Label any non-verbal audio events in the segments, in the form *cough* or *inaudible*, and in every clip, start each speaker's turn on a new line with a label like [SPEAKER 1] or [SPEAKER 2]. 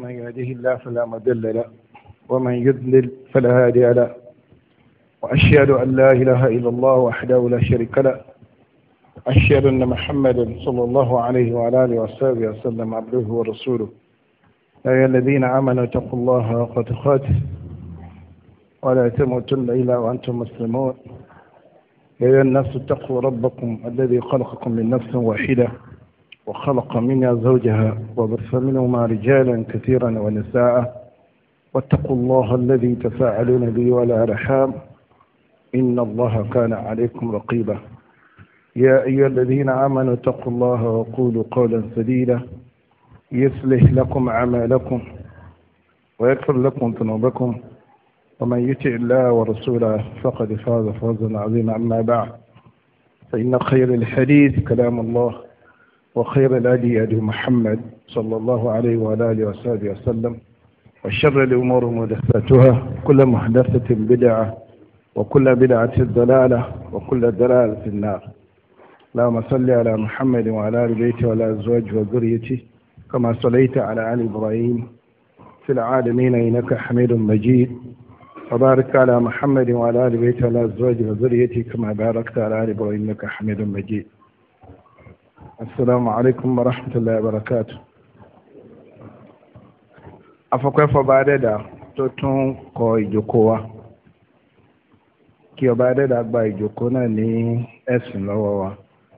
[SPEAKER 1] من يهده الله فلا مضل له ومن يضلل فلا هادي له واشهد ان لا اله الا الله وحده لا شريك له اشهد ان محمدا صلى الله عليه وعلى اله وصحبه وسلم عبده ورسوله يا ايها الذين امنوا اتقوا الله حق تقاته ولا تموتن الا وانتم مسلمون يا ايها الناس اتقوا ربكم الذي خلقكم من نفس واحده وخلق منا زوجها وبث منهما رجالا كثيرا ونساء واتقوا الله الذي تفاعلون به والأرحام إن الله كان عليكم رقيبا يا أيها الذين آمنوا اتقوا الله وقولوا قولا سديدا يصلح لكم أعمالكم ويغفر لكم ذنوبكم ومن يطع الله ورسوله فقد فاز فوزا عظيما أما بعد فإن خير الحديث كلام الله وخير الهدي هدي محمد صلى الله عليه وعلى اله وصحبه وسلم وشر الامور محدثاتها كل محدثه بدعه وكل بدعه ضلاله وكل ضلاله في النار اللهم صل على محمد وعلى ال بيته وعلى ازواجه وذريته كما صليت على ال ابراهيم في العالمين انك حميد مجيد وبارك على محمد وعلى ال بيته وعلى ازواجه وذريته كما باركت على ال ابراهيم انك حميد مجيد السلام عليكم ورحمة الله وبركاته afọkọ ẹfọ bá dẹdà tó tún kọ ìjókòó wa kí ọba dẹdà gba ìjókòó náà ní ẹsìn lọ́wọ́ wa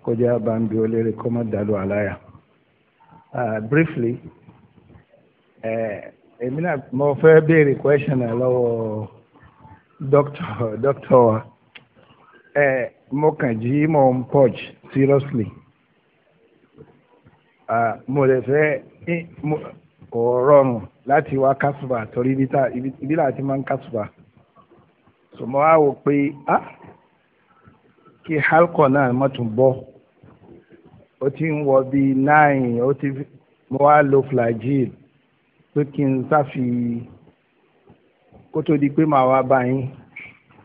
[SPEAKER 1] kó jẹ abambi olérè kó má dàlú àláyà briefly èmi náà mo fẹ́ béèrè question ẹ lọ́wọ́ doctor doctor wa mo kàn jí mo ń purge seriously mo lè fẹ́ kò rọrùn láti wá kásùbà torí ibi láti máa ń kásùbà so mo wá wò pé ah kí halkọ náà má tún bọ́ ó ti ń wọ bíi nine ó ti mo wá lo flagyl pé kí n sáfi kó tó di pé màá wá bá yín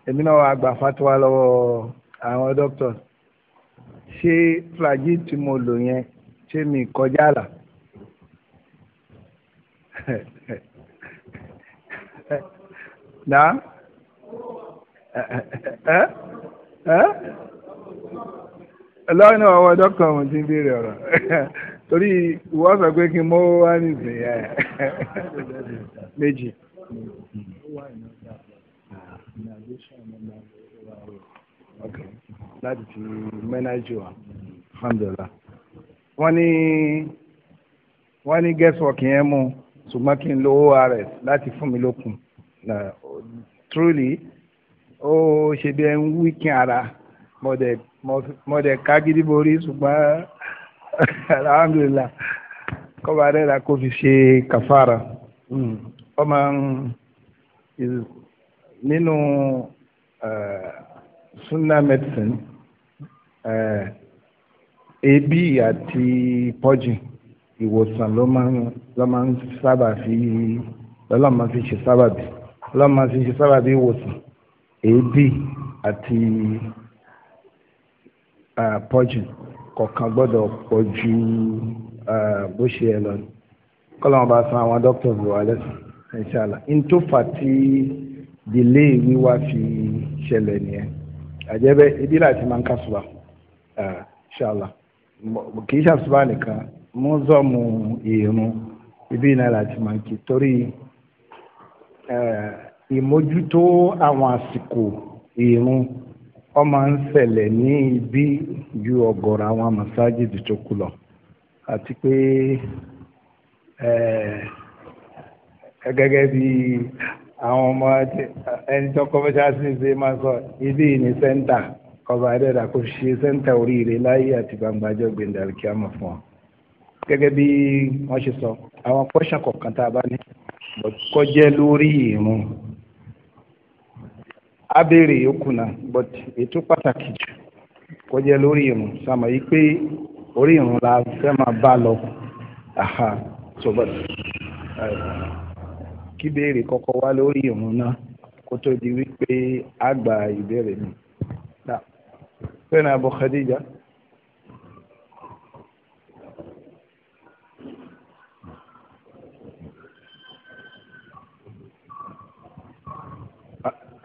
[SPEAKER 1] èmi náà wá gba fatuwa lọ́wọ́ àwọn doctor ṣé flagyl tí mo lò yẹn ṣé mi kọjá là na ẹ ẹ lọ́wọ́ náà wọ́n dọ́kítọ̀ ọ̀hún ti ń béèrè ọ̀rọ̀ torí wọ́n sọ pé kí n mọ́ wá nìsín méjì. láti ti mẹ́nájú wa alhamdulilah wọ́n ní wọ́n ní guesswork yẹn mú ṣùgbọ́n kí n lo ors láti fún mi lókun na truly ó ṣe bí ẹn wíkìn ara mo dẹ̀ ká gidi borí ṣùgbọ́n *laughs* alhamdulilah kọ́ba rẹ̀ la kó fi ṣe kàfàrà ọmọ hmm. nínú eh, sunna medicine. Uh, ebi àti pọ́jìn ìwòsàn ló máa ń sábà fi ọlọ́run máa fi ṣe sábàbí ọlọ́run máa fi ṣe sábàbí ìwòsàn ebi àti pọ́jìn kọ̀ọ̀kan gbọ́dọ̀ pọ̀ ju bó ṣe ẹ lọ kọ́lọ́mù bá san àwọn dókítà bò wá lẹ́sìn inshallah n tó tí délé wíwá fi ṣẹlẹ̀ nìyẹn àjẹ́bẹ́ ebi láti máa ń kásùbà inshallah kì í ṣàtúbà nìkan mọ́sọ̀mù ìrún ibi iná láti máa kí torí ìmójútó àwọn àsìkò ìrún ọmọ ń ṣẹlẹ̀ ní ibi ju ọ̀gọ̀rọ̀ àwọn masajid tó kù lọ àti pé gẹ́gẹ́ bí àwọn ọmọ ẹni tó kọ́ fẹ́ ṣáà ṣe máa sọ ibi ìní sẹ́ńtà ọba adẹ́dà kò ṣe sẹ́ńtà oríire láyé àti gbangbajọ́ gbẹ̀ndà alikiyama fún wa gẹ́gẹ́ bí wọ́n ṣe sọ àwọn kọ́ṣà kọ̀ọ̀kan tá a bá ní kọjẹ́ lórí ìrun abéèrè yòókù but ètò pàtàkì jù kọjẹ́ lórí ìrun sàmọ̀ yìí pé orí ìrun la fẹ́ máa bá lọ aha so but eh, kí béèrè kọ́kọ́ wá lórí ìrun náà kó tó di wípé a ìbéèrè mi. سيدنا أبو خديجة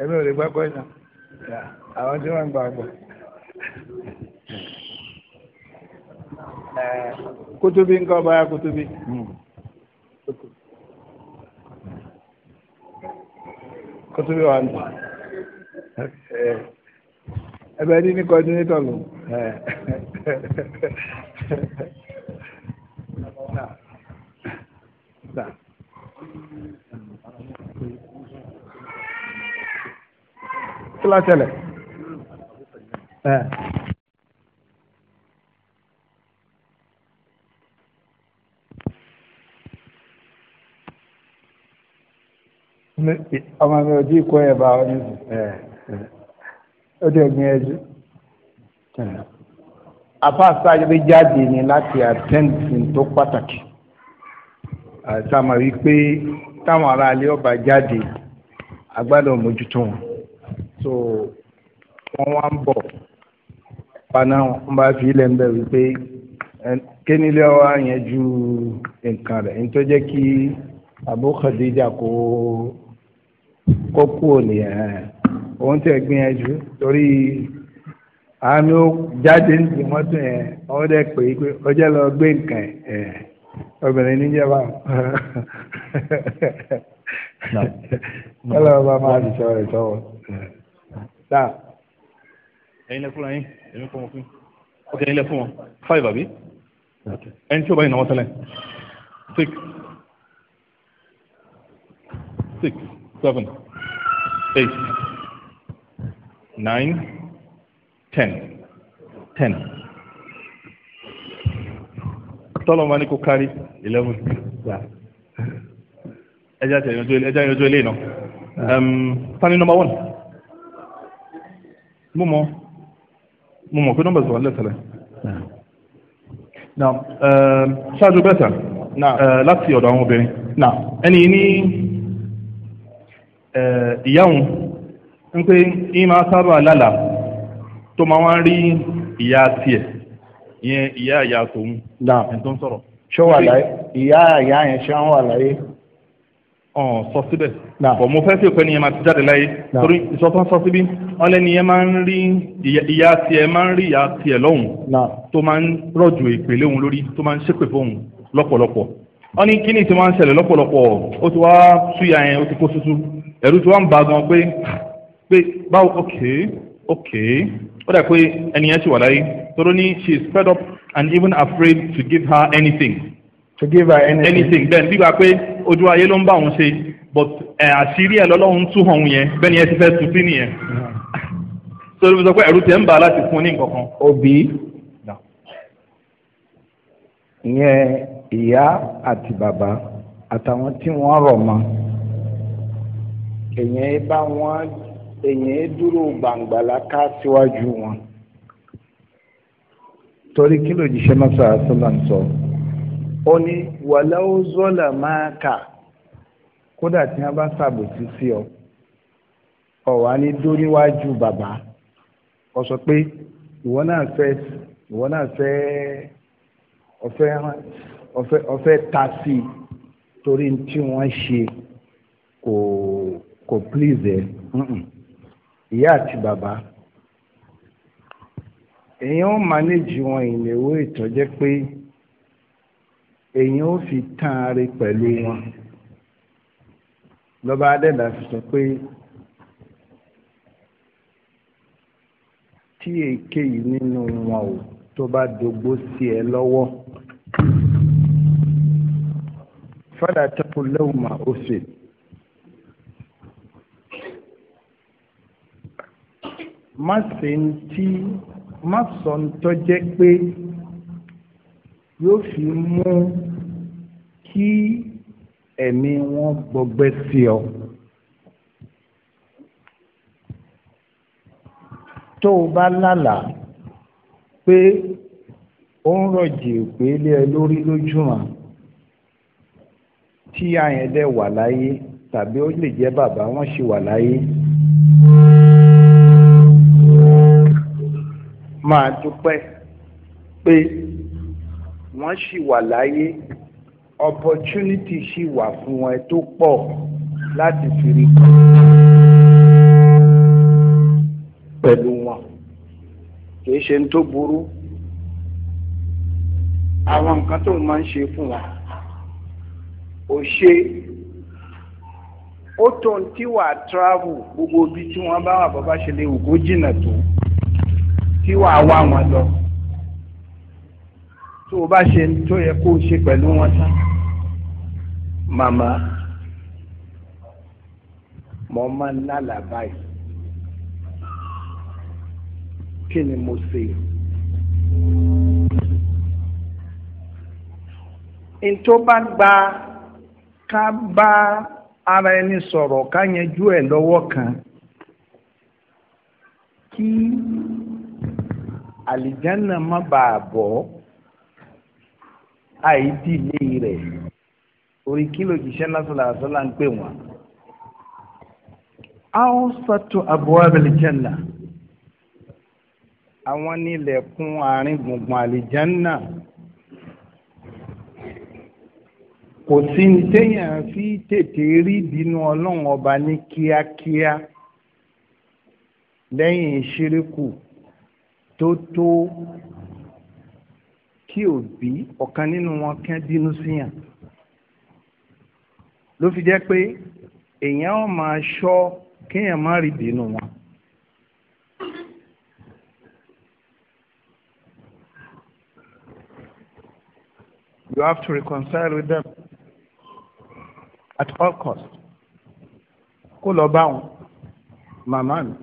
[SPEAKER 1] ẹ̀mí ò lè gbá pọ́ ìtàn àwọn tí wọ́n ń gbà gbà eh, kútúbí ń kọ́ báyá kútúbí. kútúbí wà ní. Eh, ẹ̀bẹ̀ ní ní coordinator lò kí ló ṣẹlẹ̀ ọmọ mi ò jí kó ẹ̀ bá ọ nísìnyí ó dẹ̀ gbìyànjú. afa sáyẹ́bí jáde ni láti àtẹ́ǹtì tó pàtàkì àtàmà wípé táwọn aráalé ọba jáde agbádọ̀ mójútó wọn so wọ́n wá ń bọ̀ paná wọn bá fi ilẹ̀ ń bẹ̀ wípé kénílé wa yẹn ju nǹkan rẹ̀ nítorí jẹ́ kí Abu Khadija kó kó kúrò nìyẹn. òun tẹ̀ gbìyànjú torí àmì ó jáde níbi mọ́tò yẹn wọ́n dẹ̀ pé pé ọjọ́ lọ gbé nǹkan ẹ̀ obìnrin níjẹba kọ́lọ́ ọba máa ti sọ rẹ̀ sọ́wọ́.
[SPEAKER 2] ẹ̀yin lẹ fúnra yín èmi kọ́ wọn fún
[SPEAKER 1] ok ẹ̀yin lẹ fún wọn five
[SPEAKER 2] àbí ẹni tí ó bá yín náwó tẹ́lẹ̀ six six seven eight. nine, ten, ten. tọ́lọ̀ máa ní kó kárí eleven. ẹja tẹ̀ ẹja yanjú ilé iná. tani nọmba one. mo mọ mo mọ pé nọmba zọlá lẹ́sẹ̀lẹ̀. na ṣáájú bẹ́ẹ̀ sà uh, láti ọ̀dọ̀ àwọn obìnrin. na ẹni ní uh, ìyá òun ń pé ìmọ̀
[SPEAKER 1] sábà lálàá tó máa wá ń rí
[SPEAKER 2] ìyá tiẹ̀ ìyẹn ìyá ìyá tòun
[SPEAKER 1] ẹni tó ń sọ̀rọ̀. ṣé wà láyé ìyá ìyá yẹn ṣé wọ́n wà láyé.
[SPEAKER 2] ọ̀n sọ síbẹ̀ bọ̀ mo fẹ́ sí òpin ìyẹn máa ti jáde láyé torí ìsọtán sọ síbí wọ́n lẹ́ni ìyẹn máa ń rí ìyá tiẹ̀ máa ń rí ìyá tiẹ̀ lọ́hùn tó máa ń rọ̀jò èpè léhùn lórí tó máa ń ṣépè fóhùn lọ́pọ̀lọpọ̀ wọ́n ní kíni tí wọ́n ń ṣẹlẹ̀ lọ́pọ̀lọpọ̀ ó ti wá súyà yẹn ó ti kó susu ẹ̀rù tí wọ́n ń ba gan pé pé báwo okay okay ó dà pé ẹnìyẹn ti wà láyé tóró ní she is fed up and even afraid to give her anything.
[SPEAKER 1] to give her anything. anything
[SPEAKER 2] then bí wàá pé ojú ayé ló ń bá òun ṣe but eh, àṣírí ẹ̀ lọ́lọ́run tú hàn òun yẹn bẹ́ẹ̀ ni ẹ ti fẹ́ tu sí nìyẹn. sọ *laughs* ló fi sọ pé ẹ̀rù tẹ̀ ń bà á láti fún ní nǹkan kan.
[SPEAKER 1] òbí ìyẹn ìyá àti bàbá àtàwọn tí wọ́n rọ̀ mọ́ èèyàn bá wọn èyàn dúró gbàngbàlá ká síwájú wọn. torí kí ló jíṣẹ́ mọ́sá àṣọlá ń sọ ó ní wàláwó zọ́là máa kà kódà tí wọ́n bá ṣàbòsí sí ọ ọ̀wá ní dó níwájú bàbá ọ sọ pé ìwọ náà fẹ́ ìwọ náà fẹ́ ọ̀fẹ́ ọ̀fẹ́ ọ̀fẹ́ ta sí i torí tí wọ́n ṣe kò kò please ẹ̀. Mm-mm ìyá àti bàbá èèyàn ó manéjì wọn ìnáwó ìtọ́jẹ́ pé èèyàn ó fi tán ari pẹ̀lú wọn lọ́ba adẹ́dà fi sọ pé tí èkéyìí nínú wọn ò tó bá dogbo sí ẹ lọ́wọ́ fada tẹ́kun lẹ́wọ̀n ma ó fèé. má ṣe ń tí má sọ ń tọ́jẹ́ pé yóò fi mú kí ẹ̀mí wọn gbọgbẹ́ sí ọ. tó o bá lálàá pé ó ń rọ̀jì pé lé ẹ lórí lójúmọ́ tí ayẹ̀dẹ̀ wà láyé tàbí ó lè jẹ́ bàbá wọn ṣì wà láyé máa dúpẹ́ pé wọ́n ṣì wà láyé opportunity ṣì wà fún wọn tó pọ̀ láti fi rí kọ́ pẹ̀lú wọn kìí ṣe tó burú àwọn nǹkan tó máa ń ṣe fún wọn ò ṣe ó tó ń tí wàá travel gbogbo ibi tí wọ́n bá wà bọ́ bá ṣe lè wù kó jìnnà tó tí wàá wá wọn lọ tó o bá ṣe tó yẹ kó o ṣe pẹ̀lú wọn tán màmá mo máa ń lálàá báyìí kí ni mo ṣe n tó bá gba ká bá ara ẹni sọ̀rọ̀ ká yanjú ẹ̀ lọ́wọ́ kan kí àlìjánà má bàa bọ̀ àìdílé rẹ̀ orí kílò jíṣẹ́ lásìlá àṣọlá ń pè wọ́n. awsatu abwab aljanna àwọn nílẹ̀kùn àárín gbùngbùn àlìjánà kò sí ní téèyàn fi tètè rí ìbínú ọlọ́run ọba ní kíákíá lẹ́yìn ṣíríkù tó tó kí òbí ọ̀kan nínú wọn kán bínú síyàn ló fi jẹ́ pé èèyàn ó máa ṣọ́ kéèyàn má rí bínú wọn. You have to reconcile with them at all costs. Kó lọ bá wọn, màmá mi.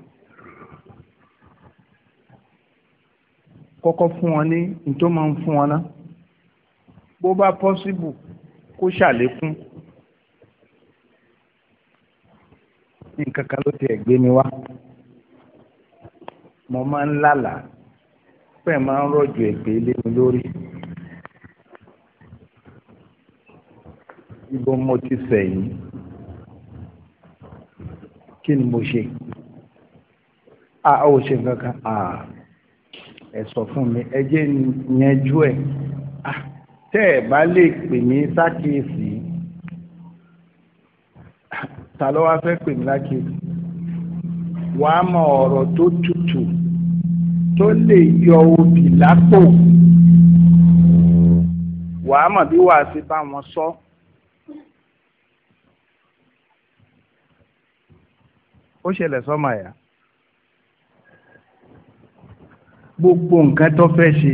[SPEAKER 1] kọ́kọ́ fún wọn ní nítorí máa ń fún wọn ná bó bá pọ́síbù kó ṣàlékún nǹkan kan ló ti ẹ̀ gbé mi wá mo máa ń lálàá pẹ̀ máa ń rọ̀jò ẹ̀gbẹ́ lé lórí ibo mo ti sẹ̀yìn kí ni mo ṣe a ò ṣe nǹkan kan a ẹ sọ fún mi ẹ jẹ́ yanjú ẹ̀ ah, tẹ́ ẹ bá lè pè mí sákìyèsí ta ló wá fẹ́ pè mí lákìyèsí wà á mọ ọ̀rọ̀ tó tutù tó lè yọ obì lápò wà á mọ̀ bí wàá fi bá wọn sọ. ó ṣẹlẹ̀ sọ́mọ àyà. gbogbo nǹkan tó fẹ́ ṣe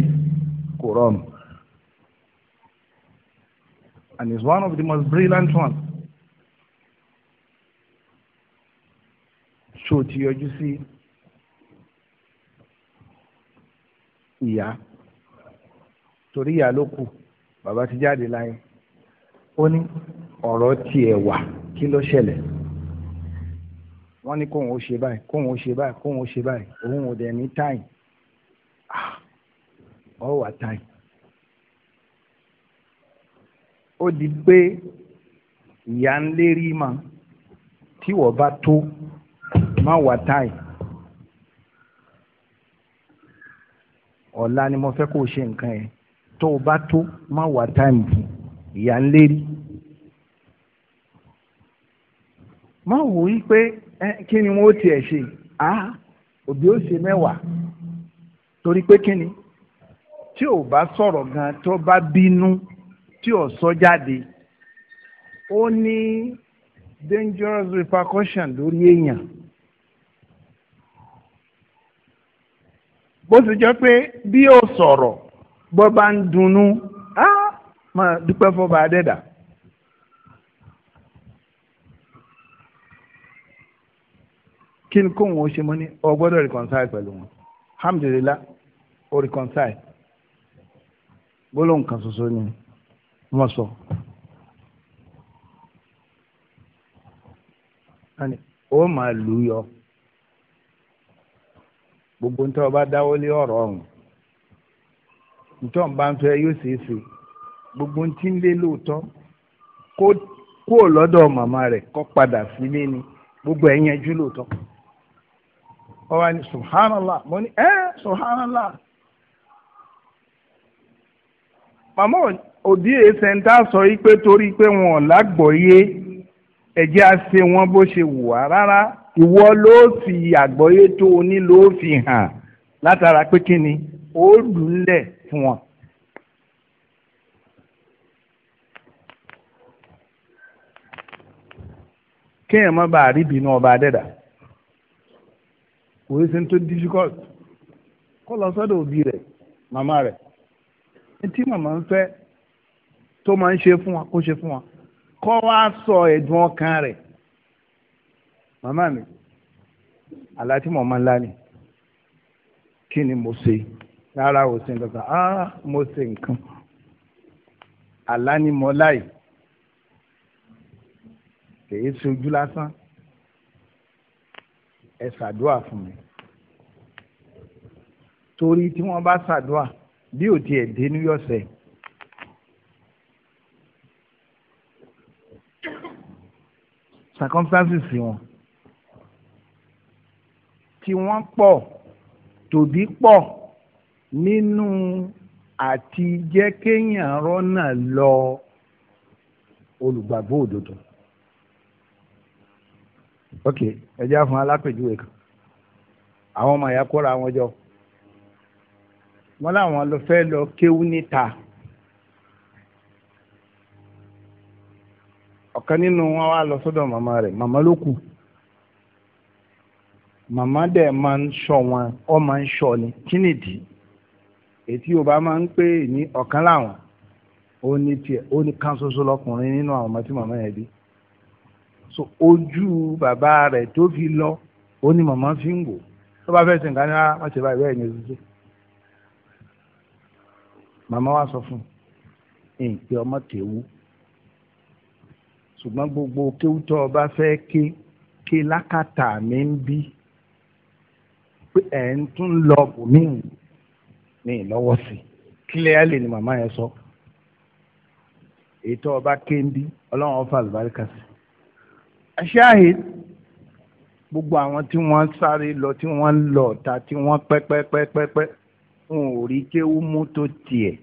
[SPEAKER 1] kò rọrùn and is one of the most brilliant ones. ṣó ti yọjú sí ìyá torí ìyá ló kù bàbá ti jáde láyé ó ní ọ̀rọ̀ tiẹ̀ wà kí ló ṣẹlẹ̀ wọ́n ní kóun ó ṣe báyìí kóun ó ṣe báyìí kóun ó ṣe báyìí òun ò dẹ̀ ní táyì ọ wà táì ó di pé ìyá ń lérí mà tí wọ́n bá tó má wà táì ọ̀la ni mo fẹ́ kó o ṣe nǹkan yẹn tó o bá tó má wà táì fún ìyá ń lérí. má wò ó pé kí ni wọ́n ó tiẹ̀ ṣe àá òbí ó ṣe mẹ́wàá torí pé kí ni tí ò bá sọ̀rọ̀ gan tó bá bínú tí ò sọ jáde ó ní dangerous repercussion lórí èèyàn. bó ṣe jẹ́ pé bí ó sọ̀rọ̀ bó bá ń dunnú á máa dúpẹ́ fọba adẹ́dà. kí ni kóhùn ó ṣe mọ́ ní ọgbọ́dọ̀ reconcile pẹ̀lú wọn alhamdulillah ó reconcile gbólóhùn kan ṣoṣo ni wọ́n sọ. ó máa lù ú yọ gbogbo ntọ́ ọba dáwọ́ lé ọ̀rọ̀ ọ̀hún ntọ́ ọba ń fẹ́ yóò ṣeé ṣe gbogbo ntí ń lé lóòótọ́ kó o lọ́dọ̀ màmá rẹ̀ kó padà sílé ni gbogbo ẹ̀ yanjú lọ́tọ̀. ọ̀wá ni subhanallah mo ní ẹ́ subhanallah màmá òdí èsèǹtà sọ yìí pé torí pé wọn ò lágbọ̀ọ́yé ẹ̀jẹ̀ á ṣe wọn bó ṣe wù wá rárá ìwọ ló fi àgbọ́yé tó o ní ló fi hàn látara pé kí ni ó lù ú lẹ̀ fún wọn. kéèyàn má bàa rí ìbínú ọba adẹ́dà kò sí ní tó difficult kó lọ sọ́dọ̀ òbí rẹ̀ màmá rẹ̀ tí màmá ń fẹ́ tó máa ń ṣe fún wa kó ṣe fún wa kọ́ wa sọ ẹ̀dùn ọkàn rẹ̀ màmá mi àlá tí mo máa ni kí ni mo ṣe rárá ò sí nǹkan ah mo ṣe nǹkan àlá ni mo láì kèé ṣojú lásán ẹ ṣàdúà fún mi torí tí wọ́n bá ṣàdúà bí ò tiẹ̀ dé ní yọ̀sẹ̀. circumstances wọn tí wọ́n pọ̀ tòbí pọ̀ nínú àti jẹ́ kéèyàn rọ́nà lọ olùgbàgbọ́ òdodo. ok ẹ jẹ́ fún alápèjúwe kan àwọn ọmọ ìyá kóra wọn jọ wọ́n láwọn lọ fẹ́ lọ kéwú níta ọ̀kan nínú wọn wá lọ sọ́dọ̀ màmá rẹ̀ màmá ló kù màmá dẹ̀ máa ń sọ wọn ọ máa ń sọ ni kí nìdí ètí yorùbá máa ń pè ní ọ̀kan láwọn ó ní tiẹ̀ ó ní kan ṣoṣo lọkùnrin nínú àwọn ọmọ tí màmá yẹn bí so ojú bàbá rẹ̀ tó fi lọ ó ní màmá fi ń wò tó bá fẹ́ sìn ní wá wọ́n ṣe báyìí bẹ́ẹ̀ ni ṣoṣo màmá wa sọ fún un pé ọmọ kéwú ṣùgbọ́n gbogbo kéwú tó o bá fẹ́ ké ké lákàtà mi ń bí pé ẹ̀ ń tún lọ bòmíì ní ìlọ́wọ́ sí kílíọ̀lì ni màmá yẹn sọ ètò ọba kéńdí ọlọ́run ọfà àlùbáríkà sí. aṣááhì gbogbo àwọn tí wọ́n sáré lọ tí wọ́n lọ ta tí wọ́n pẹ́pẹ́pẹ́pẹ́ wọn ò rí kéwú mú tó tiẹ̀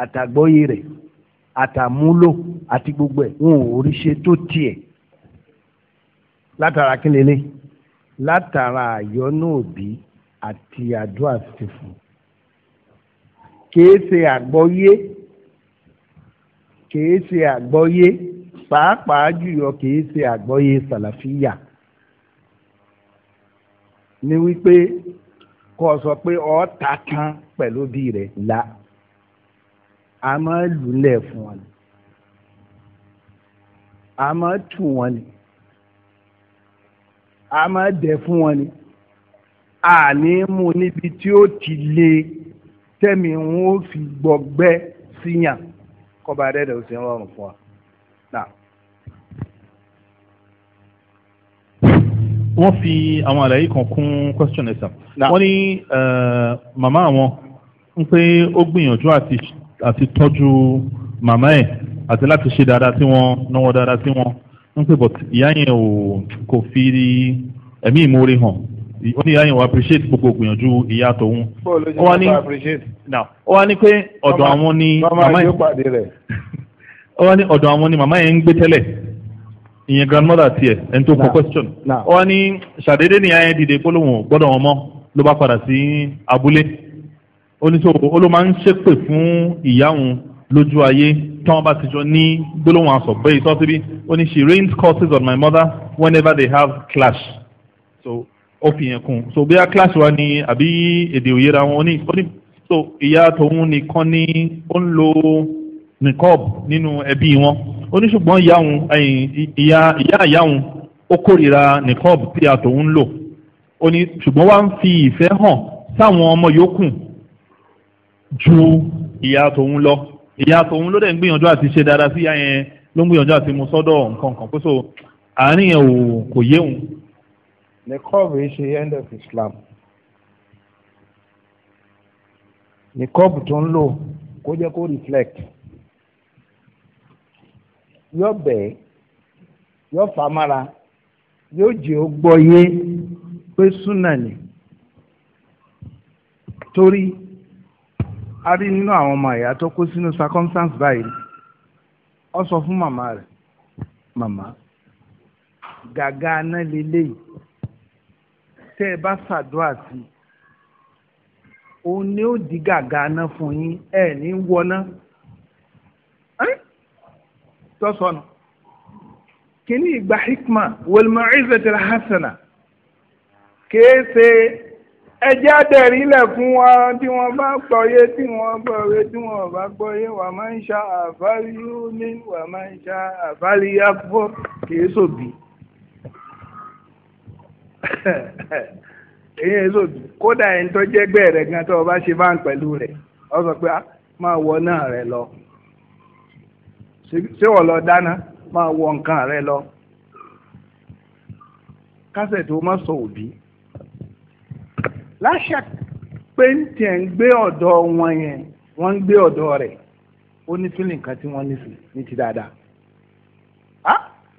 [SPEAKER 1] àtàgbọ́yé rẹ̀ àtàmúlò àti gbogbo ẹ̀ wọn ò rí ṣe tó tiẹ̀ látara kílélẹ̀ látara àyọ́nú òbí àti àdúrà ti kìí ṣe àgbọ́yé kìí ṣe àgbọ́yé pàápàá jùlọ kìí ṣe àgbọ́yé sàlàfíà ni wípé kó o sọ pé ọ̀ ta kan pẹ̀lú bí rẹ̀ la a máa lù ú lẹ̀ fún wọn ni a máa tù wọn ni a máa dẹ̀ fún wọn ni a ní mú níbi tí ó ti le tẹ́mi ń ó fi gbọgbẹ́ síyàn kọ́ba adẹ́dẹ́ ó sì ń rọrùn fún wa.
[SPEAKER 2] wọ́n fi àwọn àlàyé kan kún question ẹ̀sà wọ́n ní màmá àwọn ń pé ó gbìyànjú àti àti tọ́jú màmá ẹ̀ àti láti ṣe dáadáa sí wọn náwó dáadáa sí wọn ń pè but ìyá yẹn ò kò fi ẹ̀mí ìmoore hàn ó ní ìyá yẹn wà appreciate gbogbo gbìyànjú ìyá tòun ó wá ní ó wá ní pé ọ̀dọ̀ àwọn ni màmá yẹn
[SPEAKER 1] *laughs*
[SPEAKER 2] ó wá ní ọ̀dọ̀ àwọn ni màmá yẹn ń gbé tẹ́lẹ̀ ìyẹn grandmother tiẹ̀ ẹni tó kọ question ó wá ní ṣàdédé ni ìyá yẹn dìde pé lóun ò gbọ́dọ̀ wọn mọ́ ló bá padà sí abúlé oníṣòwò ó ló máa ń ṣépè fún ìyá òun lójú ayé tí wọ́n bá ti jọ ní gbólóhùn aṣọ bẹ́ẹ̀ ìtọ́ síbí ó ní she rains courses on my mother whenever they have clash so ó fi yẹn kún so bóyá clash wa ni àbí èdè òyera wọn ó ní so ìyá tòun nìkan ni ó ń lo nìkọ́ọ̀b nínú ẹbí wọn ó ní ṣùgbọ́n ìyá òun ìyá ìyá òun ó kórìíra nìkọ́ọ̀b tí ìyá tòun ń lò ó ní ṣùgbọ́n wá ń fi ìfẹ́ hàn sáwọn ọmọ yòókù ju ìyá tòun lọ ìyá tòun ló dẹ̀ ń gbìyànjú àti ṣe dáadáa sí ìyá yẹn ló ń gbìyànjú àti mu sọ́dọ̀ nǹkan kan pẹ́sọ àárín yẹn ò kò yé òun.
[SPEAKER 1] nìkọ́ọ̀bù yìí ṣe end of Islam nìkọ́ọ̀bù tó ń lò kó jẹ́ kó reflect yóò bẹ̀ yóò fà mára yóò jẹ́ ó gbọ́ yé pé súnà ni torí a rí nínú àwọn ọmọ ẹ̀yà tó kó sínú circumstance báyìí ọ sọ fún màmá rẹ̀ màmá gàgà aná lélẹ́yìí tẹ́ ẹ bá ṣàdúrà sí i òun ni ó di gàgà aná fún yín ẹ ní wọná tó kíní ìgbà hikma wal mau'izatil hasana kéé ẹjẹ́ àdẹ̀rí ilẹ̀ fún wa tí wọ́n bá gbọ́yé tí wọ́n gbọ́yé tí wọ́n bá gbọ́yé wà máa ń ṣá àfáríyú ní wà máa ń ṣá àfáríyá fọ́ kìí sòbí. èyí *laughs* ń sòbí kódà ẹni tó jẹ́ gbẹ́ rẹ̀ gan tó o bá ṣe bá ń pẹ̀lú rẹ̀ ọ sọ pé ah, máa wọ náà rẹ lọ ṣé wọ́n lọ dáná máa wọ nǹkan rẹ lọ kásẹ̀ tó má sọ òbí láṣà pé ń tẹ̀ ń gbé ọ̀dọ̀ wọn yẹn wọ́n ń gbé ọ̀dọ̀ rẹ̀ ó ní fílì nǹkan tí wọ́n ní sí ní ti dáadáa á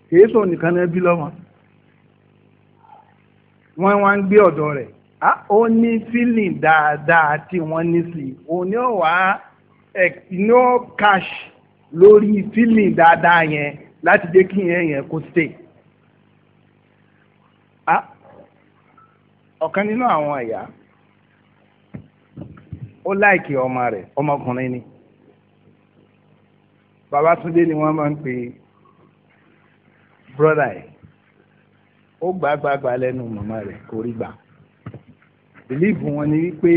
[SPEAKER 1] kìí sọ nìkan náà bí lọ́mọ wọ́n wá ń gbé ọ̀dọ̀ rẹ̀ á ó ní fílì dáadáa tí wọ́n ní òní ọ̀wá no cash lórí fílì dáadáa yẹn láti jẹ́ kí yẹn yẹn kó stay. ọ̀kan nínú àwọn ẹ̀yà ó láìkì ọmọ rẹ̀ ọmọkùnrin ni Babátúndé ni wọ́n máa ń pè brọ́dà ẹ̀ ó gbàgbàgbà lẹ́nu màmá rẹ̀ kò rí gbà bìlíìfù wọn ni wípé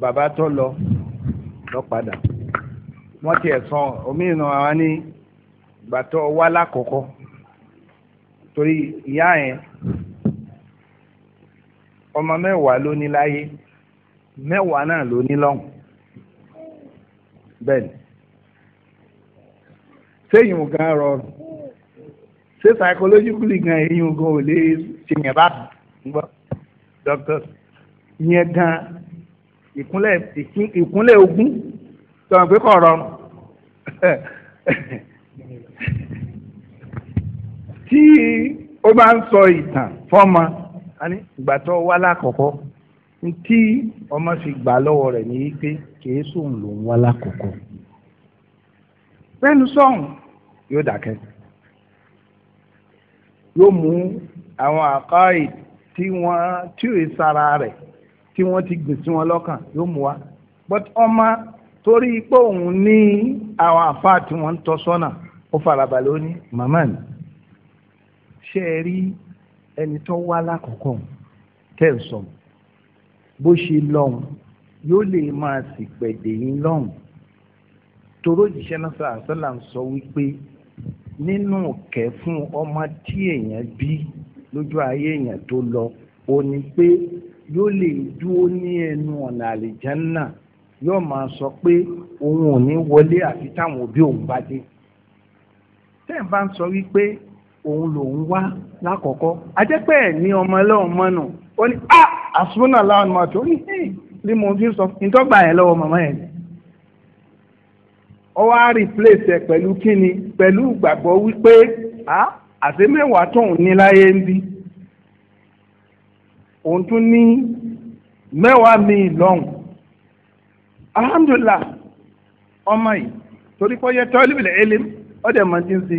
[SPEAKER 1] bàbá tó lọ lọ padà wọ́n ti ẹ̀sán òmìnira wa ní gbàtọ́ wá lákòókò torí ìyá yẹn ọmọ mẹ́wàá ló ní láyé mẹ́wàá náà ló ní lọ́hùn bẹ́ẹ̀ ni sẹ́yìn ò gan rọrùn ṣé psychologically gan eyín ogun ò lè ṣèyàn bá gbọ́ doctor yẹn gan ìkúnlẹ̀ ìkúnlẹ̀ ogún tọ̀hún pé kọ̀ rọrùn *laughs* tí ó bá ń sọ ìtàn fọ́mọ ani ìgbà tó wá lákọ̀ọ́kọ́ ntí ọmọ fi gbà lọ́wọ́ rẹ̀ ní pé kìí sùn ló ń wá lákọ̀ọ́kọ́ pẹ́ẹ́nu sọ̀hún yóò dákẹ́ yóò mú àwọn àkọ́ì tí wọ́n tí ò sara rẹ̀ tí wọ́n ti gbìn sí wọn lọ́kàn yóò mú wa but ọmọ torí pé òun ní àwọn àfáà tí wọ́n ń tọ́ sọ́nà ó farabalẹ̀ ó ní màmá mi ṣe é rí ẹni tó wá lákọ̀ọ́kọ́ tẹ̀ ń sọ bó ṣe lọ́hùn yóò lè máa sì pẹ̀dé yín lọ́hùn toró jíṣẹ́ náà sọ àṣọlá ń sọ wípé nínú kẹ́ fún ọmọ tí èèyàn bí lójú ayé èèyàn tó lọ ò ní pé yóò lè dúró ní ẹnu ọ̀nà àlìjánná yóò máa sọ pé òun ò ní wọlé àfi táwọn òbí òun bá dé. tẹ́ ẹ̀ bá ń sọ wípé òun lòun wá lákọ̀ọ́kọ́ ajẹ́pẹ́ ẹ̀ ní ọmọ ẹlẹ́wọ̀n mọ́nà ó ní a àsúná láwọn ọmọ àti orí sọ ẹ̀ lọ́wọ́ màmá ẹ̀ ni. ó wá replace ẹ pẹ̀lú kíni pẹ̀lú ìgbàgbọ́ wípé àti mẹ́wàá ní láyé ń alhamdulilah ọmọ yìí torí pé ó yẹ tọ́lú ilẹ̀ ẹlẹ́m ọ̀dẹ̀ mọ̀ ti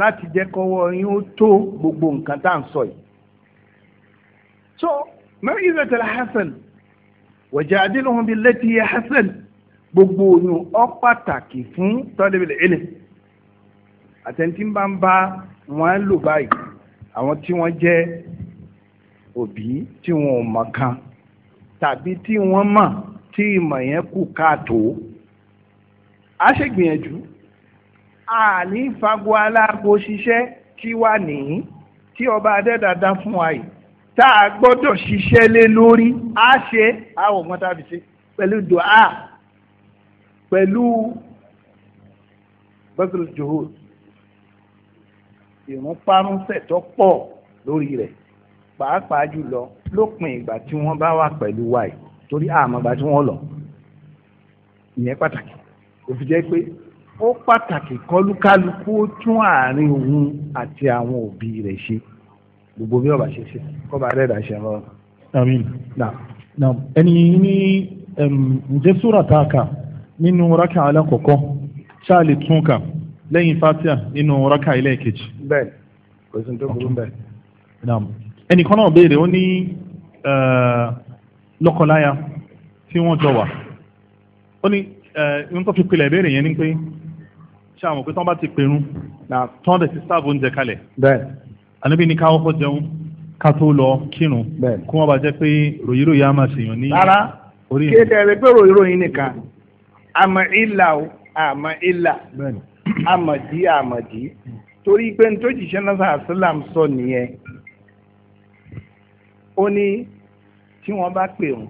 [SPEAKER 1] láti jẹ́ kọ́wọ́ yín ó tó gbogbo nǹkan tá à ń sọ yìí. so mẹ́rìndínlẹ́ tẹ̀lé hasan wọ̀jà adínlóhun bíi lẹ́tí hasan gbogbo oyún ọ pàtàkì fún tọ́lẹ́bìlẹ̀ ẹ̀lẹ́ àtẹ̀ntì ń bá ń bá wọn lò báyìí àwọn tí wọ́n jẹ́ òbí tí wọn ò mọ̀ kan tàbí tí wọ́n mọ̀ tí ìmọ̀ yẹn kù káàtó a ṣègbìyànjú àní fagbọ́ aláàbò ṣiṣẹ́ kí wà nìyí tí ọba adẹ́dàdá fún wa yìí tá a gbọ́dọ̀ ṣiṣẹ́ lé lórí á ṣe àwọn ọ̀gbọ́n tàbí ṣe pẹ̀lú dùá pẹ̀lú bẹ́sẹ̀lú jòhó ìrúnpárúnṣẹ̀ tó pọ̀ lórí rẹ̀ pàápàá jùlọ lópin ìgbà tí wọ́n bá wà pẹ̀lú wa yìí torí àmọ́ ìgbà tí wọ́n lọ ìyẹn pàtàkì òfin jẹ́ pé ó pàtàkì kọlùkálùkù ó tún àárín òun àti àwọn òbí rẹ̀ ṣe gbogbo bí ọba ṣe ṣe kọba rẹ̀ dà ṣe lọ. ẹni ní ǹjẹ́ sóra tá a
[SPEAKER 2] kà nínú rákà alákọ̀ọ́kọ́ ṣáà lẹ́yìn fatia nínú rákà ẹlẹ́ẹ̀kejì.
[SPEAKER 1] bẹ́ẹ̀ kò sí ní tó burú
[SPEAKER 2] ẹnì kan náà béèrè ó ní tí wọ́n jọ wà ó ní fi pilẹ̀ ṣe àwọn pé tán bá ti pẹ̀rún là tán dẹ̀ ti sáàbù oúnjẹ kalẹ̀. bẹ́ẹ̀. ànábì ní káwọn kọ́ jẹun ká tó lọ kírun. bẹ́ẹ̀. kó wọn bá jẹ́ pé ròyìnròyìn á máa ṣèyàn ní. rárá
[SPEAKER 1] kéde ẹ̀rẹ́ pé ròyìnròyìn nìkan àmọ́ ìlà o àmọ́ ìlà àmọ̀dí àmọ̀dí torí pé nítorí jíṣẹ́ náà sàásìlám sọ nìyẹn ó ní tí wọ́n bá pè wọ́n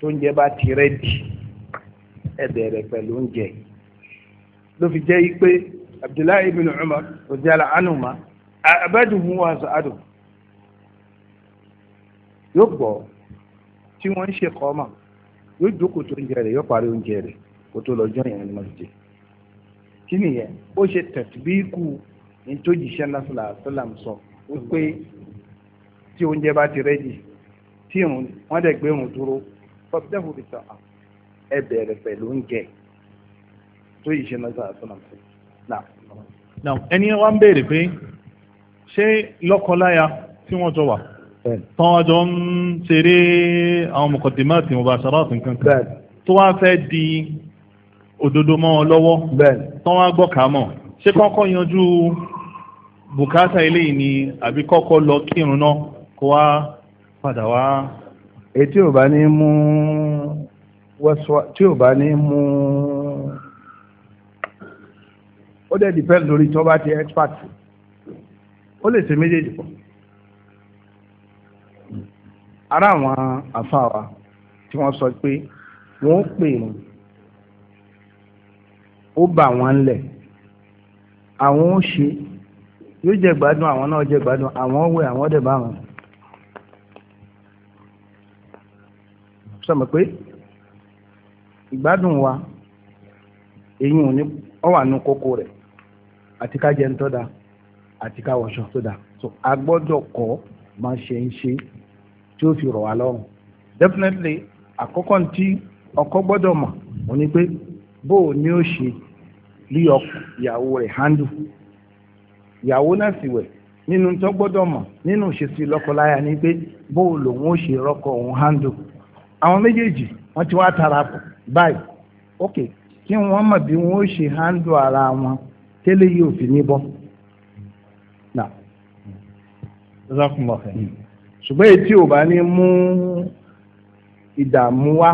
[SPEAKER 1] tó ń jẹ bá ti rẹ́dì ẹ bẹ̀rẹ̀ pẹ̀lú oúnjẹ yìí ló fi jẹ́ pé abdullahi ibn umar rọjàlá anuma abaduhu wa sa'adu yóò gbọ́ tí wọ́n ń ṣe kọ́mà yóò jókòó tó oúnjẹ rẹ̀ yóò parí oúnjẹ rẹ̀ kó tó lọ́jọ́ yẹn ni wọ́n ti jẹ kí nìyẹn ó ṣe tẹ̀síbíkù nítòjìṣẹ́ lásìlá sọ́làm sọ wípé tí oúnjẹ bá ti rẹ́jì tí wọ́n dẹ̀ gbé òun dúró fọ́bídẹ́fù bìtàn ẹ bẹ̀rẹ̀ pẹ̀lú oúnjẹ tó yìí ṣe lọ́sà sọ́nà fún
[SPEAKER 2] un. ẹni wá ń béèrè pé ṣé lọ́kọ-láya tí wọ́n jọ wà tán ọjọ́ ń ṣeré àwọn mọ̀kọ̀dìmáàtì mubasharat nǹkan kan tó wá fẹ́ di òdodo mọ́ ọ lọ́wọ́ tán wá gbọ́ kà mọ̀ ṣé kọ́kọ́ yanjú bùkátà eléyìí ni àbí kọ́kọ́ lọ kírun náà kó wá
[SPEAKER 1] padà wá. etí ò bá ní mú tí ò bá ní mú ó dẹ̀ depend lórí tó bá ti expert ó lè ṣe méjèèjì pọ̀ ara àwọn àfa wa tí wọ́n sọ pé wọ́n pè wọ́n ó bà wọ́n lẹ̀ àwọn ó ṣe yóò jẹ gbádùn àwọn náà jẹ gbádùn àwọn wẹ àwọn dẹ̀ bá wọn. sọmọ pé ìgbádùn wa èyí ò ní ọ wà nù kókó rẹ̀ àti ká jẹun tó dáa àti ká wọṣọ tó dáa so a gbọ́dọ̀ kọ́ máa ṣe ń ṣe tí ó fi rọ̀ wá lọ́rùn definitely àkọ́kọ́ tí ọkọ gbọ́dọ̀ mọ̀ ò ní pé bó o ní ó ṣe lé ìyàwó rẹ̀ handle ìyàwó náà sì wẹ̀ nínú tó gbọ́dọ̀ mọ̀ nínú ìṣesí lọ́kọláya ni pé bó o lòun ó ṣe rọ́kọ òun handle àwọn méjèèjì wọ́n ti wá tara pọ̀ báyìí ok kí wọ́n mọ̀ bí wọ́n ó ṣe handle ara wọn tẹ́lẹ̀ yìí ò fi ní bọ́. Hmm. ṣùgbọ́n etí ò bá ní mú ìdààmú wá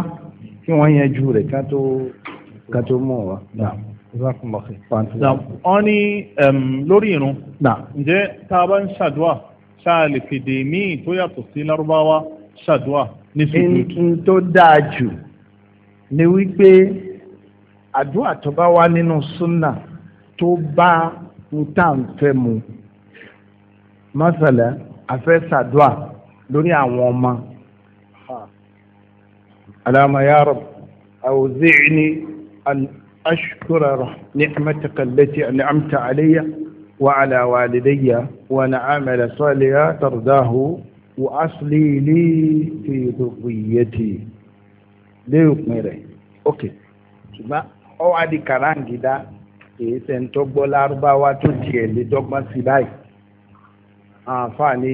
[SPEAKER 1] kí wọ́n yanjú rẹ̀ ká tó ká tó mọ̀ wá. wọ́n ní lórí irun
[SPEAKER 2] ǹjẹ́ tá a bá ń ṣàdúà ṣáà lè fèdè míì tó yàtọ̀
[SPEAKER 1] sí lárúbáwá ṣàdúà ní sùkúrù. n tó dáa jù ni wípé àdúrà tó bá wá nínú súnnà tó bá nta ń fẹ́ mu mọ́sálẹ̀ afẹ́ sàdúà lórí àwọn ọmọ alama ya rab awzi'ni an ashkura ni'mataka allati an'amta alayya wa ala walidayya wa an a'mala salihan tardahu wa asli li fi dhurriyyati lẹ́yìn òpin ok ṣùgbọ́n ọ wá di kàráǹgídá kìí sẹ́ńtọ́ gbọ́ lárúbáwá tó tiẹ̀ lé dọ́gbọ́n sí báyìí àǹfààní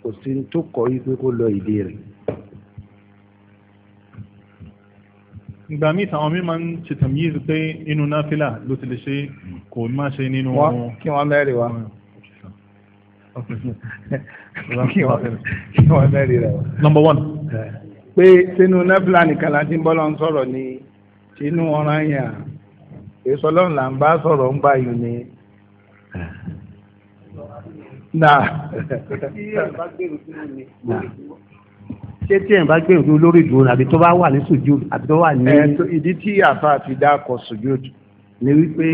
[SPEAKER 1] kò sí tó kọ́ yí pé kó lọ ìdí rẹ̀.
[SPEAKER 2] ìgbà míì táwọn mi máa ń ṣètò yìí sí pé inú náfìlà ló ti lè ṣe kò má ṣe
[SPEAKER 1] nínú. wọn kí wọn mẹ́rin wa *laughs* kí wọn mẹ́rin rẹ wa. number one. pé sínú náfìlà nìkan láti ń bọ́ lọ sọ̀rọ̀ ni sínú ọ̀ràn yẹn èso ọlọ́run là ń bá sọ̀rọ̀ ń bá yìí ni. ṣé tí ẹ̀ bá gbèrò tó lórí ìdúró àbí tó bá wà ní sùjúd àbí tó wà ní. ìdí tí àfa àti dákọ sùjúd ni wípé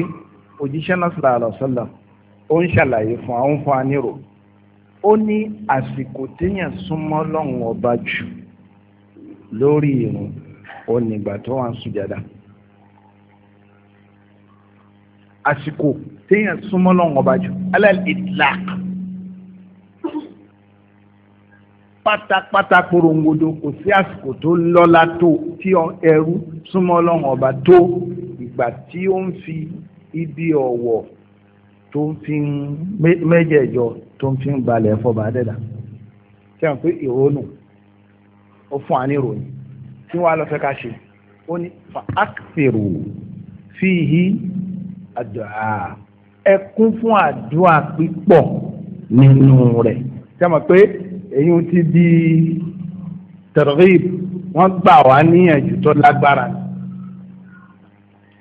[SPEAKER 1] òjíṣẹ́ náà sọ̀rọ̀ àlọ́sọ̀lọ̀ ó ń ṣàlàyé fún àwọn fún anírò ó ní àsìkò téèyàn súnmọ́ lọ́hùn ọba jù lórí ìrun ó nígbà tó wà ń sùjàdá. Asiko, téèyàn súnmọ́ lọ́wọ́ ọba jù alal itlaq pátápátá korongodo kò sí àsìkò tó lọ́lá tó tí ẹrú súnmọ́ lọ́wọ́ ọba tó ìgbà tí ó ń fi ibi ọ̀wọ̀ tó ń fi mẹ́jẹ̀ẹ̀jọ tó ń fi balẹ̀ fọba dẹ́dà tí a ń ìrònú ó fún wa ní ìròyìn tí wọ́n á lọ fẹ́ ká ṣe ó ní fa aktiru fihi àdúà ẹ kún fún àdúà pípọ̀ nínú rẹ̀ ṣé mo pé èyí ti di targhib wọ́n gbà wá níyànjú tó lágbára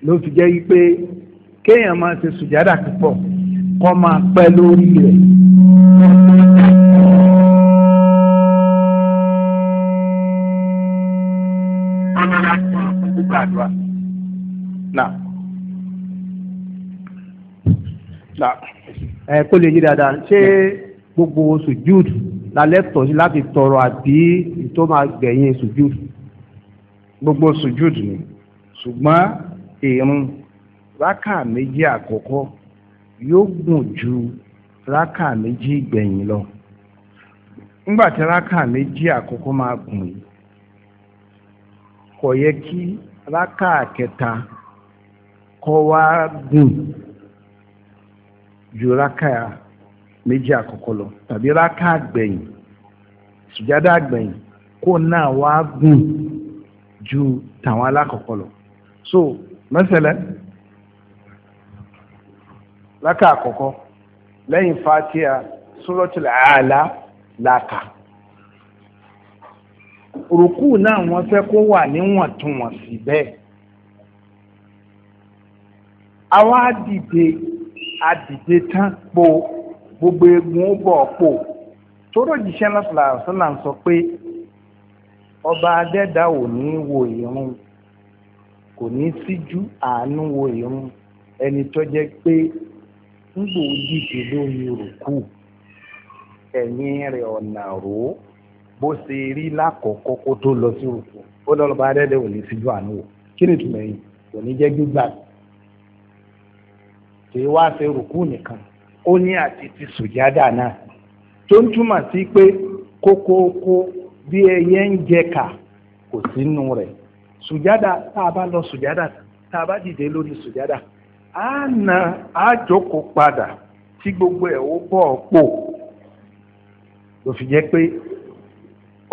[SPEAKER 1] ló fi jẹ́ pé kéèyàn máa ṣe sùjádà púpọ̀ kó máa pẹ́ lórí rẹ̀. gbàdúrà ẹ kó lè yí dáadáa ṣé gbogbo sujud lálẹ́ tọ̀ sí láti tọrọ àbí tó máa gbẹ̀yìn sujud. gbogbo sujud ni ṣùgbọ́n ìrun rákà méjì àkọ́kọ́ yóò gùn ju rákà méjì gbẹ̀yìn lọ nígbà tí rákà méjì àkọ́kọ́ máa gùn yìí kò yẹ kí rákà kẹta kọ́ wá gùn. ju rákà méjì àkọ́kọ́ lọ tàbí rákà àgbẹ̀yìn sùjádà àgbẹ̀yìn kó náà wá gùn ju tàwọn alákọ̀ọ́kọ́ lọ so mẹ́sẹ̀lẹ́ rákà àkọ́kọ́ lẹ́yìn fatia suratul àlá làkà rùkú náà wọ́n fẹ́ kó wà níwọ̀ntúnwọ̀nsì bẹ́ẹ̀ àwa dìde adìde tán po gbogbo egun ó bọ̀ pò tóró jíṣẹ́ lọ́sọ̀lá sọ́là ń sọ pé ọba adẹ́dá ò ní wo ìrun kò ní síjú àánú wo ìrun ẹni tó jẹ́ pé ń gbòógì lórí rùkù ẹ̀yìn rẹ̀ ọ̀nà rò ó bó ṣe rí lákọ̀ọ́kọ́ kó tó lọ sí rùkù ó lọ́ọ́ lọ́ba adẹ́dá ò ní síjú àánú wò kí ni ìtumọ̀ kò ní jẹ́ gbígbà tí í wá ṣe rùkú nìkan ó ní àti ti sùjádà náà tó ń túmọ̀ sí pé kókóókó bí ẹyẹ ń jẹka kò sínú rẹ̀ sùjádà tá a bá lọ sùjádà a na á padà tí gbogbo ẹ̀ ó bọ̀ pò ló fi jẹ́ pé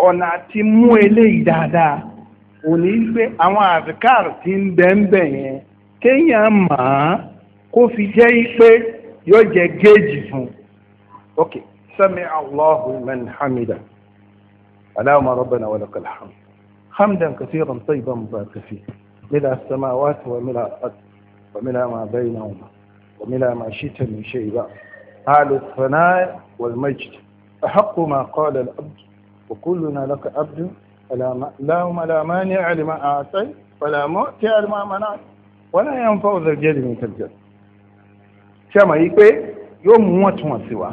[SPEAKER 1] ọ̀nà àti mú eléyìí dáadáa àwọn ti ń kó fi jẹ́ pé yóò jẹ́ géèjì fún ok sami allahu man hamida alama rabbana wa lakal hamd hamdan kathiran tayyiban mubarakan fi mila samawati wa mila al-ard wa mila ma bainahuma wa mila ma shita min shay ba ahlu al-thana wal majd أحق ما قال العبد وكلنا لك عبد اللهم لا مانع لما أعطيت ولا مؤتي لما منعت ولا ينفع ذا الجد منك الجد ṣe mọ̀ yí pé yóò mú wọn tún wọn sí wa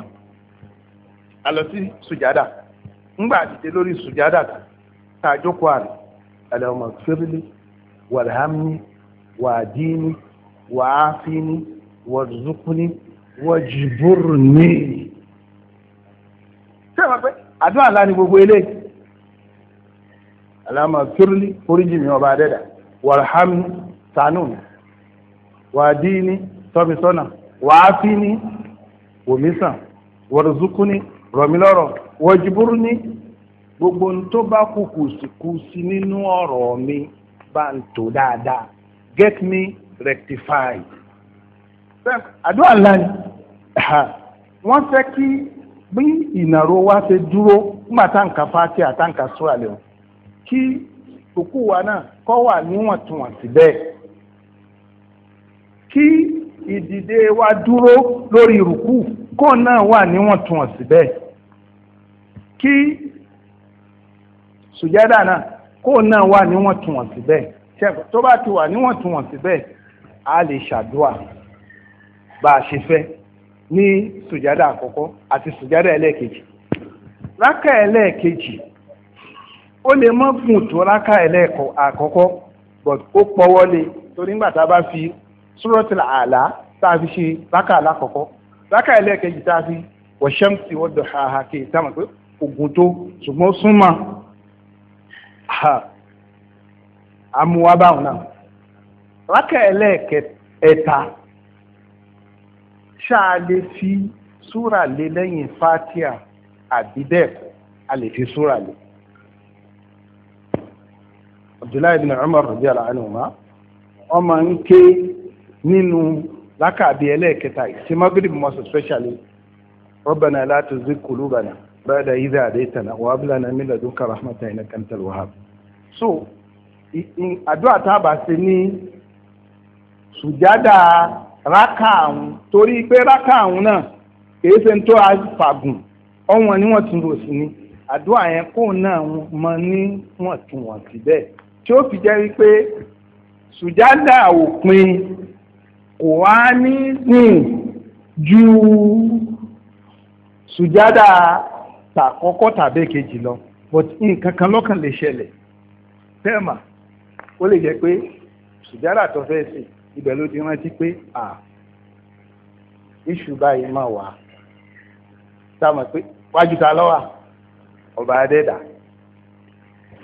[SPEAKER 1] a lọ sí sùjádà ńgbà àdìdé lórí sùjádà tá a jókòó àná Allahumma firli warhamni wàdíní wàáfíní warzuqni wajburni. ṣé wàá pé àdúrà ńlá ni gbogbo eléyìí Allahumma firli foríjì mi ọba adẹ́dà warhamni sànù wàdíní tọ́mi wàá fi ní wòmí sàn wọ̀rọ̀zùkú ní rọ̀mílọ́rọ̀ wọ̀jìbúrú ní gbogbo ní tó bá kú kùsìkú sí nínú ọ̀rọ̀ mi bá ń tò dáadáa get me rectified. àdúrà ńlá ni *coughs* wọ́n fẹ́ kí bí ìnàró wa ṣe dúró nígbà tá à ń ka fáti àtà ń ka sóra kí òkú wa náà kọ́ wà níwọ̀ntúnwọ̀nsì bẹ́ẹ̀ kí ìdìde wa dúró lórí ìrùkù kó náà wà níwọ̀ntúnwọ̀nsì bẹ́ẹ̀ kí sùjádà náà kó náà wà níwọ̀ntúnwọ̀nsì bẹ́ẹ̀ ṣẹ́kọ̀ tó bá ti wà níwọ̀ntúnwọ̀nsì bẹ́ẹ̀ a lè ṣàdúà bá a ṣe fẹ́ ní sùjádà àkọ́kọ́ àti sùjádà ẹlẹ́ẹ̀kejì rákà ẹlẹ́ẹ̀kejì ó lè mọ́ gùn tó rákà ẹlẹ́ẹ̀kọ́ àkọ́kọ́ but ó pọ́wọ́ lé torí nígbà tá a bá fi suratul àlá tá a fi ṣe rákà alákọ̀ọ́kọ́ rákà ẹlẹ́ẹ̀kejì tá a fi wa shamsi wa ha kì í táwọn pé ogun tó ṣùgbọ́n súnmọ́ amúwábáwọn náà rákà ẹlẹ́ẹ̀kẹta ṣáà lè fi súrà lé lẹ́yìn fatia àbí bẹ́ẹ̀ kọ́ a lè fi súrà lé. abdullahi bin umar radiyallahu anhu ma ọmọ nke nínú lákàbí ẹlẹ́ẹ̀kẹta ìsìn magrib most especially rabbana la tuzigh qulubana ba'da idh hadaytana wa hab lana min ladunka rahmatan innaka antal wahhab so àdúrà tá a bá ṣe ní sùjádà rákà àwọn torí pé rákà àwọn náà kìí ṣe ń tó àfàgùn ọ̀wọ́n ni wọ́n ti rò sí ni yẹn kó náà mọ ní bẹ́ẹ̀ tí ó fi jẹ́ wípé sùjádà kò wá ní sìn ju sùjádà tàkọ́kọ́ tàbí kejì lọ but nǹkan kan lọ́kàn lè ṣẹlẹ̀ tẹ́ẹ̀mà ó lè jẹ́ pé sùjádà tó fẹ́ sìn ibẹ̀ ló ti rántí pé à iṣu báyìí máa wà tá a mọ̀ pé wájú ta lọ́wà ọba adẹ́dà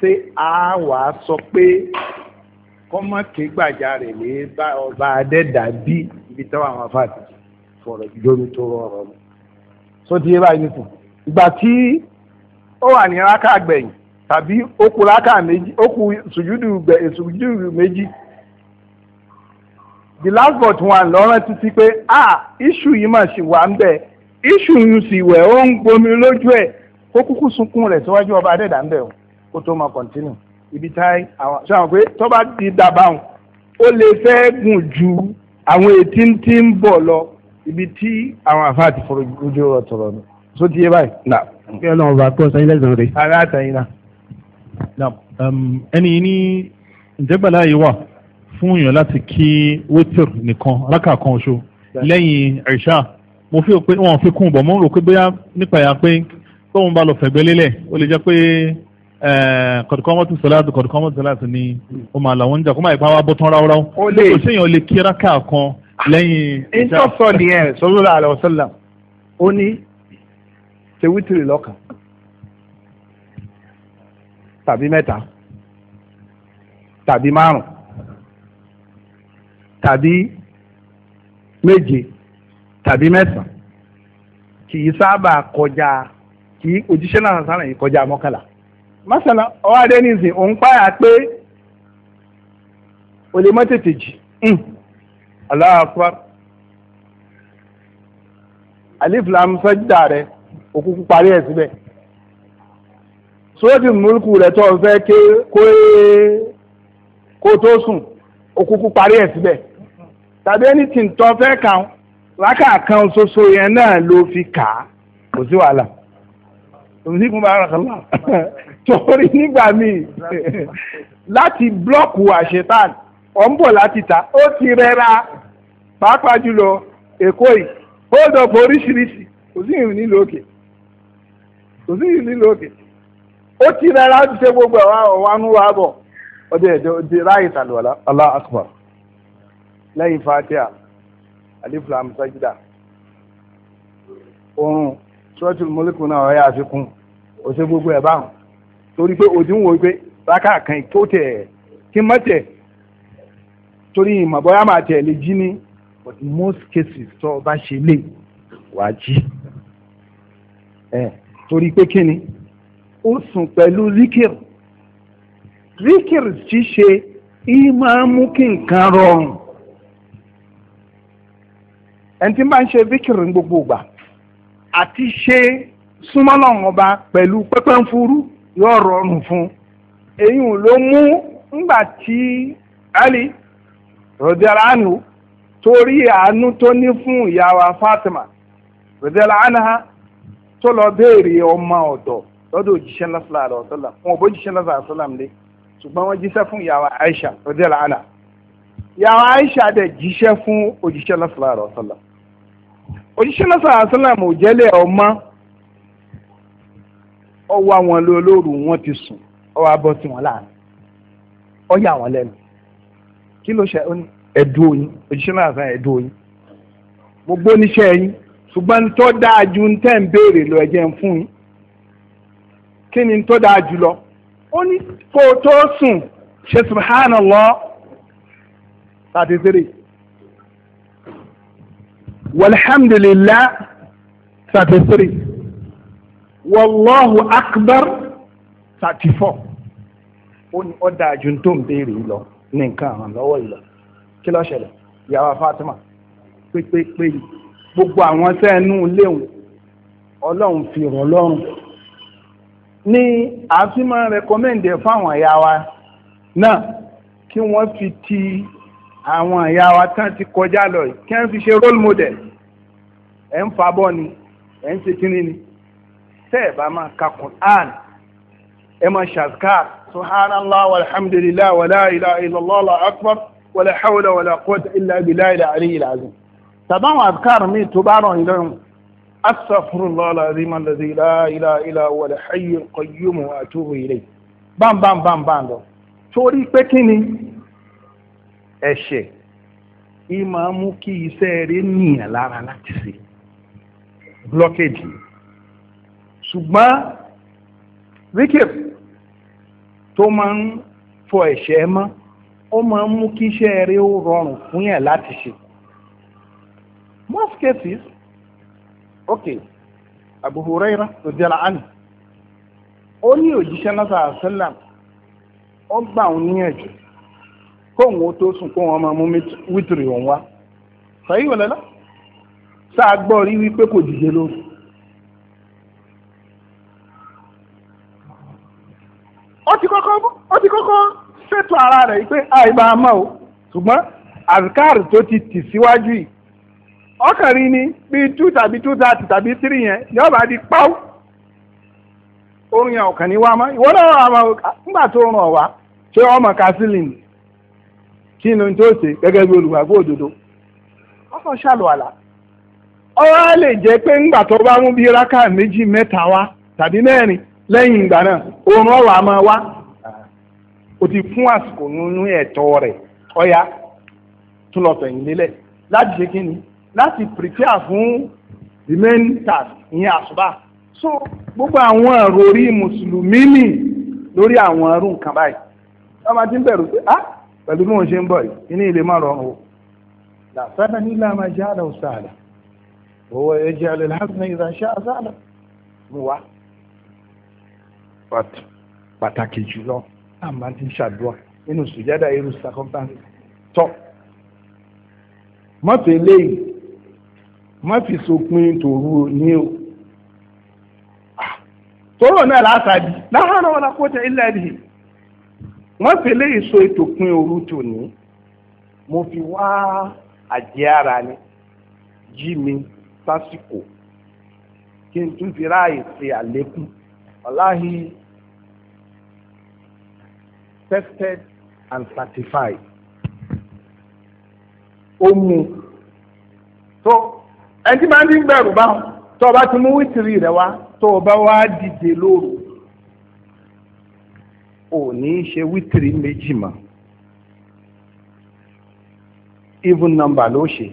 [SPEAKER 1] ṣé a wàá sọ pé kọ́mọ ké gbàjarè lé bá ọba adẹ́dà bí ibi táwọn àwọn afáàtì fọ̀rọ̀ lórí tó rọrọ̀ mu. sóti yé báyìí nìkan ìgbà tí ó wà ní rákà gbẹ̀yìn tàbí ó kù méjì ó sùjúdù méjì the last but one lọ́rán títí pé ah issue yìí mà ṣì wà ń bẹ̀ issue yìí sì wẹ̀ ó ń gbomi lójú ẹ̀ kó kúkú sunkún rẹ̀ síwájú ọba adẹ́dà ń bẹ̀ o tó máa continue ibi táyì àwọn ṣé àwọn pé tó bá ti dàbà wọn ó lè fẹ́ gùn ju àwọn ètí tí ń bọ̀ lọ ibi tí àwọn àfáà ti fọ̀rọ̀ ojú ọ̀rọ̀ tọ̀rọ̀ nù so ti yé báyìí nà. kí ọlọ́run bá kó sẹ́yìn lẹ́sàn-án rẹ̀. ara àtẹ̀yìn náà. nà um, ẹni ní ìjẹ́gbàlá yìí
[SPEAKER 2] wà fún èèyàn láti kí wétìr nìkan rákà kan ṣo lẹ́yìn ẹ̀ṣà mo fi pé wọn fi kún un bọ̀ mo rò pé bóyá nípa ìyá pé tóun bá lọ fẹ̀gbẹ́ lélẹ̀ ó lè jẹ́ pé kọ̀dùkọ́mọ́tì sọ́láàtì kọ̀dùkọ́mọ́tì sọ́láàtì ni ó máa làwọn ń jà kó máa ìpá wa bọ́ tán ráúráú. ó lè kò séèyàn lè kíra káàkan lẹ́yìn. ìtọ́sọ nìyẹn
[SPEAKER 1] sallallahu alaihi wasallam ó ní ṣe wítìrì lọ́kàn tàbí mẹ́ta tàbí márùn tàbí méje tàbí mẹ́sàn-án kì í sábà kọjá kì í òjíṣẹ́ náà sára yìí kọjá mọ́kànlá mọ́sálà ọwọ́ adé ní ìsìn òun páyà pé o lè mọ́ tètè jì hmm. Allahu Akbar alif lam sajda rẹ òkùnkùn parí ẹ̀ síbẹ̀ sóòtì múlùkù rẹ tó fẹ́ ké kó e, tó sùn òkùnkùn parí ẹ̀ síbẹ̀ tàbí ẹni tí ń tọ́ fẹ́ kàn lákà kan ṣoṣo yẹn náà ló fi kà á kò sí wàhálà *laughs* torí nígbà míì láti blọ́ọ̀kù àṣetán ọ̀ ń bọ̀ láti ta ó ti rẹra pàápàá jùlọ hold up oríṣiríṣi kò sí ìrìn nílò òkè kò sí ìrìn nílò òkè ó ti rẹra ó ti ṣe gbogbo ẹ̀wá ọ̀wánú wa bọ̀ ọdẹ ẹ̀jẹ̀ ọdẹ ráyè sàlùwàlá Allahu Akbar lẹ́yìn fatia alifu amusajida oorun suratul mulku náà àfikún gbogbo ẹ̀ báwọn. torí pé òdì ń wo pé rákà kan tó tẹ̀ kí mọ́ tẹ̀ torí ìmọ̀ bóyá máa tẹ̀ lè jí ní but in most cases tó o bá ṣe lè wá jí ẹ torí pé kí ni ó sùn pẹ̀lú zikir zikir ṣíṣe ìyí máa ń mú kí nǹkan rọrùn ẹni tí máa ń ṣe zikir ní gbogbo ìgbà àti ṣe súnmọ́ lọ́wọ́ ọba pẹ̀lú pẹ́pẹ́ ń furu. yóò rọrùn fún èyí ló mú tí Ali rọdíàlá ànú torí àánú tó ní fún ìyá wa Fatima rọdíàlá ànúhà tó lọ béèrè ọmọ ọ̀dọ̀ lọ́dọ̀ òjíṣẹ́ lásìlá àlọ́ ọ̀sọ́là wọn ò bó jíṣẹ́ lásìlá àlọ́ lé ṣùgbọ́n wọ́n jíṣẹ́ fún ìyá wa Aisha rọdíàlá ana ìyá wa Aisha dẹ̀ jíṣẹ́ fún òjíṣẹ́ lásìlá jẹ́lẹ̀ ọmọ ọ wá wọn lọ lóru wọn ti sùn ọ wá bọ́ sí wọn láàánú ọ yà wọn lẹ́nu kí ló ṣe ẹ̀dùn oyin òṣìṣẹ́ náà sàn ẹ̀dùn oyin gbogbo oníṣẹ́ yín ṣùgbọ́n tó dáa ju ń tẹ̀ ń béèrè lọ ẹ̀jẹ̀ ń fún yín kí ni tó dáa jù lọ ó ní kó o tó sùn ṣe subhanallah thirty three walhamdulillah thirty three wàlláhu akbar thirty four ó ní ọ̀dà àjùntó ń béèrè lọ ní nǹkan àwọn lọ́wọ́ ìlọ kí ló ṣẹlẹ̀ ìyàwó Fatima pépépé gbogbo àwọn sẹ́ẹ̀nù léwu ọlọ́run fi rọ̀ lọ́rùn ní àfi máa rẹkọmẹ́ǹdẹ̀ fáwọn ẹ̀yà wa náà kí wọ́n fi ti àwọn ẹ̀yà wa tán ti kọjá lọ kí wọ́n fi ṣe role model ẹ̀ ń fa bọ́ ni ẹ̀ ń ṣe kínní ni tẹ́ ẹ̀ bá máa ka Qur'an ẹ máa ṣàzkar subhanallah walhamdulilah wala ilaha illallah allahu akbar wala hawla wala quwwata illa billahi al-ali al-azim tàbáwọn azkar mi tó bá rọ̀ ìlọrin astaghfirullah al-azim alladhi la ilaha illa huwa al-hayy al-qayyum wa atubu ilayh bam bam bam bam lọ torí pé kí ni ẹ̀ṣẹ̀ ìmọ̀ mú kí iṣẹ́ rẹ̀ nìyàn lára láti ṣe blockage yìí ṣùgbọ́n zikir tó máa ń fọ ẹ̀ṣẹ̀ mọ́ ó máa ń mú kí iṣẹ́ rẹ̀ ó rọrùn fún yẹn láti ṣe most cases okay Abu Huraira radiyallahu anhu ó ní òjíṣẹ́ náà sàásẹ́là ó gbà òun níyànjú kóun ó tó sùn kóun ọmọ mú wítìrì òun wá sàyí sáà gbọ́ rí wípé kò dìde lóru ó ti kọ́kọ́ ṣètò ara rẹ̀ pé àìbá o ṣùgbọ́n ti tì síwájú yìí ni bíi two tàbí two thirty tàbí three yẹn di pawú orun yẹn ọkàn ní wá mọ́ ìwọ náà wà máa nígbà tó rùn ọ̀wá ṣé ọmọ kásílìn kí ni tó ṣe gẹ́gẹ́ bí olùgbàgbọ́ òdodo ọkọ̀ ṣàlùwàlà ọ̀rọ̀ á lè jẹ́ lẹ́yìn ìgbà náà oorun ọ̀rọ̀ àmọ́ wá o ti fún àsìkò nínú ẹ̀tọ́ rẹ̀ ọ̀ya tún lọ fẹ̀yìn lélẹ̀ láti ṣe kí ni láti prepare fún the main task ìyẹn àṣùbà so gbogbo àwọn àròrí mùsùlùmí nì lórí àwọn arú nǹkan báyìí wọ́n ti ń bẹ̀rù pé ah pẹ̀lú bí wọ́n ṣe ń bọ̀ yìí inú ilé má rọrùn o làṣàdá nílẹ̀ àmà jáàlà ọ̀sàlà òwò ẹ̀jẹ̀ àlẹ́ làṣàdá ìràṣà àṣàlà mú wa pàtàkì jùlọ náà máa ti ṣàdúrà nínú sùjádà irú circumstance tọ́ mọ́tò eléyìí má fi sopin tòru ní o ah, tòrò náà látàdí láhàánà wọn kó tẹ ilé ẹ̀dì wọ́n fi eléyìí so ètò pin òru tòní mo fi wá àjẹ́ ara ni jí mi sásìkò kí n tún fi ráàyè ṣe àlékún wàláhì tested and certified ó mu tó ẹni tí máa ń dín bẹ̀rù báwọn tó o bá ti mú wítìrì rẹ wá tó o bá wá dìde lóru ò ní í ṣe wítìrì méjì mọ́ even number ló ṣe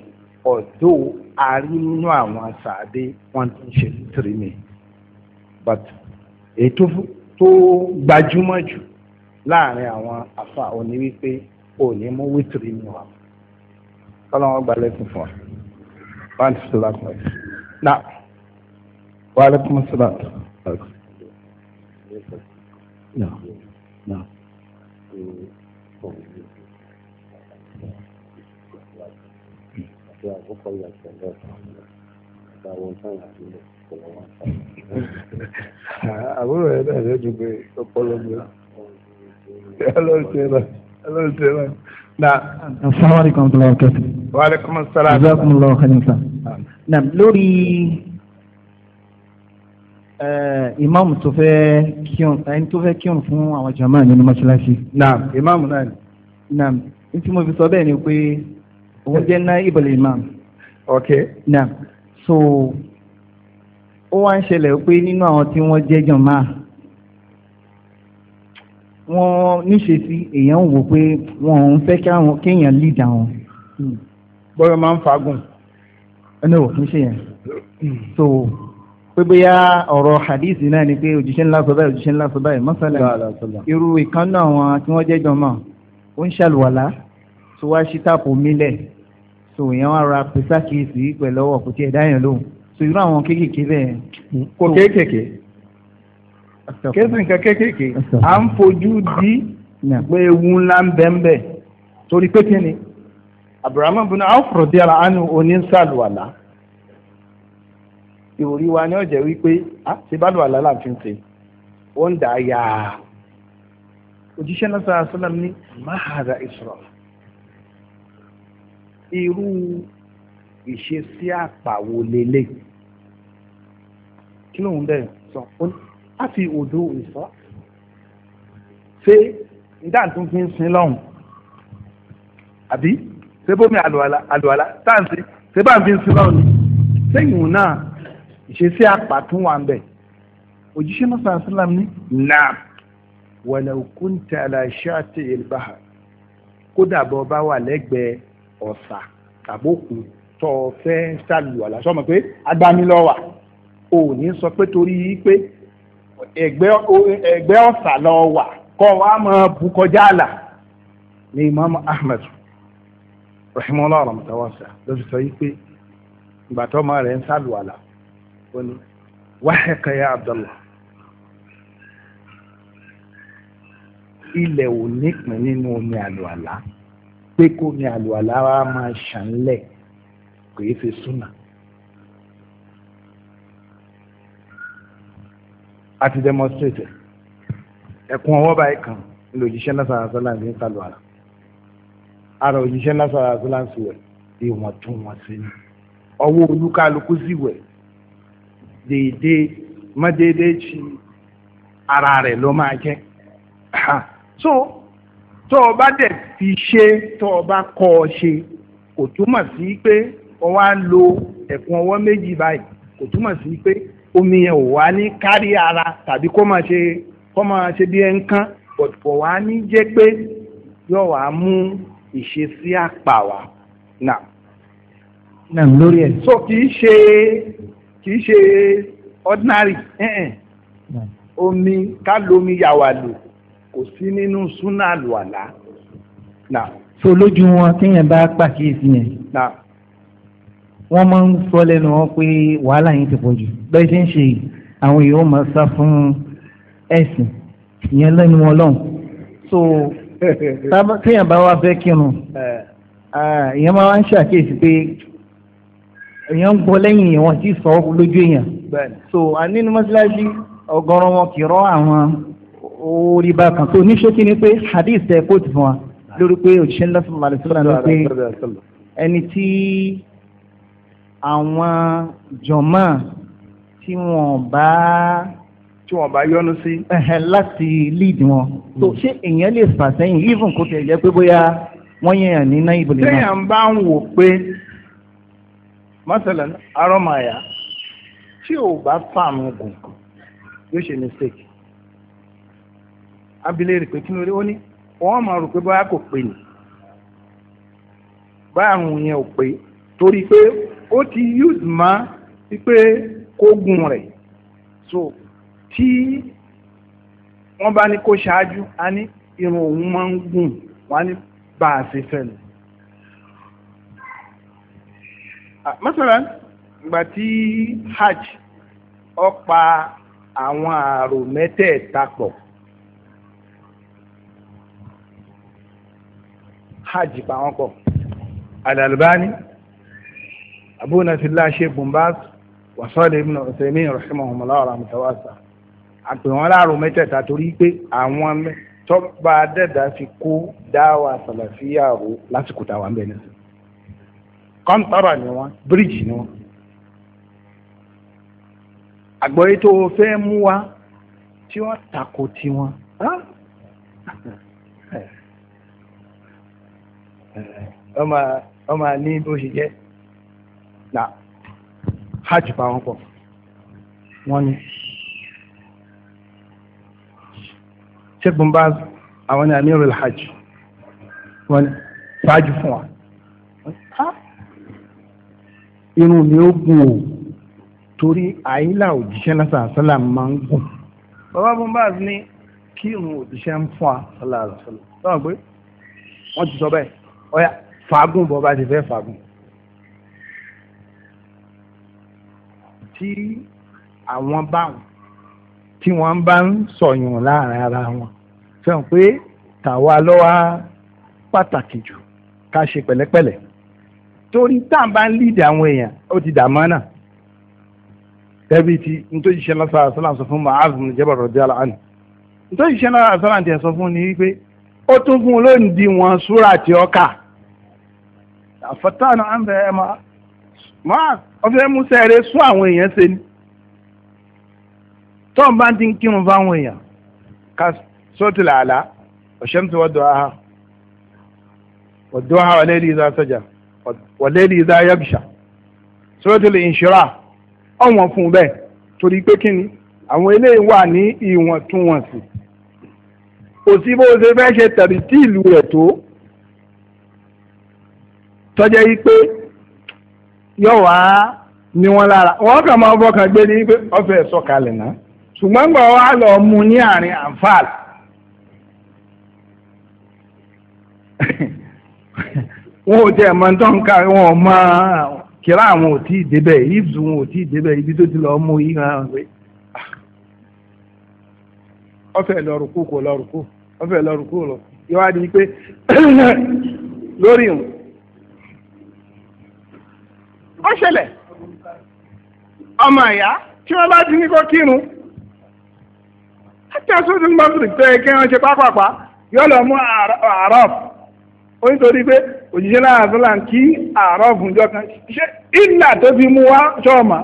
[SPEAKER 1] ọ̀dọ́ àárín nínú àwọn sàádé wọn ti ń ṣe wítìrì mi but èyí tó gbajúmọ̀ jù láàrin àwọn afa òní wípé òní mú wítìrì ni wà kọ́lọ́wọ́ gbalẹ̀ fún fún wa wọ́n ti sọ láti wọ́n na wa alaikum assalam. No, no. àbúrò ẹ̀ náà ló dùn pé ọpọlọ mi asalaamualeykum wa rahmatulahi. wa aleykum salaam. jazakumullahu khairan sa. naam lórí imaamu tó fẹ́ kírun ẹni tó fẹ́ kírun fún àwọn jama nínú mọ́ṣáláṣí. naam imaamu náà ni. naam n tí mo fi sọ bẹ́ẹ̀ ni pé òun jẹ́ ná ibùdó imam. ok. naam so ó wá ń ṣẹlẹ̀ pé nínú àwọn tí wọ́n jẹ́ jọ̀mọ́ wọ́n níṣe sí èèyàn wò pé wọ́n ń fẹ́ kéèyàn lead àwọn. Hmm. bọ́lá máa ń fagùn. ẹnu ò kí ń ṣe yẹn. Hmm. so pé bóyá ọ̀rọ̀ hadith náà ni pé òjíṣẹ́ ńlá sọ báyìí òjíṣẹ́ ńlá sọ báyìí mọ́sálẹ̀ irú ìkànnì àwọn tí wọ́n jẹ́ jọmọ́ ó ń ṣàlùwàlá tó wá sí táàpù mílẹ̀ so èèyàn wá ra pèsè àkíyèsí pẹ̀lú ọwọ́ kò tiẹ̀ dáyàn lóhùn so irú àwọn kéékèèké bẹ́ẹ̀. Hmm. kò kéékèèké kéésì nǹkan kéékèèké à ń fojú di pé ewu ńlá ń bẹ́ẹ̀ bẹ́ẹ̀ torí pé kí ni Abraham bin Awf rọdíàlà ánú onísàlùwàlà ìròrí wa ni ó jẹ́ wípé a ti bá lùwàlà láàfin ṣe ó ń dà á yá òjíṣẹ́ náà sọ àṣọlá ní mahada israf irú ìṣesí àpàwọ̀ lélẹ̀ kí lóun bẹ́ẹ̀ sọ ó á fi òdo ìsọ́ ṣé ìdáǹtún fi ń sin lọ́hùn àbí ṣé bómi àlùwàlà àlùwàlà táǹsì ṣé bá ń fi ń sin lọ́hùn ni sẹ́yìn náà ìṣesí àpà tún wà ń bẹ̀ òjíṣẹ́ náà sàn sílám ní naam walau kunta ala shati al-bahr kódà bọ́ bá wà lẹ́gbẹ̀ẹ́ ọ̀sà tàbókun tó fẹ́ sálùwàlà sọ́mọ pé agbámi ò ní sọ pé torí pé ẹ̀gbẹ́ ọsà lọ wà kọ́ wa máa bu kọjá àlà ni Imam Ahmed rahimahullah rahmatawasa ló fi sọ yìí pé ìgbà tó ọmọ rẹ̀ ń sálùwàlà ó ní wáhẹ́kẹ́ ya Abdullah ilẹ̀ ò nípìn nínú omi àlùwàlà pé kó omi àlùwàlà wa máa ṣàn lẹ̀ kò yẹ fi súnà. àti demonstrate ẹ̀kún ọwọ́ báyìí kan ní òjíṣẹ́ náà sàrà sọ́lá ní sàlù àrà ara òjíṣẹ́ náà sàrà sọ́lá sí wẹ̀ ìwọ̀ntúnwọ̀nsí ni ọwọ́ olúkálukú sí wẹ̀ déédé mọ́déédé tí ara rẹ̀ ló máa jẹ́ so tó o bá dẹ̀ fi ṣe tó o bá kọ́ ọ ṣe kò túmọ̀ sí pé o wá lo ẹ̀kún ọwọ́ méjì báyìí kò túmọ̀ sí pé omi yẹn ò wá ní kárí ara tàbí kó máa ṣe kó máa ṣe bí ẹ kò wá ní jẹ́ pé yóò wá mú ìṣesí àpà wá náà. náà lórí ẹ. so kì í ṣe kì í ṣe ordinary omi ká lomi yà wà lò kò sí nínú súnà àlùwàlá. so lójú wọn kéèyàn bá pàkíyèsí yẹn. náà wọ́n máa ń sọ lẹ́nu wọn pé wàhálà yín ti pọ̀ jù bẹ́ẹ̀ ṣe ń ṣe àwọn èèyàn máa sá fún ẹ̀sìn ìyẹn lẹ́nu wọn lọ́hùn so *laughs* téèyàn bá wá fẹ́ kírun ìyẹn máa ń ṣàkíyèsí pé èèyàn ń gbọ́ lẹ́yìn èèyàn tí sọ lójú èèyàn so nínú mọ́ṣáláṣí ọ̀gọ̀rọ̀ wọn kì í rọ́ àwọn orí bákan so ní ṣókí ni pé hadith ẹ̀ kóòtù fún wa lórí pé òṣìṣẹ́ ńlá fún wa lè àwọn jọ̀mọ́ tí wọ́n bá tí wọ́n bá yọnu sí. láti lead wọn tó hmm. ṣé èèyàn lè fà sẹ́yìn even kó tẹ̀ jẹ́ pé bóyá wọ́n yẹn ní náà ìbòlè náà. téèyàn bá ń wò pé mọ́sálẹ̀ arọ́màyà tí ò bá fààmù gùn yóò ṣe mistake abilé rè pé kí ló dé ó ní wọ́n máa rò pé bóyá kò pè ní báyà àrùn yẹn ò pé torí pé ó ti use má wípé kó rẹ̀ so tí wọ́n bá ní kó ṣáájú a ní irun òun máa ń gùn wọ́n á ní bá a ṣe fẹ́ lọ. Ah, masalan ìgbà tí hajj ó pa àwọn àrò mẹ́tẹ̀ẹ̀ta pọ̀. hajj pa wọn pọ̀ Al-Albani abuna fila sheikh bumbas wasaade ibn usaimin rahimahumullah ala mutawasa àpè wọn láàrò mẹ́tẹ̀ẹ̀ta torí pé àwọn tọba dẹdà fi kó dáwà sàlàfíà ro lásìkò táwa ń bẹ nísìn kọ́ńtàrà ni wọn bíríìjì ni wọn. àgbọ̀yé tó o fẹ́ mú wa tí wọ́n tako tiwọn. ọmọ ọmọ ní bó ṣe jẹ́ là hajj bá wọn pọ̀ wọ́n ní sheikh bumbaz àwọn ní amirul hajj wọ́n ní ṣáájú fún wa irun mi ó gùn o torí àyílà òjíṣẹ́ náà sàásálà máa ń gùn bàbá bumbaz ní kí irun òjíṣẹ́ ń fún wa sálà àlọ́ sọ́wọ́n pé wọ́n ti sọ bẹ́ẹ̀ ọ̀yà fàágùn bọ́ bá ti fẹ́ fàágùn. tí àwọn báwọn tí wọ́n bá ń sọ̀yún láàrin ara wọn fẹ́ràn pé tàwa lọ́wọ́ pàtàkì jù ká ṣe pẹ̀lẹ́pẹ̀lẹ́ torí tá à ń bá ń lídìí àwọn èèyàn ó ti dààmú náà tẹ́bí ti nítorí ṣiṣẹ́ náà sọ̀rọ̀ sọ́lá sọ fún Mu'adh bin Jabal radiyallahu anhu nítorí ṣiṣẹ́ náà sọ́lá tiẹ̀ sọ fún ni wípé ó tún fún un wọn súrà tí ó kà àfọ̀tánù à ẹ̀ máa. Moaz ọfẹ musa eré sún àwọn èèyàn ṣe ni tọ́n bá ti ń kírun fáwọn èèyàn ká sọ́ọ̀tì làálàá ọ̀ṣẹ́ ti wọ́n dọ̀ áhà ọ̀dọ̀ áhà ọ̀lẹ́dì ìdá sọ́jà ọ̀lẹ́dì ìdá yabṣà sọ́ọ̀tì lè ìṣúra ọ̀wọ̀n fún bẹ́ẹ̀ torí pé kíni àwọn eléyìí wà ní ìwọ̀ntúnwọ̀nsì kò bó ṣe fẹ́ ṣe tẹ̀rí tí ìlú rẹ̀ tó tọ́jà yìí pé. yóò wá ní wọn lára wọn kàn máa ka gbé ní pé ọfẹ sọ̀kalẹ̀ náà ṣùgbọ́n gbọ lọ mú ní àárín àǹfààl *laughs* wọn ò jẹ mọ wọn àwọn ò tí ì wọn ò tí ì ibi tó *clears throat* ó ṣẹlẹ̀ ọmọ ìyá tí wọ́n bá ti ní kó kírun àti asúndùn mọ́tìrì tó yẹ kí wọ́n ṣe pápápá yóò lọ mú àárọ̀f ó nítorí pé òjijì náà àfúlà ń kí àárọ̀f ńjọ kan ṣe ìlà tó fi mú wá ṣọ́ọ̀mà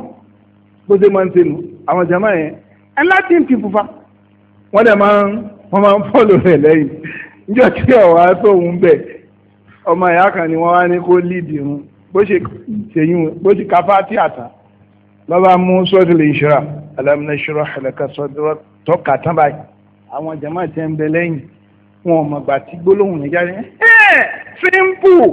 [SPEAKER 1] bó ṣe máa ń senu àwọn jama yẹn ẹ láti ń pìpùfà wọ́n dẹ̀ máa ń wọ́n máa ń fọ́lò rẹ̀ lẹ́yìn níjọ́ tí ọ̀wá tó ń bẹ̀ ọmọ ìyá kan ni wọ́n wá ní kó lídìí run bó ṣe ṣèyún bó ṣe ka fati àtà lọ́ba mú sọ́ọ̀tìlì ìṣúra alámìnà ìṣúra ẹ̀lẹ́ka sọ́ọ̀tìlì tọ́ka tán báyìí àwọn jama tẹ́ ń bẹ lẹ́yìn wọn ò mọ̀gbà tí gbólóhùn yẹn jáde ẹ̀ simple.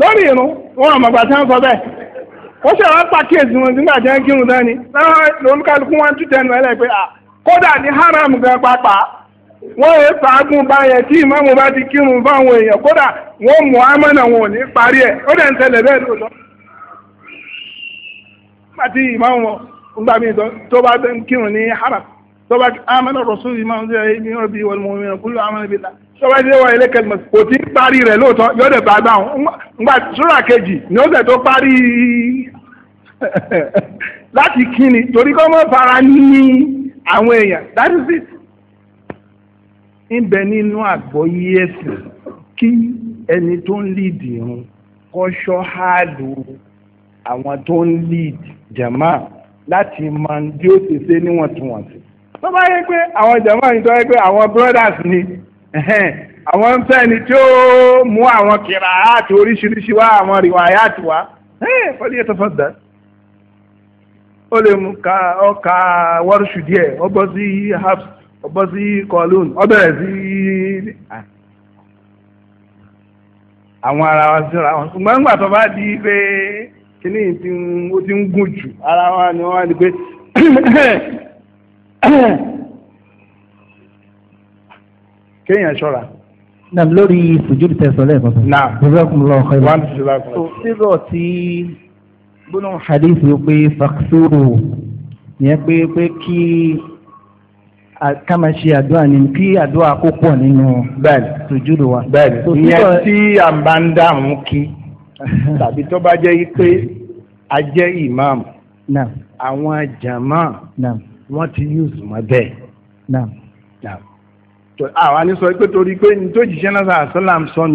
[SPEAKER 1] lórí irun wọn ò mọ̀gbà tí wọ́n sọ bẹ́ẹ̀ wọ́n ṣe àwọn pàkíyèsí wọn nígbà jẹ́ kírun náà ni lóun kálukú wọn tún tẹnu ẹ lẹ́pẹ́ à kódà ní haram gan pàápàá wọ́n yẹ fàágùn báyẹn tí ìmáàmù bá ti kírun fáwọn èèyàn kódà wọ́n mú amánà wọn ò ní parí ẹ̀ ó dẹ̀ ń tẹ̀lé bẹ́ẹ̀ lóòótọ́. nígbà tí ìmáàmù wọn nígbà míì tó bá ń kírun ní haram tó bá amánà rọ̀ṣù ìmáàmù tó yẹ ní ọ̀bí wọn mú mi kúlù amánà bí ta tó bá dé wọ ilé kẹlẹ́mọ̀ kò tí ń parí rẹ̀ lóòótọ́ yọ̀ọ́dẹ̀ bá gbà wọn nígbà sóra kejì ni ó tẹ̀ tó parí *laughs* láti kíni torí kọ́ mọ́ fara ní àwọn èèyàn that is it ń bẹ nínú àgbọ́yé ẹ̀sìn kí ẹni tó ń lead irun kọ́ ṣọ́ háàlù àwọn tó ń lead jama láti máa ń bí ó ti ṣe níwọ̀ntúnwọ̀nsì tó bá yẹ pé àwọn jama yìí tó yẹ pé àwọn brothers ni àwọn ń fẹ́ ni tí ó mú àwọn kìràá àti oríṣiríṣi wá àwọn rìwàyà àti wá fọ́lí ẹ̀ tó fọ́ dá. ó ka ọ ka wọrụ ó bọ́ sí herbs àwọn ara wa síra wọn ṣùgbọ́n tó bá di pé kíní ti ó ti ń gùn jù ara wa ni wọ́n á di pé kéèyàn ṣọ́ra. nam lórí fùjú tẹ̀sán lẹ́ẹ̀kan. nam. jẹ́sọ́kùn lọ́ọ́ gbólóhùn hadithi pé fàkṣúrò yẹn pé pé kí kama ṣe àdúrà ni kí àdúrà kó pọ̀ nínú sùjúdù wa. bẹ́ẹ̀ni ìyẹn tí a bá ń dààmú kí *laughs* tàbí tó bá jẹ́ pé a jẹ́ imam àwọn jama wọ́n ti use mọ́ bẹ́ẹ̀. àwa ni sọ pé torí pé ní tó jíṣẹ́ náà sàlám o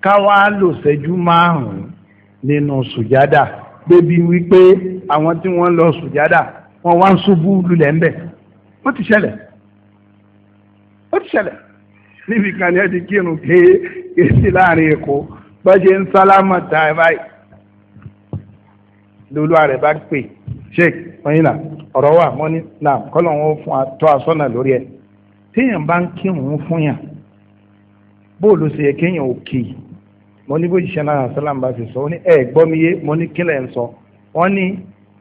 [SPEAKER 1] ká wàá lò ṣẹ́jú márùn-ún nínú sùjádà débi wípé àwọn tí wọ́n lọ sùjádà wọ́n wá ń ṣubú lulẹ̀ ńbẹ̀ ó ti ṣẹlẹ̀ ó ti ṣẹlẹ̀ níbi kan ní ẹ ti kírun ké èsì láàrin èkó bọ́jẹ́ ń sálámà tá ẹ báyìí lolú ààrẹ bá pè sheik ọyìnà ọ̀rọ̀ wà wọ́n nà kọ́lọ̀ wọn fún atọ́ asọ́nà lórí ẹ̀ téèyàn bá ń kírun fún yàn bóòlù ṣe yẹ kéèyàn ò kì mo ní bó ṣiṣẹ́ náà sálàm bá fi sọ ó ní ẹ gbọ́ mi yé mo ní kílẹ̀ ń sọ wọ́n ní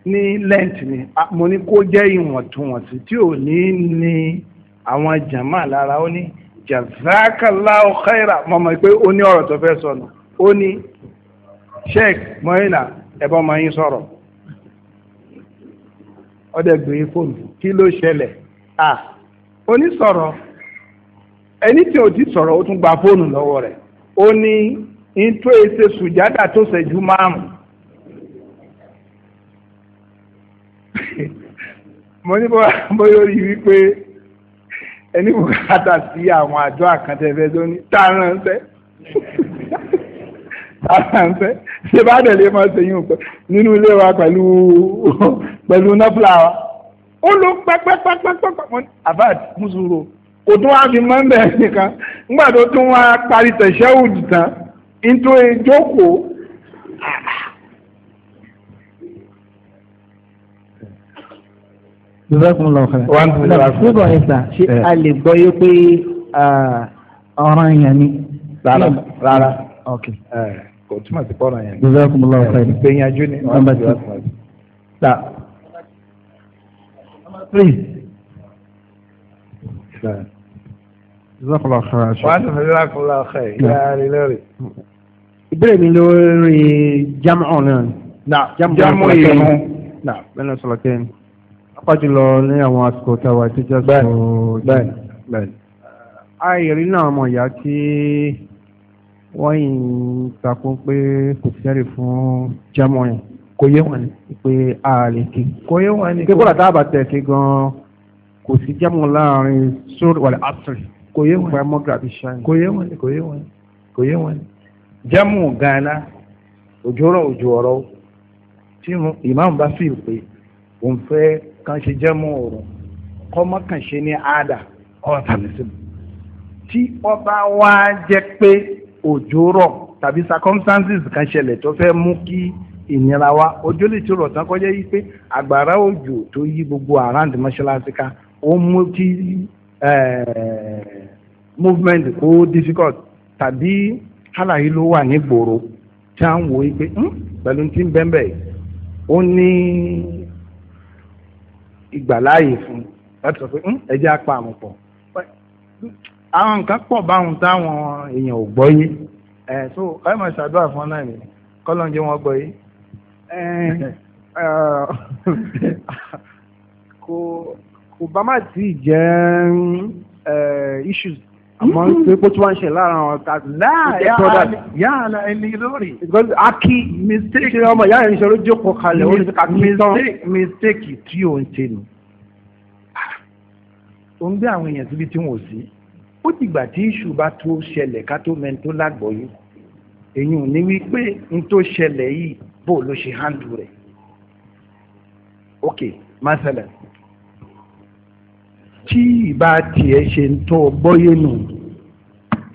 [SPEAKER 1] ní lẹ́ǹtì ni mo ní kó jẹ́ ìwọ̀ntúnwọ̀nsì tí ò ní ní àwọn jàmáà lára ó ní jazakallahu khaira mo mọ̀ pé ó ní ọ̀rọ̀ tó fẹ́ sọ nù ó ní sheik moyina ẹ̀bọ́n mọ̀ yín sọ̀rọ̀ ọdẹ gbé fóònù kí ló ṣẹlẹ̀ à onísọ̀rọ̀ ẹni tí ò ti sọ̀rọ̀ ó tún gba fóònù lọ́wọ́ rẹ̀ ó ní ntọ́ èsè e sùjádà tó ṣẹ́jú márùn. *laughs* mo ní bóyá orí wípé ẹni bùkátà sí àwọn àjọ àkàntẹ́fẹ́ tó ní tá a ránṣẹ́ àtàǹfẹ́ ṣe bá dẹ̀ lè máa ṣèyún pẹ̀ nínú ilé wa pẹ̀lú pẹ̀lú nọ́fìlà wa. ó ló pẹ́pẹ́pẹ́pẹ́pẹ́ abad mùsùlùmí kò tún wá fi mọ́ ń bẹ̀ nìkan nígbà tó tún wá parí tẹ̀síọ́wù dùtàn. Into ìjókòó joko, lọ ọ̀kẹ́rẹ́. wọ́n ti lọ sí. nígbà ìgbà ṣé eh. a lè gbọ́ yé pé ọ̀ràn yẹn ni. rárá rárá eh, kò túmọ̀ sí pọ́nrán yẹn. jùzọ́kùn lọ ọ̀kẹ́rẹ́. ìgbéyànjú ni wọ́n bá ti wá sí. ta three. Jazakallah khairan. wàá sọ fún Jazakallah khairan ìyá rẹ lórí. ìbéèrè mi lórí jamu náà. na jamu yìí mú. na bẹ́ẹ̀ ni sọ̀rọ̀ kẹ́hìn. apájú lọ ní àwọn àsìkò tàwa tí jẹ́ sọ. bẹ́ẹ̀ bẹ́ẹ̀. àìrí náà mọ̀ ìyá tí wọ́n yìí takun pé kò sẹ́rì fún jamu yẹn kò yé wọn ni. pé a lè ké. kò yé wọn ni. kí kódà tá a bá tẹ̀ sí gan-an kò sí jamu láàrin sórí wàlẹ̀ àtúrì kò yé wọn thermography kò yé wọn kò yé wọn kò yé wọn jamu gana òjòrò òjòrò tí imam bá fi pé òun fẹ́ kàn ṣe jamu ọ̀rọ̀ kọ́mọ́ kàn ṣe ní ada ọ̀rọ̀ tàbí sí tí ọba wa jẹ́ pé òjòrò tàbí circumstances kan ṣẹlẹ̀ tó fẹ́ mú kí ìnira wa ojú lè ti rọ̀ tán kọjá yìí pé àgbàrá òjò tó yí gbogbo around mọ́ṣáláṣí ká ó mú kí eh, movement ó difficult tàbí hálàyé ló wà ní gbòòrò tí a ń wò ó pé pẹ̀lú tí ń bẹ́ẹ̀ bẹ́ẹ̀ ó ní ìgbàláàyè fún láti sọ pé hmm, ẹ jẹ́ apá àwọn pọ̀ àwọn nǹkan pọ̀ báwọn táwọn èèyàn ò gbọ́ yé ẹ̀ so ẹ máa ṣàdúrà fún ọ náà nìyẹn kọ́lọ́n jẹ́ wọ́n gbọ́ yé kò kò bá má ti jẹ́ issues àmọ́ epo tí wọ́n ń ṣe lára àwọn ta. láà yà á la ẹni lórí. aki mistake ṣe ọmọ ìyá rẹ̀ ń ṣe ló jókòó kalẹ̀ ó ní ká kí tán. mistake tí ò ń ṣe nù. ó ń gbé àwọn èèyàn síbi tí wọn ò sí. ó dìgbà tí iṣu bá tó ṣẹlẹ̀ ká tó mẹ́ni tó lágbọ̀ọ́yé. èyí ò ní wípé n tó ṣẹlẹ̀ yìí bó ló ṣe handle rẹ̀. ok masala tí ìbá tiẹ̀ ṣe ń tó gbọ́yé nù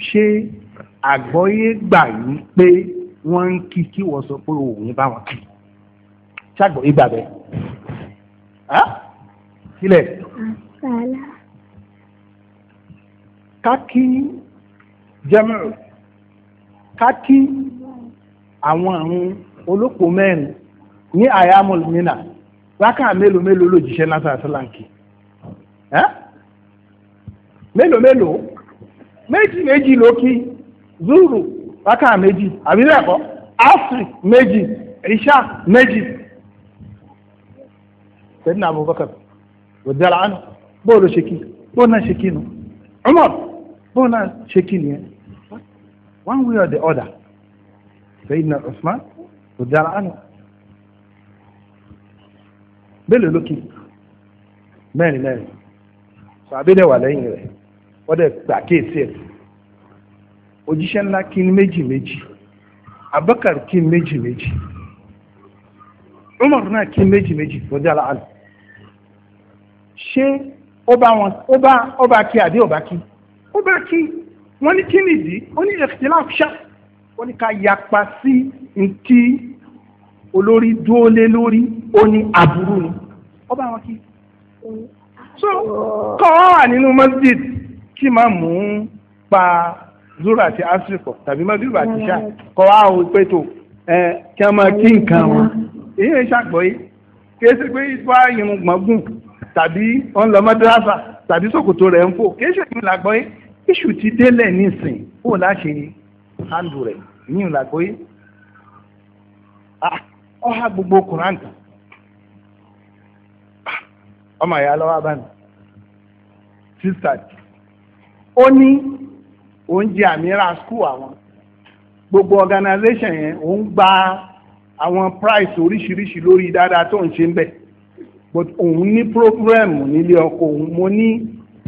[SPEAKER 1] ṣé àgbọ́yé gbà yí pé wọ́n ń kí kí wọ́n sọ pé òun bá wọn kí ṣàgbọ́yé gbà bẹ́ẹ̀ kílẹ̀. kákí jẹ́mọ̀rù kákí àwọn àwọn olóko mẹ́rin ní àyàmọ̀lùmínà rákà mélòó mélòó lòjíṣẹ́ lásán láǹkì. melo melo meji meji loki zuru rákà meji àbí lẹ́kọ̀ọ́ asri meji. isha meji sẹ́dínà abubakar rọ̀dẹ́lá ánú bóòlù ṣe kí na nu umar one way or the other sẹ́dínà usman rọ̀dẹ́lá ánú sàbí dẹ̀ wà lẹ́yìn rẹ̀ wọ́n dẹ̀ gbà kéèsì ẹ̀ òjíṣẹ́ ńlá kí ni méjì méjì abakar kí ni méjì méjì umar náà kí ni méjì méjì lọ́jà láàánú ṣé ó bá wọn ó bá ó bá kí àbí ó bá kí ó bá kí wọ́n ní kí ni ìdí wọ́n ní ikhtilaf ṣá wọ́n ní ká yapa sí ntí olórí dúólé lórí ó ní aburú ni ó bá wọn kí so oh. kọ́ wà nínú masjid kí máa mú un pa zura àti asrikọ tàbí magrib àti ṣá kọ́ wá o pé tó ẹ kí wọ́n máa kí nǹkan wọn èyí ń ṣàgbọ́yé kí ẹ ṣe pé ipa irun gbọ̀ngùn tàbí wọn lọ mọ́dúrásà tàbí ṣòkòtò rẹ̀ ń fò kí ẹ ṣe ìrìnlá gbọ́yé iṣu ti délẹ̀ nísìn ó láṣẹ handle rẹ̀ ní ìrìnlá gbọ́yé ọha ah, gbogbo kùrántàn ọmọ ìyá lọ́wọ́ abáni sísà ó ní oúnjẹ àmìíràn skul àwọn gbogbo organization yẹn ó ń gba àwọn price oríṣiríṣi lórí dáadáa tó ń ṣe ń bẹ̀ but òun ní program nílé ọkọ òun mo ní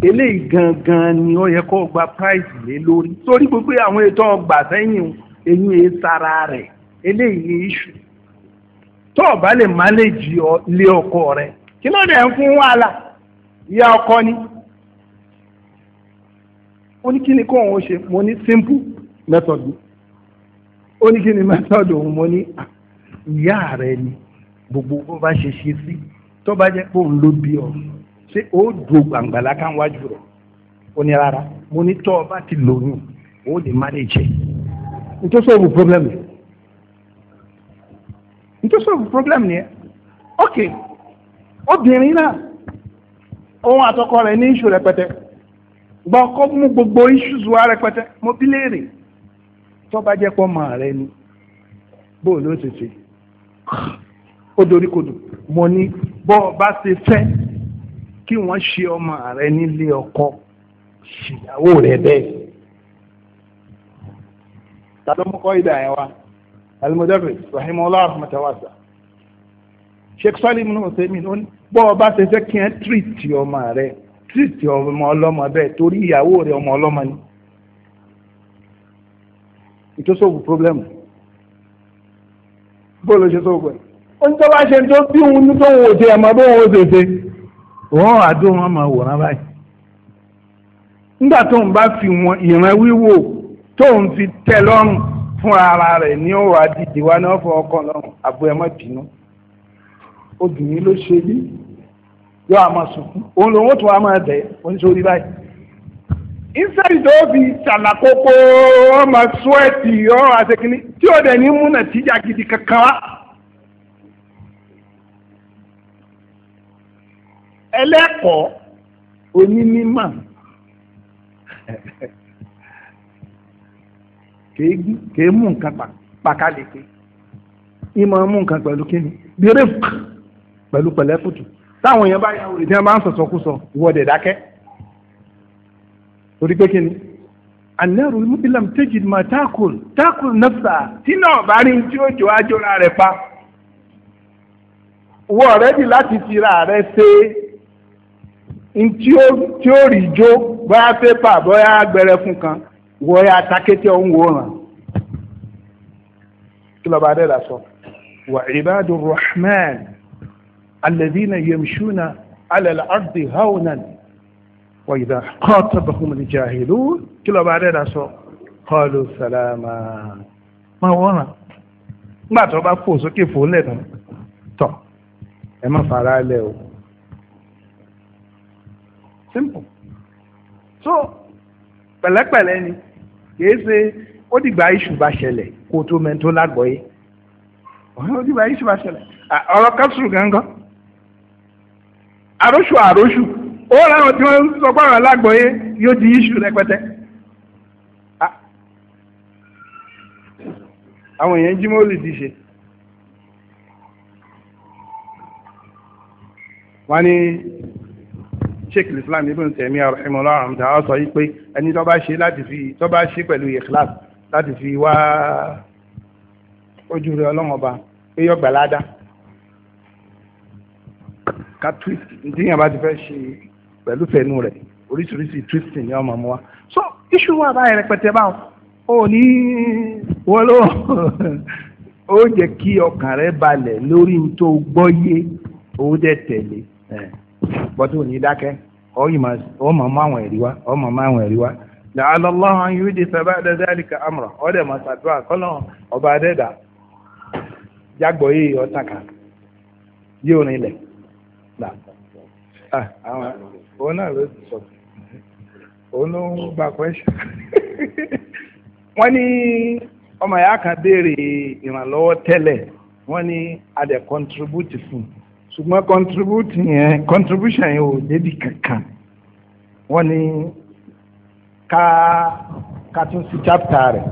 [SPEAKER 1] eléyìí gangan ni ó yẹ kó gba price lé lórí torí gbogbo àwọn ètò ọgbà sẹ́yìn eyín èé e sara rẹ̀ eléyìí ní issue tó o bá lè manage ilé ọkọ rẹ̀ kí ló dé ń fún wàhálà ìyá ọkọ ni ó ní kí kó òun ṣe mo ní simple method ó ní kí ni method òun mo ní ah, ìyá rẹ ni gbogbo bó bá ṣe ṣe sí tó bá jẹ́ pé òun ló bí ọ ṣé ó do gbàngbàlá kan wájú rẹ̀ ó ní rárá mo ní tọ́ ọ bá ti lóyún ó lè manage nítorí sọ̀rọ̀ problem nítorí sọ̀rọ̀ problem ni ẹ ok. obìnrin náà òun àtọkọ rẹ̀ ní iṣu rẹpẹtẹ gbọ́ mú gbogbo iṣu zuwa rẹpẹtẹ mo bí léèrè tó bá rẹ ni bó ló ṣe ṣe ó dorí kodò mo ní ọ bá ṣe fẹ́ kí wọ́n ṣe ọmọ rẹ nílé ọkọ ṣìyàwó rẹ bẹ́ẹ̀. wa alimọdébẹ sheikh salim náà ṣe mí lónìí bọ́ ọ bá ṣe fẹ́ kí ẹ tírìtì ọmọ rẹ tírìtì ọmọ ọlọ́mọ bẹ́ẹ̀ torí ìyàwó rẹ ọmọ ọlọ́mọ ni ìtòsòwò problem bó ló ṣe sóògùn ẹ̀ ó ní tó bá ṣe tó bí òun ní tó wò ṣe ẹ̀mọ́ bó wò ṣe ṣe wọ́n àdó wọn máa wòran báyìí nígbà tó ń bá fi wọn ìran wíwò tó ń fi tẹ́ lọ́rùn fún ara rẹ̀ ní ó wà á ní ọ̀fọ̀ ọkọ̀ lọ́rùn àbúrẹ́mọ́ bínú obìnrin ló ṣe bí yọ àmọ́ sùkú òun lòun ó tún wá máa dẹ̀ oníṣòrí báyìí inside tó fi ṣàlàkókò ọmọ sweat ọmọ àṣekínní tí ó dẹ̀ ní múnà tíjà gidi kankan wá. ẹlẹ́kọ̀ọ́ onímọ̀ *laughs* kèé mú nǹkan pàkáleke ìmọ̀ mú nǹkan pẹ̀lú kíni bí rẹ́fù pẹ̀lú pẹ̀lẹ́kùtù táwọn èèyàn bá yà wòlé tí wọ́n bá ń sọ̀sọ̀ kú sọ ìwọ́dẹ̀ dákẹ́ torí pé kíni anẹ́rù ilam tejid ma takul takul nafsa tí náà bá rí tí ó jọ ajọ́ra rẹ̀ pa wọ́n ọ̀rẹ́dì láti fira rẹ̀ ṣe tí ó rí jó bóyá pépà bóyá gbẹrẹ fún kan wọ́n yà takété ọ̀hún wòran kí lọ́ba adẹ́dà sọ wà ibadur rahman alladhina yamshuna ala al-ardi hawnan wa idha khatabahum al-jahilun kí ló bá rẹ̀ dà sọ qalu salama máa wọ́n rà nígbà tó bá fò sókè fò lẹ́nu tọ̀ ẹ má fara lẹ̀ o simple so pẹ̀lẹ́pẹ̀lẹ́ ni kìí ṣe ó dìgbà iṣu bá ṣẹlẹ̀ kó tó mẹ́ntó lágbọ́yé ó dìgbà iṣu bá ṣẹlẹ̀ ọ̀rọ̀ capsule gangan àrósù àrósù ó ráwọn tí wọ́n sọ pé àwọn alágbọ̀ọ́yé yóò di iṣu rẹpẹtẹ. Ah. àwọn èèyàn jí mọ́lì ti ṣe. wọ́n ní sheikh islam ibn tẹ̀mí rahimahullah ọ̀rọ̀ àwọn sọ yìí pé ẹni tó bá ṣe láti fi tó bá ṣe pẹ̀lú ikhlas láti fi wá ojú rẹ̀ ọlọ́mọba pé yọ gbàládá. ka twist ndị yẹn bá ti fẹ́ ṣe pẹ̀lú fẹ̀nu rẹ̀ oríṣiríṣi twisting ni wọ́n máa wa so issue wà báyìí rẹpẹtẹ báwọn ò ní wọ́n ló *laughs* ó kí ọkàn rẹ balẹ̀ lórí n tó gbọ́ yé ó dẹ̀ tẹ̀lé bọ́tò ò ní dákẹ́ ọ àwọn ọ àwọn wa ọba là àwọn òun náà ló ti sọ òun ló ń gba kwẹ́sà wọ́n ní ọmọ ìyá kan béèrè ìrànlọ́wọ́ tẹ́lẹ̀ wọ́n ní adẹ̀ contribute fún ṣùgbọ́n contribute yẹn contribution yẹn ò débi kankan wọ́n ní ká ká tún sí chapter rẹ̀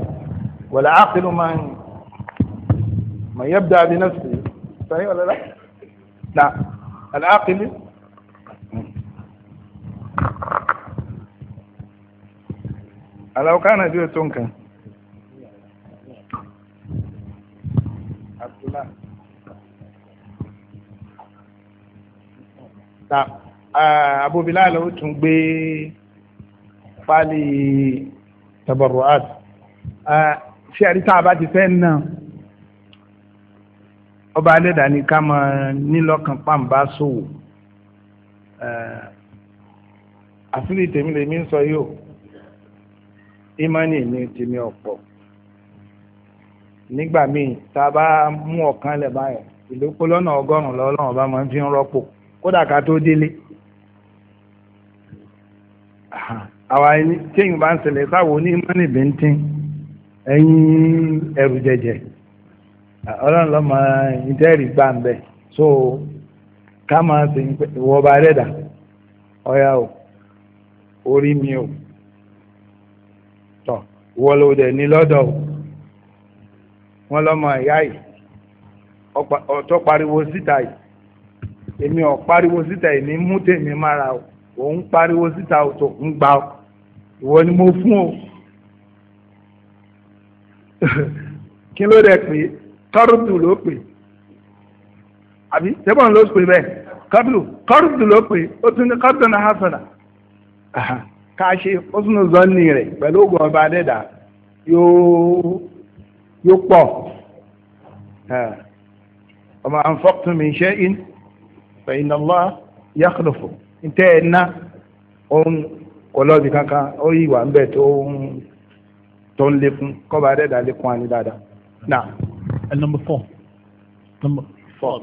[SPEAKER 1] wala aqilu man man yabda bi nafsi sahih wala la aláàkìlì. aláwọ̀ká náà bí o tó nǹkan. abubila ló tún gbé pálí tabaruat ṣé àdìsá àbá ti fẹ́ náà ọba adẹ́dà ni ká máa nílọ́kàn pàǹbá ṣòwò eh, àfírí tèmi lèmi ń sọ yóò ìmánì mi tèmi ọ̀pọ̀ nígbà míì tá a bá mú ọ̀kan lẹ̀ báyẹn ìlókò lọ́nà ọgọ́rùn-ún lọ́lọ́run ọba máa ń fi ń rọ́pò kódà ká tó délé àwa téèyàn bá ń ṣẹlẹ̀ sáwo ní ìmánì bíntín ẹ̀yìn ẹ̀rù jẹjẹrẹ. ọlọ́run lọ́mọ ìtẹ́rì gbà ń bẹ̀ so ká máa ṣe ìwọ ọba rẹ̀dà ọ̀yà o orí mi o tọ ìwọ ló dẹ̀ ní lọ́dọ̀ o wọ́n lọ́mọ ìyá yìí ọ̀tọ́ pariwo síta yìí èmi ò pariwo síta yìí ní o òun pariwo síta o tó ń gbà o ìwọ ni mo fún o *laughs* kí ló dẹ̀ pé. kọ́rùdù ló pè àbí tẹ́bọ̀n ló pè bẹ́ẹ̀ kọ́rùdù kọ́rùdù ló pè ó tún ní kọ́rùdù náà hasana ká ó tún ní zọ́ọ̀nì rẹ̀ pẹ̀lú ọba adẹ́dà yóò pọ̀ ọmọ min shay'in fa inna Allah yakhlufu ntẹ́ ẹ̀ ná òun kò lọ́ọ̀dì kankan ó yí ń bẹ̀ tó ń lékún kọ́ba adẹ́dà lékún àní and number four. Number four.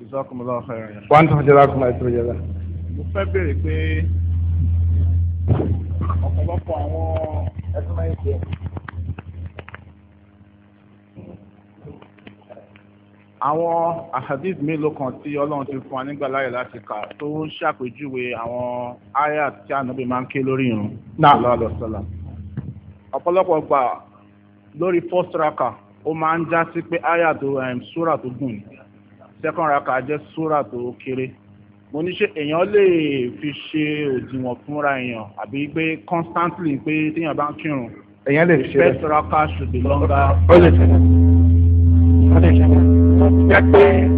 [SPEAKER 2] Jazakumullahu khairan. Wọ́n tún jazakum láì tó yẹra. Mo fẹ́ béèrè pé
[SPEAKER 1] ọ̀pọ̀lọpọ̀ àwọn ẹ̀sìn ẹ̀sìn
[SPEAKER 2] àwọn ahadith mélòó kan tí Ọlọ́run ti
[SPEAKER 1] fún wa nígbà láyè láti kà tó ṣàpèjúwe àwọn aya tí ànábì máa ń ké lórí irun. Náà lọ́ọ́ sọ́la ọ̀pọ̀lọpọ̀ gbà lórí first raka ó máa ń já sí pé aya tó súra tó gùn ni second raka jẹ́ sura tó kéré mo ní ṣe èèyàn lè fi ṣe òdiwọ̀n fúnra èèyàn àbí pé constantly pé téèyàn bá ń kírun èèyàn lè ṣe first raka should be longer. ó lè ṣe rẹ ó lè ṣe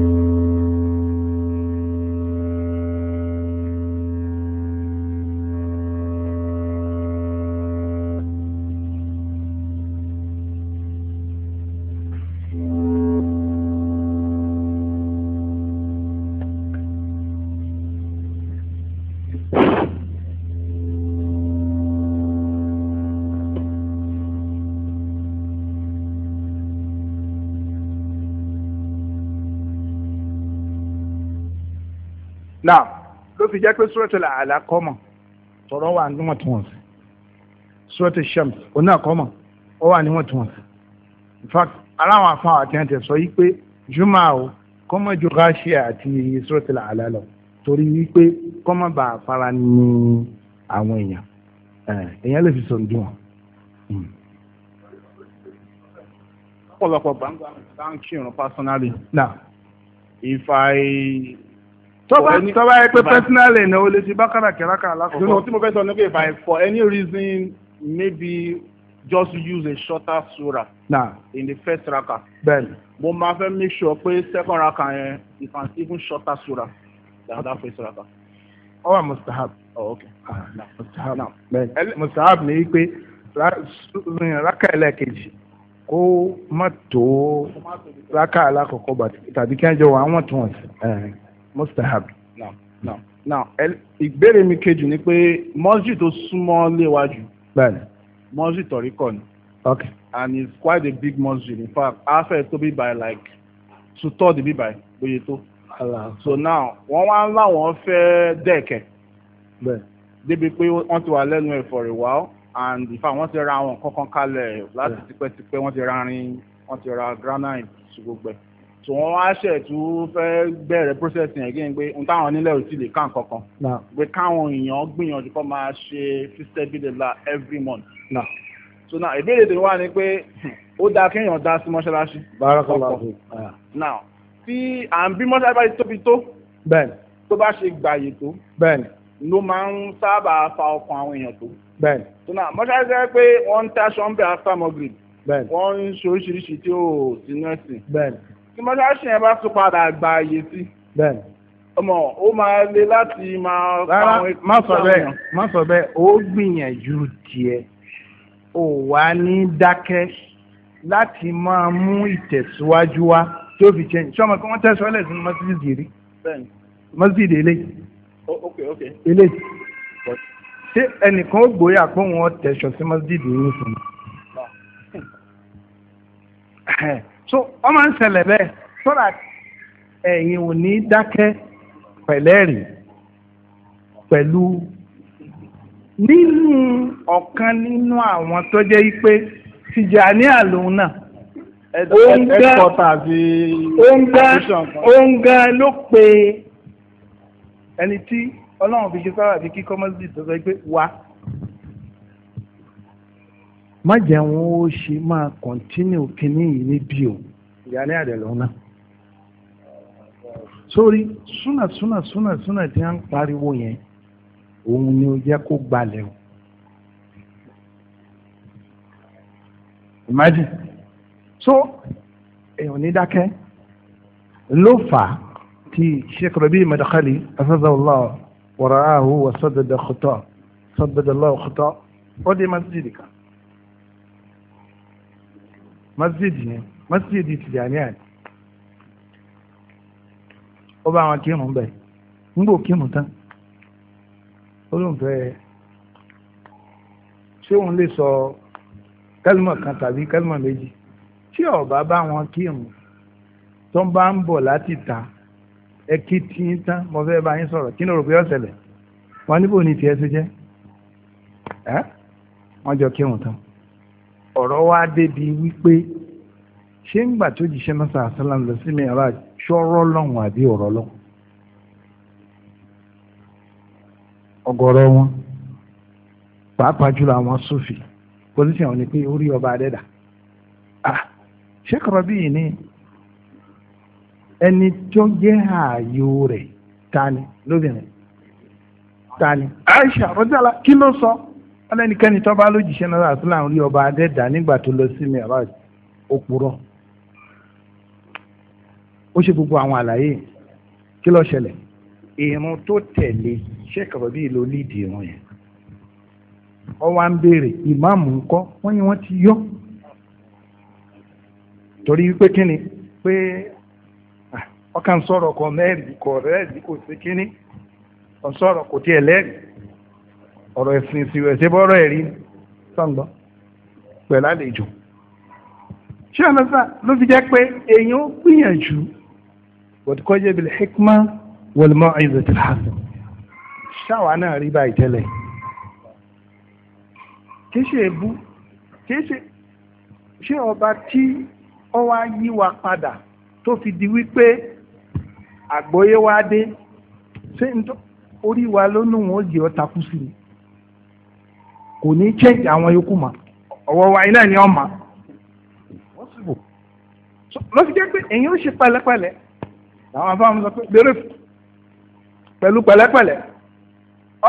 [SPEAKER 1] náà ló fi jẹ́ pé suratul A'la kọ́mọ̀ tọ̀rọ̀ wà níwọ̀ntúnwọ̀nsì suratul Shams òun náà kọ́mọ̀ ó wà níwọ̀ntúnwọ̀nsì in fact aláwọn afọ àtẹ̀ǹtẹ̀ sọ yìí pé jùmọ̀ o kọ́mọ̀ ju Ghashiyah àti suratul A'la lọ torí wípé kọ́mọ̀ bá a fara ní àwọn èèyàn èèyàn lè fi sọ̀rọ̀ dùn wọn. Hmm.
[SPEAKER 2] ọ̀pọ̀lọpọ̀ gbàǹgbà bá ń kírun personally. now if I
[SPEAKER 1] tọ́ba tọ́ba yẹ pé personally ni o lè ti bákàrà kẹ́rákà alákọ̀ọ́kọ́. nínú tí
[SPEAKER 2] mo fẹ́ sọ ni pé if I for any reason maybe just use a shorter sura na in the
[SPEAKER 1] first raka. bẹ́ẹ̀ni. mo máa fẹ́ make sure pé second raka yẹn if an even shorter surah than that first raka. ọ wà mustahab. oh okay. Ah, na mustahab na bẹ́ẹ̀ni mustahab ni pé raka ẹlẹ́ẹ̀kejì kó má tó raka alákọ̀ọ́kọ́ tàbí kí wọ́n jọ wọ́n á wọ̀n tún sí. mustahab. now now now ìbéèrè mi kejì ni pé mosjid tó súnmọ́ léwájú. bẹ́ẹ̀ni. mosjid tọ̀ríkọ̀ ni. okay. and it's quite a big mosjid
[SPEAKER 2] in fact afẹ́ tó bí by like two third bí by oye tó. so now
[SPEAKER 1] wọ́n wá ń láwọn fẹ́ dẹ́ẹ̀kẹ́. bẹ́ẹ̀. débi pé wọ́n ti wà lẹ́nu ẹ̀ for a while and in fact wọ́n ti ra àwọn kankan kalẹ̀ láti tipẹ́tipẹ́ wọ́n ti ra rin wọ́n ti ra granite sí gbogbo ẹ̀ tí wọ́n wá ṣẹ̀ tó fẹ́ bẹ̀rẹ̀ processing again pé n táwọn nílẹ̀ ò ti lè kàn kankan pé káwọn èèyàn gbìyànjú kó máa ṣe fistebidela every month. Nah. so now ìbéèrè tèmi wá ni pé ó dáa kéèyàn dá sí mọ́ṣáláṣí. barakallahu fi. Ah. now tí à ń bí mọ́ṣáláṣí bá ti tóbi tó. bẹ́ẹ̀ni. tó bá ṣe gbàyè tó. bẹ́ẹ̀ni. ló máa ń sábà fa ọkàn àwọn èèyàn tó. bẹ́ẹ̀ni. so now mọ́ṣáláṣí jẹ́ pé wọ́n ń táṣọ́ ń bẹ̀ after Maghrib. bẹ́ẹ̀ni. wọ́n ń ṣe oríṣiríṣi tí ó ti nọ́ọ̀sì. bẹ́ẹ̀ni tí mọ́ṣáláṣí yẹn bá tún padà gba àyè sí. bẹ́ẹ̀ni. ọmọ ó máa le láti máa. rárá má sọ bẹ́ẹ̀ má sọ bẹ́ẹ̀ ó gbìyànjú tiẹ̀ ó wà ní dákẹ́ láti máa mú ìtẹ̀síwájú wá tí ó fi ṣe ṣé ọmọ kí wọ́n tẹ̀síwájú lẹ̀ sínú mọ́sídìí rí. bẹ́ẹ̀ni. mọ́sídìí ilé.
[SPEAKER 2] ok ok. ilé
[SPEAKER 1] ṣé ẹnìkan ó gbóyà pé wọ́n tẹ̀sọ̀ sí mọ́sídìí ní ìsinmi so wọ́n máa ń ṣẹlẹ̀ bẹ́ẹ̀ sọ́dà ẹ̀yin ò ní dákẹ́ pẹ̀lẹ́rìn pẹ̀lú nínú ọ̀kan nínú àwọn tó jẹ́ pé Tìjàníyà lòun náà ongan ló pe ẹni tí ọlọ́run fi ṣe sábà fi kí kọ́mọ́sì tó sọ pé wá má jẹ́ wọn ó ṣe máa kọ̀ntínú kínní yìí níbí o ìyálé àdẹ̀ lọ́nà. sórí súnà súnà súnà súnà tí wọ́n ń pariwo yẹn òun ni ó jẹ́ kó gbalẹ̀ o. imagine so èèyàn ní dákẹ́ ló fà á tí sheikh rabi madakali afẹ́sọ̀lá wàrà áhù wà sọ́dọ̀dọ̀ kọ́tọ̀ sọ́dọ̀dọ̀ lọ́wọ́ ó dé masjid kan masjid yẹn masjid tìjànìyà ni ó bá wọn kírun bẹ nígbò kírun tán ó lóun fẹ́ ṣé òun lè sọ kálímà kan tàbí kálímà méjì tí ọba bá wọn kírun tó ń bá ń bọ̀ láti ta ẹ kí tí ń tán mo fẹ́ bá yín sọ̀rọ̀ kí ni rò pé ṣẹlẹ̀ wọn níbo ni tiẹ̀ ṣe jẹ́ ẹ́ wọ́n jọ kírun tán. ọ̀rọ̀ wa débi wípé ṣé ń gbà tó jíṣẹ́ náà sàásálàm lọ sí mìíràn ṣọ́rọ́ lọ́hùn àbí ọ̀rọ̀ lọ́hùn ọ̀gọ̀rọ̀ wọn pàápàá jùlọ àwọn sófì pọ́lísì àwọn ni pé orí ọba adẹ́dà ṣé kọ̀rọ̀ bíi ní ẹni tó jẹ́ ààyò rẹ̀ tani lóbìnrin tani Aisha rọ́jàlá kí ló sọ. So? ọlẹ́nikẹ́ni tó bá lójijì náà àtúnlá ń rí ọba adẹ́dà nígbà tó lọ sí mi'raj ó purọ́ ó ṣe gbogbo àwọn àlàyé kí ló ṣẹlẹ̀ ìrun tó tẹ̀lé ṣé kàbọ̀bí ló lídì ìrun yẹn ọ wá ń béèrè ìmáàmù ńkọ́ wọ́n ní wọ́n ti yọ torí wípé kíni pé ah, ọkàn sọ̀rọ̀ kọ mẹ́rin kọ rẹ́ẹ̀dì kò sí kíní ọ̀sọ̀rọ̀ kò tiẹ̀ lẹ́rìí ọ̀rọ̀ ẹ̀sìn ìsìn rẹ̀ ṣe bọ́rọ̀ ẹ̀rí sọ̀ǹgbọ́ pẹ̀lú àlejò ṣé ọ̀nà sá ló fi jẹ́ pé èèyàn ó gbìyànjú wọ́dùkọ́jẹ́ bil hikma wal mau'izatil hasan ṣáwa náà rí báyìí tẹ́lẹ̀ kì í ṣe ebú kì í ṣe ṣé ọba tí ó wá yí wa padà tó fi di wípé àgbọ́yé wá dé ṣé orí wa lónìí wọn ó jẹ́ ọ́ takú sí ni kò ní change àwọn yòókù mọ́ ọ̀wọ́ wa iná ni ọ̀ma lọ sí jẹ́ pé èyí ó ṣe pẹ̀lẹ́pẹ̀lẹ́ làwọn afáwọn sọ pé bèrè pẹ̀lú pẹ̀lẹ́pẹ̀lẹ́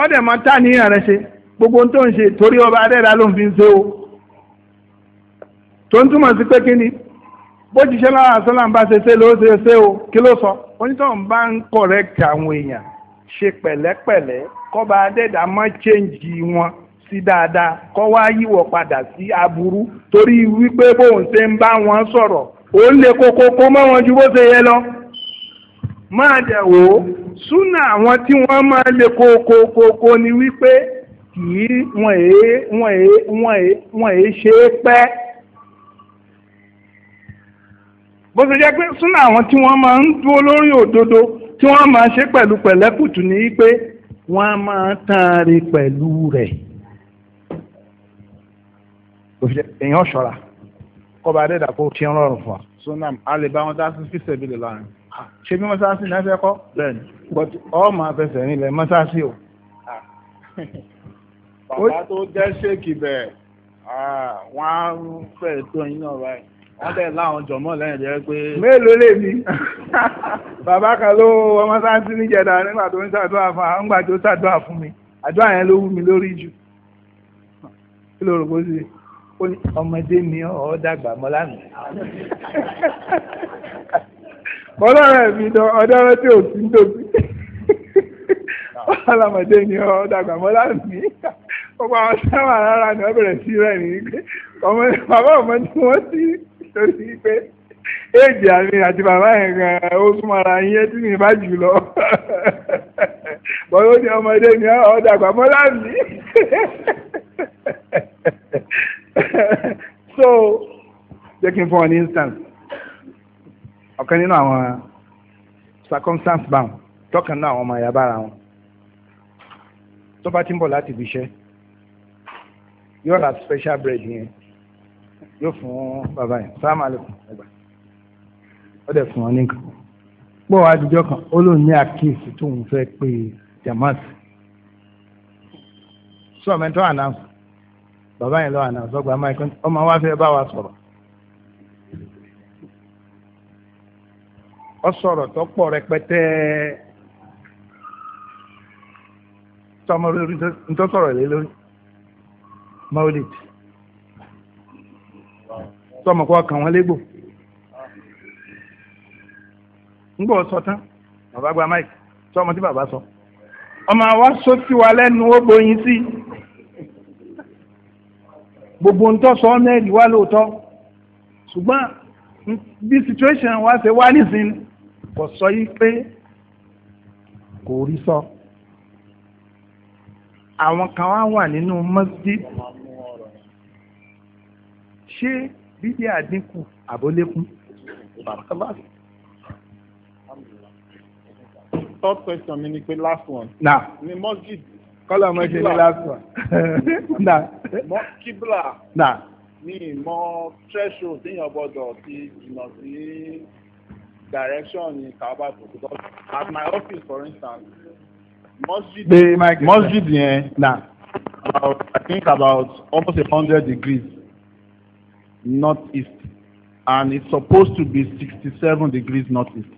[SPEAKER 1] ọ̀dẹ̀ máa tà níyàn rẹ ṣe gbogbo ohun tó ń ṣe torí ọba adẹ́rẹ́ ló ń fi ṣe o tó ń túmọ̀ sí pé kí ni bó ti ṣe lára àṣọlá ń bá ṣe ṣe ló ṣe ṣe o kí ló sọ onítọ̀hún bá ń correct àwọn èèyàn ṣe pẹ̀lẹ́pẹ̀lẹ́ kọ́ba adẹ́dàá má change wọn sí dáadáa kọ́ wá yíwọ̀ padà sí aburú torí wípé bóun ṣe ń bá wọn sọ̀rọ̀ ó lè kókó kó mọ́ wọn ju bó ṣe yẹ lọ máa dẹ̀ wò ó súnà àwọn tí wọ́n máa ni wípé kì í wọ́n èé wọ́n èé wọ́n èé wọ́n èé ṣe é pẹ́ bó ṣe jẹ́ pé súnà àwọn tí wọ́n máa ń dúró ni wípé wọ́n máa tán rí pẹ̀lú rẹ̀. èèyàn ṣọ́ra kọba adéda kó tí ń rọrùn fún wa. sunam a lè bá wọn dá sí fífẹ́ bí lè lọ́rin ah, ṣé bí mọ́sáàsì náà fẹ́ kọ́ bẹ́ẹ̀ni but ọ́ máa fẹsẹ̀ nílẹ̀ mọ́sáàsì o. Ah. *laughs* bàbá tó jẹ́ ṣéèkì bẹ̀ ah, wọ́n á fẹ́ tó yín náà báyìí wọ́n bẹ̀ láwọn jọ̀mọ́ lẹ́yìn rẹ̀ pé. mélòó lè mi *laughs* bàbá kan ló wọ mọ́sáàsì níjẹ̀dá nígbà tó ń ṣàdúrà fún wa nígbà tó ṣàdúrà fún mi àdúrà yẹn ló wú mi lórí jù kí ló rò bó ṣe ó ní ọmọdé ni ọ dàgbà mọ́ lánàá ọlọ́run mi dán ọdọ́rọ́ tí ò sí ń tóbi ọlọ́mọdé ni ọ dàgbà mọ́ lánàá ọgbà àwọn sáwà rárá ni wọ́n bẹ̀rẹ̀ sí rẹ̀ ní pé ọmọ bàbá ọmọ tí wọ́n sí torí pé éèjì àmì àti bàbá yẹn gan ó súnmọ́ ara yín tí mi bá jù lọ bọ́lá ó ní ọmọdé ni ọ dàgbà mọ́ lánàá. *laughs* so taking for an instance ọ̀kan nínú àwọn circumstance bá wọn tọ́kàn náà àwọn ọmọ ẹ̀yà bára wọn tó bá ti ń bọ̀ láti ibi iṣẹ́ yóò ra special bread yẹn yóò fún bàbá yẹn sáàmù alẹ́kùn ẹgbà ó dẹ̀ fún ọ ní nǹkan pọ̀ àdìjọ kan ó lóun ní àkíyèsí tóun fẹ́ pé jamus sọ mẹ́tọ́ ànáwó. bàbá yẹn lọ àná ọ̀sọ́gba máìkì ọmọ wa fẹ́ bá wa sọ̀rọ̀ ọ sọ̀rọ̀ tó pọ̀ rẹpẹtẹ tọmọ lórí tó sọ̀rọ̀ lé lórí maulid tọmọ kọ́ kàn wọ́n légbò sọ tán bàbá gba tọmọ tí sọ ọmọ wa sọ sí wa ó sí. gbogbo ń tọ́ sọ ọ́ mẹ́rì wá lóòótọ́ ṣùgbọ́n bí situation wa ṣe wá nísìnyí kò sọ yí pé kò rí sọ àwọn kan wá wà nínú masjid ṣé bíbí àdínkù àbólékún bàbáṣe.
[SPEAKER 2] third question mi ni pé last one. na ni mosque kọ́lọ̀ ọmọ ṣe ní last one. *laughs* mọ kíbla ní ìmọ̀ threshold téèyàn gbọ́dọ̀ ti
[SPEAKER 1] jìnnà sí direction ní Kaba. tó because at my office for instance masjid. the masjid
[SPEAKER 2] yẹn na about i think about almost a hundred degrees North east, and it's supposed to be sixty-seven degrees north east.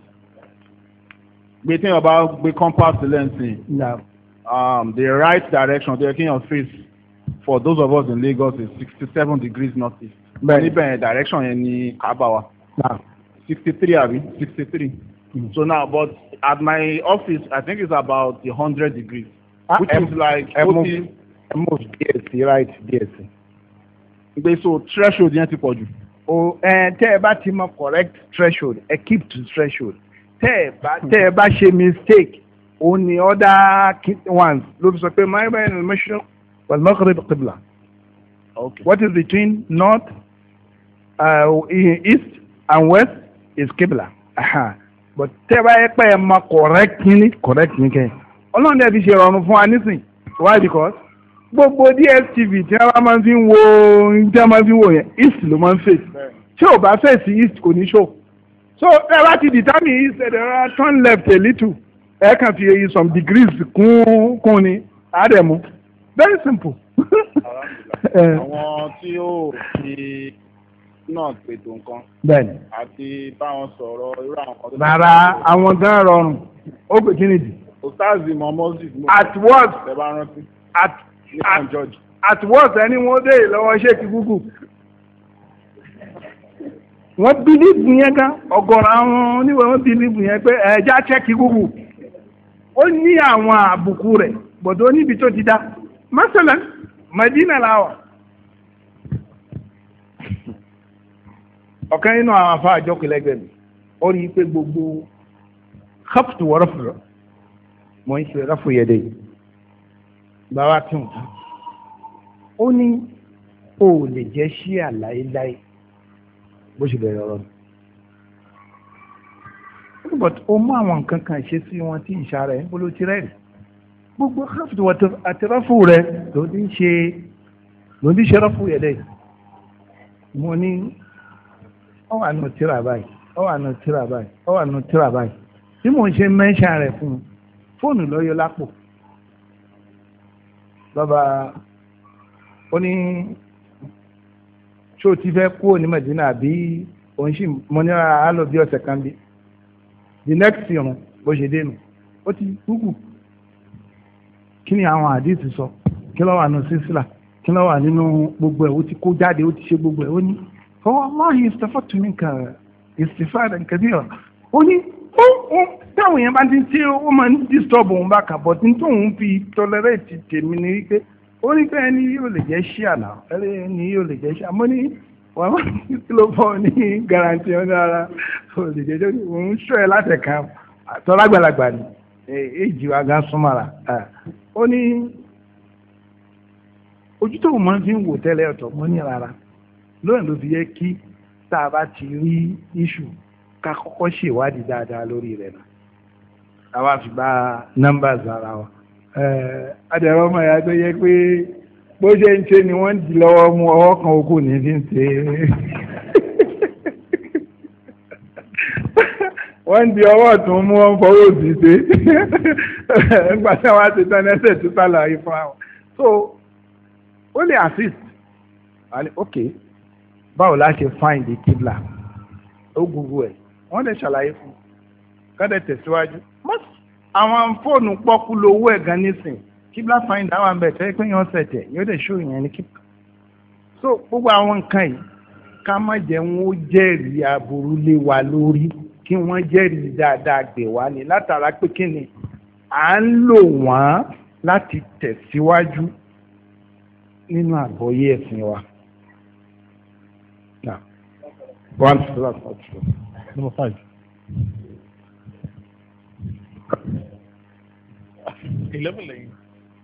[SPEAKER 2] gbé téèyàn bá gbé compass lẹ́ǹsìn um, the right direction the yẹ kí face for those of us in Lagos is sixty seven degrees north. bẹ́ẹ̀ni níbẹ̀ yẹn direction yẹn ni kaaba wa. sixty three àbí sixty three. Hmm. so now but at my office
[SPEAKER 1] I think it's about a hundred degrees. Ah, which M is like forty. emos dsc right dsc. gbé so threshold yẹn ti pọ̀ jù. o ẹ tẹ ẹ bá ti mọ correct threshold ẹ keep to threshold tẹ ẹ bá hmm. tẹ ẹ bá ṣe mistake ó ní other ones ló fi sọ pé maybain al-mashriq wal-maghrib qibla okay. what is between north uh, east and west is qibla aha but tẹ́ bá yẹ pé ẹ ma correct ni correct ni kẹ́ ọlọ́run dẹ̀ fi ṣe ìrọ̀rùn fún wa nísìn why because gbogbo dstv tí wọ́n máa fi ń wo tí wọ́n máa fi ń wo yẹn east ló máa ń face tí ò bá face east kò ní show so ẹ bá ti determine east ẹ̀ dẹ̀ rọra turn left a little ẹ kàn fi eyi some degrees kún kún ni àdẹ̀mú very simple.
[SPEAKER 2] *laughs* Eh. àwọn tí ó fi náà ṣètò nǹkan. bẹ́ẹ̀ni. àti báwọn sọ̀rọ̀ irú àwọn kan. rárá
[SPEAKER 1] àwọn gan rọrùn ó pè kí ni dì. osazi momosi. at worst. ẹ bá rántí. at at at worst ẹni wọ́n dé lọ́wọ́ ṣéèkì gúgù wọ́n bílíìbù yẹn gan ọ̀gọ̀rọ̀ àwọn oníwèé wọ́n bílíìbù yẹn pé ẹ̀ẹ́dá ṣẹ́ẹ̀kì gúgù ó ní àwọn àbùkù rẹ̀ gbọ̀dọ̀ níbi tó ti dá masalan madina làwà ọ̀kan nínú àwọn afá àjọkìlẹ́gbẹ̀ẹ́ mi ó rí i pé gbogbo kápùtù wọ́rọ̀ fúnra mọ̀ ń ṣe ráfù yẹ̀dẹ̀ yìí bàbá tí wọn tán ó ní o ò lè jẹ́ ṣí àlàyé láyé bó ṣe bẹ̀rẹ̀ ọ̀rọ̀ mi but o mú àwọn nǹkan kan ṣe sí wọn tí ìṣá rẹ̀ ń bolo ti rẹ̀ rí gbogbo káfíńtì wọ́n àti rọ́fù rẹ̀ ló ń ṣe ló ń ṣe rọ́fù yẹn lẹ́yìn mo ní ọ wà nù tíra báyìí ọ wà nù tíra báyìí ọ wà nù tíra báyìí bí mo ṣe mẹ́ṣà rẹ̀ fún fóònù lọ́yọ́ lápò lọ́ba ó ní ṣé o ti fẹ́ kúrò ní Mẹ̀dínà àbí òun sì mọ́ níra á lọ bí ọ̀sẹ̀ kan bíi the next year, bó ṣe dé nu ó ti kúkú kí ni àwọn àdìsí sọ kí ló wà nù sísílà kí ló wà nínú gbogbo ẹ̀ ó ti kó jáde ó ti ṣe gbogbo ẹ̀ ó ní fọwọ́ aláhi istafadtu minka istifadan kathira ó ní ó ó táwọn èèyàn bá ti ṣe ó máa ń disturb òun bá kà bọ̀ tí n fi tolerate tèmi ni wípé ó ní pé ẹni yóò lè jẹ́ ṣíà náà ẹni yóò lè jẹ́ ṣíà mo ní. wọ́n máa si kí ló ní garanti ọ̀nà ara olùdíje tó ní òun ẹ láti ẹ̀ka àtọ́lágbàlagbà ni èjì wa gan súnmọ́ra ó ní ojú tó máa fi ń wò tẹ́lẹ̀ ọ̀tọ̀ mọ́ ní rárá lónìí ló fi yẹ a bá ti gba zara wa ọmọ tó yẹ bó ṣe ń ṣe ni wọ́n ń di lọ́wọ́ mú ọwọ́ kan okùn ní fi ń ṣe wọ́n ń di ọwọ́ ọ̀tún mú wọn fọwọ́ òsì ṣe nígbà tí wọ́n á ti tán ẹsẹ̀ tó sàlàyé fún àwọn so ó lè assist àní ok báwo la ṣe find the kidla. ó google ẹ̀ wọ́n lè ṣàlàyé fún un kọ́dẹ̀ tẹ̀síwájú àwọn fóònù pọ́kú lowó ẹ̀ gan nísìnyí kíbla finder wà ń bẹ̀ tẹ́ pé yẹn ṣẹ̀tẹ̀ yóò dẹ̀ ṣó yẹn ní kíbla. so gbogbo àwọn nǹkan yìí ká má jẹ́ wọn ó jẹ́rìí aburú lé wa lórí kí wọ́n jẹ́rìí dáadáa gbè wá ni látara pé kí ni à ń lò wọ́n láti tẹ̀síwájú nínú àgbọ́yé ẹ̀sìn wa. One, two, three, four, five.
[SPEAKER 2] Eleven lẹ́yìn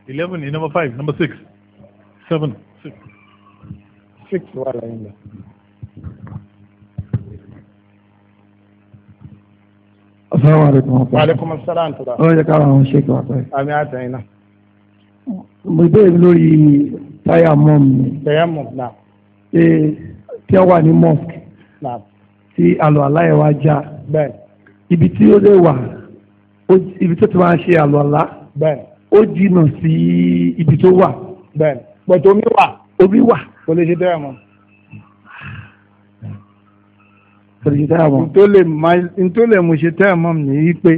[SPEAKER 2] eleven ni eh, number five number six seven six. six wà lẹ́yìn lọ.
[SPEAKER 1] asalaamualeykum. waaleykum asalaam tula. ọ̀rọ̀ oh, yẹ ká àwọn ṣèkì wà pẹ́. àmì àtẹ̀yìn náà. mo béèrè lórí táyà mọ́m mi. táyà mọ́m náà. ṣé tí wọ́n wà ní mosque. náà. tí àlọ́ aláyẹ̀ wá já. bẹ́ẹ̀. ibi tí ó lè wà ibi tó ti máa ń ṣe àlọ́ àlá. bẹ́ẹ̀ ó jìnnà sí ibi tó wà. bẹ́ẹ̀ni pọtò omi wà. omi wà. kò lè ṣe tẹ́lẹ̀ mọ́. kò lè ṣe tẹ́lẹ̀ mọ́. ntọ́ lè mú ṣe tẹ́lẹ̀ mọ́ mi ní pé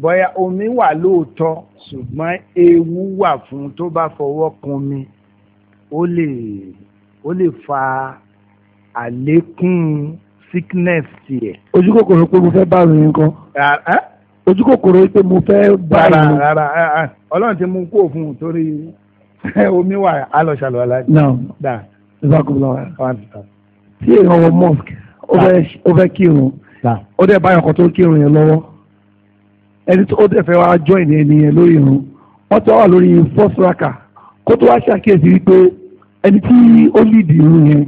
[SPEAKER 1] bóyá omi wà lóòótọ́ ṣùgbọ́n ewu wà fún tó bá fọwọ́ kan mi ó lè ó lè fa àlékún sickness tiẹ̀. ojú kòkòrò pé mo fẹ́ bá ròyìn kan ojú kòkòrò pé mo fẹ́ bá ìlú. rárá rárá ọlọ́run ti mú kó òfin torí *laughs* omi wà á lọ ṣàlùwàlá. náà da ìfakùnlọ tí èèyàn wọ mosque ó fẹ́ kírun ó dẹ̀ báyọ̀ kan tó kírun yẹn lọ́wọ́ ẹni tó dẹ̀ fẹ́ wá join ẹni yẹn lórí irun wọ́n tẹ́ wà lórí first raka kó tó wá ṣàkíyèsí wípé ẹni tí ó lead irun yẹn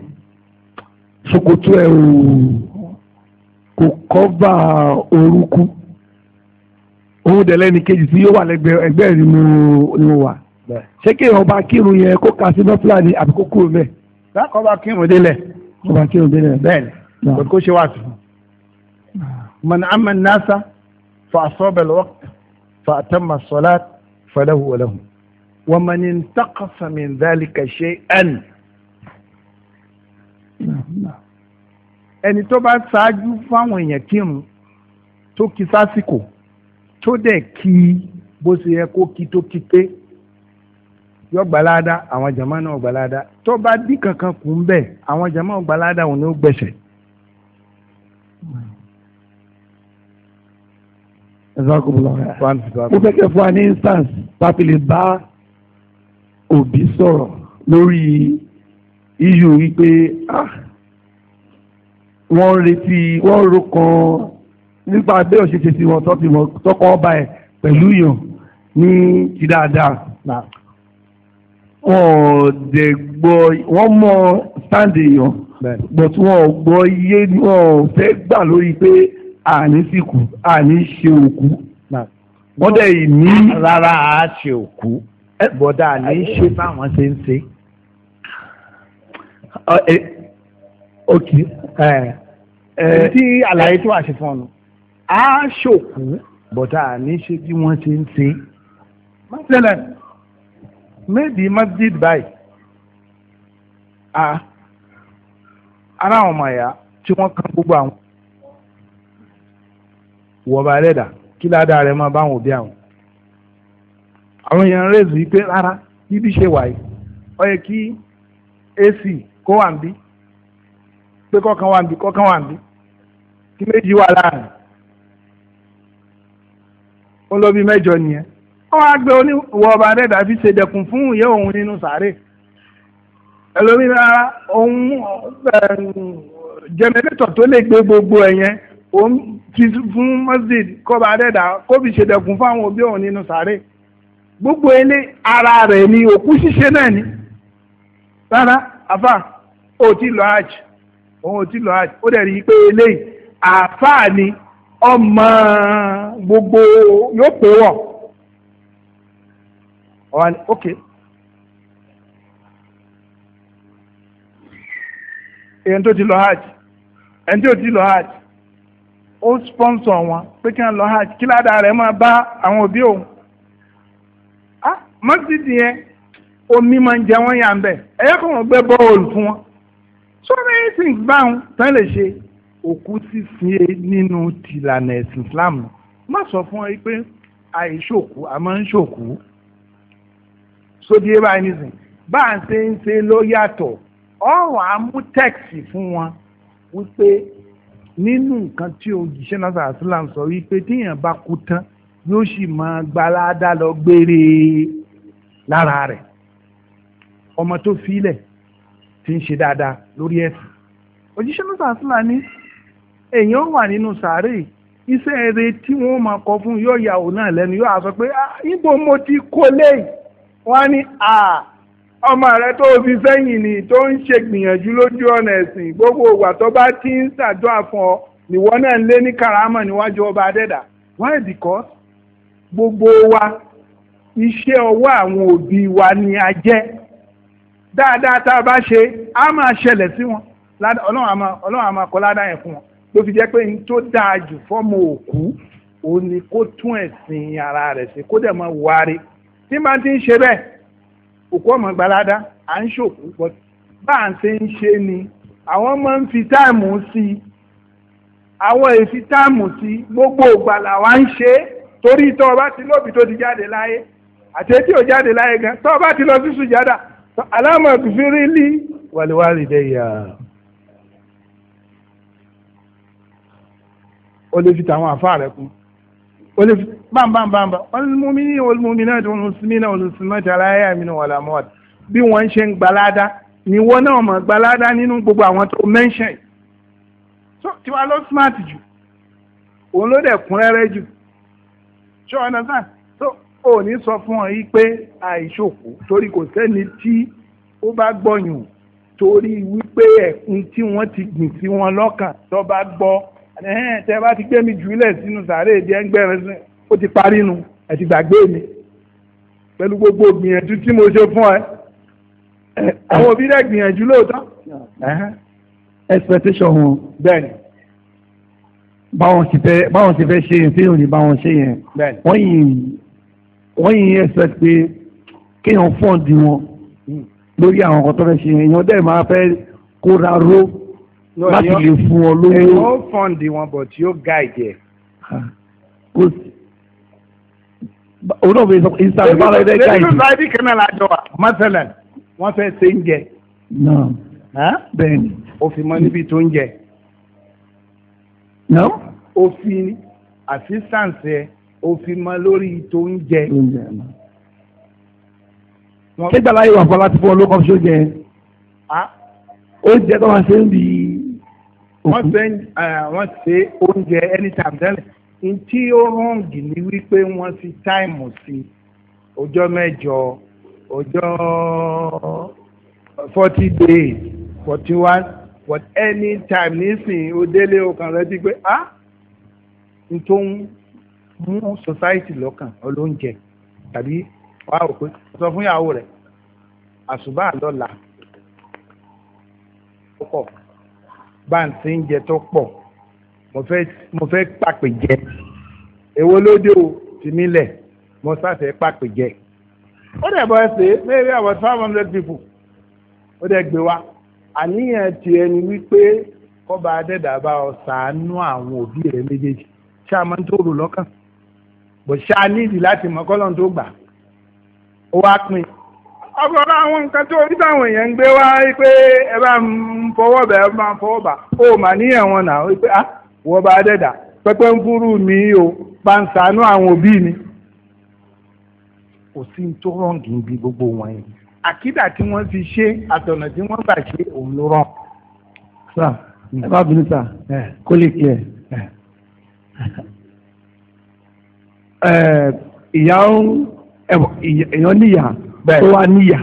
[SPEAKER 1] ṣòkòtò ẹ̀ ò kò cover orúkún òun dẹ̀ lẹ́ni kejì tí yóò wà lẹ́gbẹ̀ẹ́ ẹgbẹ́ ni mo wà ṣé kí ọba kírun yẹn kó ka sí nọ́fìlà ni àbí kó kúrò mẹ́. bákan ọba kírun délẹ̀. ọba kírun délẹ̀. bẹ́ẹ̀ni kò ṣe wà sí. mọ̀nà àmà nàásà fa asọ́bẹ̀lẹ̀ wọ́n fa àtàmà sọ́lá fẹlẹ́hu wẹlẹ́hu. wọ́n mọ̀ ní ntàkàfà mi dálí ka ẹn. ẹni tó bá ṣáájú fáwọn èèyàn kírun tó kí sásìkò tó dẹ̀ kí bó ṣe yẹ kó kí tó kí pé yọ gbalada àwọn jama náà gbalada tó bá dí kankan kù ń bẹ àwọn jama gbalada òun ni ó gbẹ̀sẹ̀. mo fẹ́ kẹ́ fún wa ní instance tàbí lè bá òbí sọ̀rọ̀ lórí iyù wípé ah, wọ́n retí wọ́n ro kan nípa bí o ṣe ṣe sí wọn tọkọ ọba ẹ pẹ̀lú yàn ní ti dáadáa. wọn ò dẹ̀ gbọ́ wọ́n mọ sáǹdì yàn bọ̀ tí wọn ò gbọ́ yé wọn ò fẹ́ gbà lórí pé àní sìnkú àní ṣe òkú. wọ́n dẹ̀ ní. rárá a ṣe òkú bọ́dà ní ṣe báwọn ṣe ń ṣe. ok. ẹ ẹ tí àlàyé tó wà ṣe fún ọ nù á ṣòkú bọ̀tà ní ṣe bí wọ́n ṣe ń ṣe. mọ́tẹ́lẹ̀ méjì masjid báyìí a ara àwọn ọmọ ẹ̀yà tí wọ́n kan gbogbo àwọn wọ̀ọ̀bà ẹlẹ́dà kí ládàá rẹ̀ máa bá àwọn òbí àwọn àwọn èèyàn rẹ̀ zì pé rárá bíbí ṣe wà yìí yẹ kí ac kó wà ń bí pé kọ́kan wà ń bí kọ́kan wà ń bí kí méjì wà láàrin ó lọ bí mẹ́jọ nìyẹn ó wá gbé oníwọ̀ ọba adẹ́dà fi ṣe dẹkùn fún ìyá òun nínú sàárè ẹlòmíràn òun jẹnẹrétọ̀ tó lè gbé gbogbo ẹ̀ yẹn òun ti fún masjid kọ́ba adẹ́dà kó fi fún àwọn òbí òun nínú sàárè gbogbo ilé ara rẹ̀ ni òkú ṣíṣe náà ni rárá àfà ó ti lọ àjì òun ò ti lọ àjì ó dẹ̀ rí i pé eléyìí àfà ni ọmọ gbogbo yóò pé wọ̀ ọ̀hán ok. èyàn tó ti lọ hajj ẹni tó ti lọ hajj ó sponsor wọn pé kí wọn lọ hajj kí ládàá rẹ̀ máa bá àwọn òbí òun ah mọ́sídìí yẹn omi máa ń jẹ wọ́n yà ń bẹ̀ ẹ̀yẹ́ kò wọ́n gbé bọ́ọ̀lù fún wọn so many things báwọn tán lè ṣe òkú sísìn e nínú tìlànà ẹ̀sìn Islam má sọ fún ọ pé àìṣòkú a máa ń ṣòkú sódìé báyìí nìsín bá à ń ṣe ń ṣe ló yàtọ̀ ọ̀rọ̀ àmú tẹ́ẹ̀sì fún wọn wípé nínú nǹkan tí òjíṣẹ́ náà sàásìlà ń sọ wípé téèyàn bá kú tán yóò sì máa gbalada lọ gbére lára rẹ̀ ọmọ tó filẹ̀ ti ń ṣe dáadáa lórí ẹ̀sìn òjíṣẹ́ náà sàásìlà ní èèyàn wà nínú sàárè iṣẹ́ eré tí wọ́n máa kọ fún yóò yà òun náà lẹ́nu yóò sọ pé ibo ah, mo ti kó léyìí wọ́n á ní ọmọ rẹ tó fi sẹ́yìn ni tó ń ṣe gbìyànjú lójú ọ̀nà ẹ̀sìn gbogbo ìgbà tó bá ti ń ṣàdúrà fún ọ náà lé ní karama níwájú ọba adẹ́dà why because gbogbo wa iṣẹ́ ọwọ́ àwọn òbí wa ni a jẹ́ dáadáa tá a bá ṣe á máa ṣẹlẹ̀ sí wọn ọlọ́run á máa yẹn fún wọn tó fi jẹ́ pé n tó dáa jù fọ́mọ òkú òun ni kó tún ẹ̀sìn ara rẹ̀ sí kó dẹ̀ mọ wárí tí máa ti ń ṣe bẹ́ẹ̀ òkú ọmọ gbalada à ń ṣòkú but bá à ń ṣe ń ṣe ni àwọn máa ń fi táìmù sí i àwọn èfi táìmù sí i gbogbo ìgbà làwa ń ṣe é torí tọ́ ọba ti lóbi tó ti jáde láyé àti etí ò jáde láyé gan tọ́ ọba ti lọ sí sùjádà alámọ̀ kìfìrí lí wàlúwàlú dẹ́yà. o lè fi tàwọn àfa rẹ kún o lè fi bámbámbámbá olùmúmíní olùmúmínàtì olùsùmínà olùsùmínàtì aláyà mi wà lámọ́ọ̀tì bí wọ́n ń ṣe ń gbalada ni wọ́n náà mọ̀ gbalada nínú gbogbo àwọn tó mẹ́ńṣẹ̀ so tiwa ló smart jù òun ló dẹ̀ kúnrẹ́rẹ́ jù ṣé ọ̀nà sáà so ò ní sọ fún ọ yìí pé àìṣòkò torí kò sẹ́ni tí ó bá gbọ̀yùn torí wípé ẹ̀kún tí wọ́n ti gbìn sí wọn lọ́kàn tó bá gbọ́ ẹ̀hẹ́n tẹ́ bá ti gbé mi jù ilẹ̀ sínú sàárè ìdí ẹ̀ ń gbẹ̀rẹ̀ sí ó ti parí nu ẹ̀ ti gbàgbé mi pẹ̀lú gbogbo gbìyànjú tí mo ṣe fún ẹ àwọn òbí rẹ̀ gbìyànjú lóòótọ́. expectation wọn. bẹ́ẹ̀ni. báwọn ti fẹ́ báwọn ti fẹ́ ṣe yẹn tí yóò ní báwọn ṣe yẹn. bẹ́ẹ̀ni. wọ́n yìí wọ́n yìí expect pé kéèyàn fọ́ǹdì wọn hmm. lórí àwọn ọkọ̀ tó fẹ́ ṣe yẹn èèyàn máa fẹ́ kóra ró láti lè fún ọ lówó. ẹ̀ ó fọ́ǹdì wọn bọ̀ tí ó gáìdì ẹ̀. kò náà fi sọ instagram bá rẹ dẹ gáìdì. lẹ́yìn báyìí bí kẹ́mẹ́ la jọ wa mọ́sálẹ̀ wọ́n fẹ́ ṣe ń jẹ. náà bẹ́ẹ̀ ni. o fi mọ níbi tó ń jẹ. náà. o fi assistance ẹ o fi mọ lórí tó ń jẹ. kéjàlá yìí wà fún aláti fún ọ ló kọ́ fún oúnjẹ.
[SPEAKER 2] oúnjẹ tó máa ṣe ń
[SPEAKER 1] bi wọ́n ṣe eh, wọ́n ṣe oúnjẹ anytime tẹ́lẹ̀ ntí ó rọǹgì ni wípé wọ́n fi táìmù sí ọjọ́ mẹ́jọ ọjọ́ forty days forty one but anytime nísìnyí ó délé ọkàn rẹ ti pé ah n tó ń mú society lọ́kàn olóúnjẹ tàbí wàá rò pé sọ fún ìyàwó rẹ̀ àṣùbà lọ́la ó pọ̀ bá ń sí oúnjẹ tó pọ̀ mo fẹ́ pàpè jẹ èwo lóde o ti mí lẹ̀ mo sáfẹ́ pàpè jẹ ó dẹ̀ bọ́ ẹsẹ̀ maybe about five hundred people ó dẹ̀ gbé wa àníyàn tiẹ̀ ni wípé kọ́ba adẹ́dà bá ọ sàánú àwọn òbí rẹ méjèèjì ṣáà máa ń tó rò lọ́kàn bò ṣáà nídìí láti mọ tó gbà ó wá pin ọkọ àwọn nǹkan tó orí táwọn èèyàn ń gbé wá pé ẹ bá ń fọwọ́ bẹ̀ ẹ bá ń fọwọ́ bà ó mà níyàn wọn ó pé ah wọ́n bá dẹ̀dà pẹ́pẹ́ ń fúrú mi o bá ń sànú àwọn òbí mi. kò sí tó ń bi gbogbo wọn yìí àkídà tí wọ́n fi ṣe àtọ̀nà tí wọ́n gbà ṣe òun ló sà hmm. ẹ bá bínú sà eh. kó lè kí ẹ. Eh. Eh, ìyá ń níyà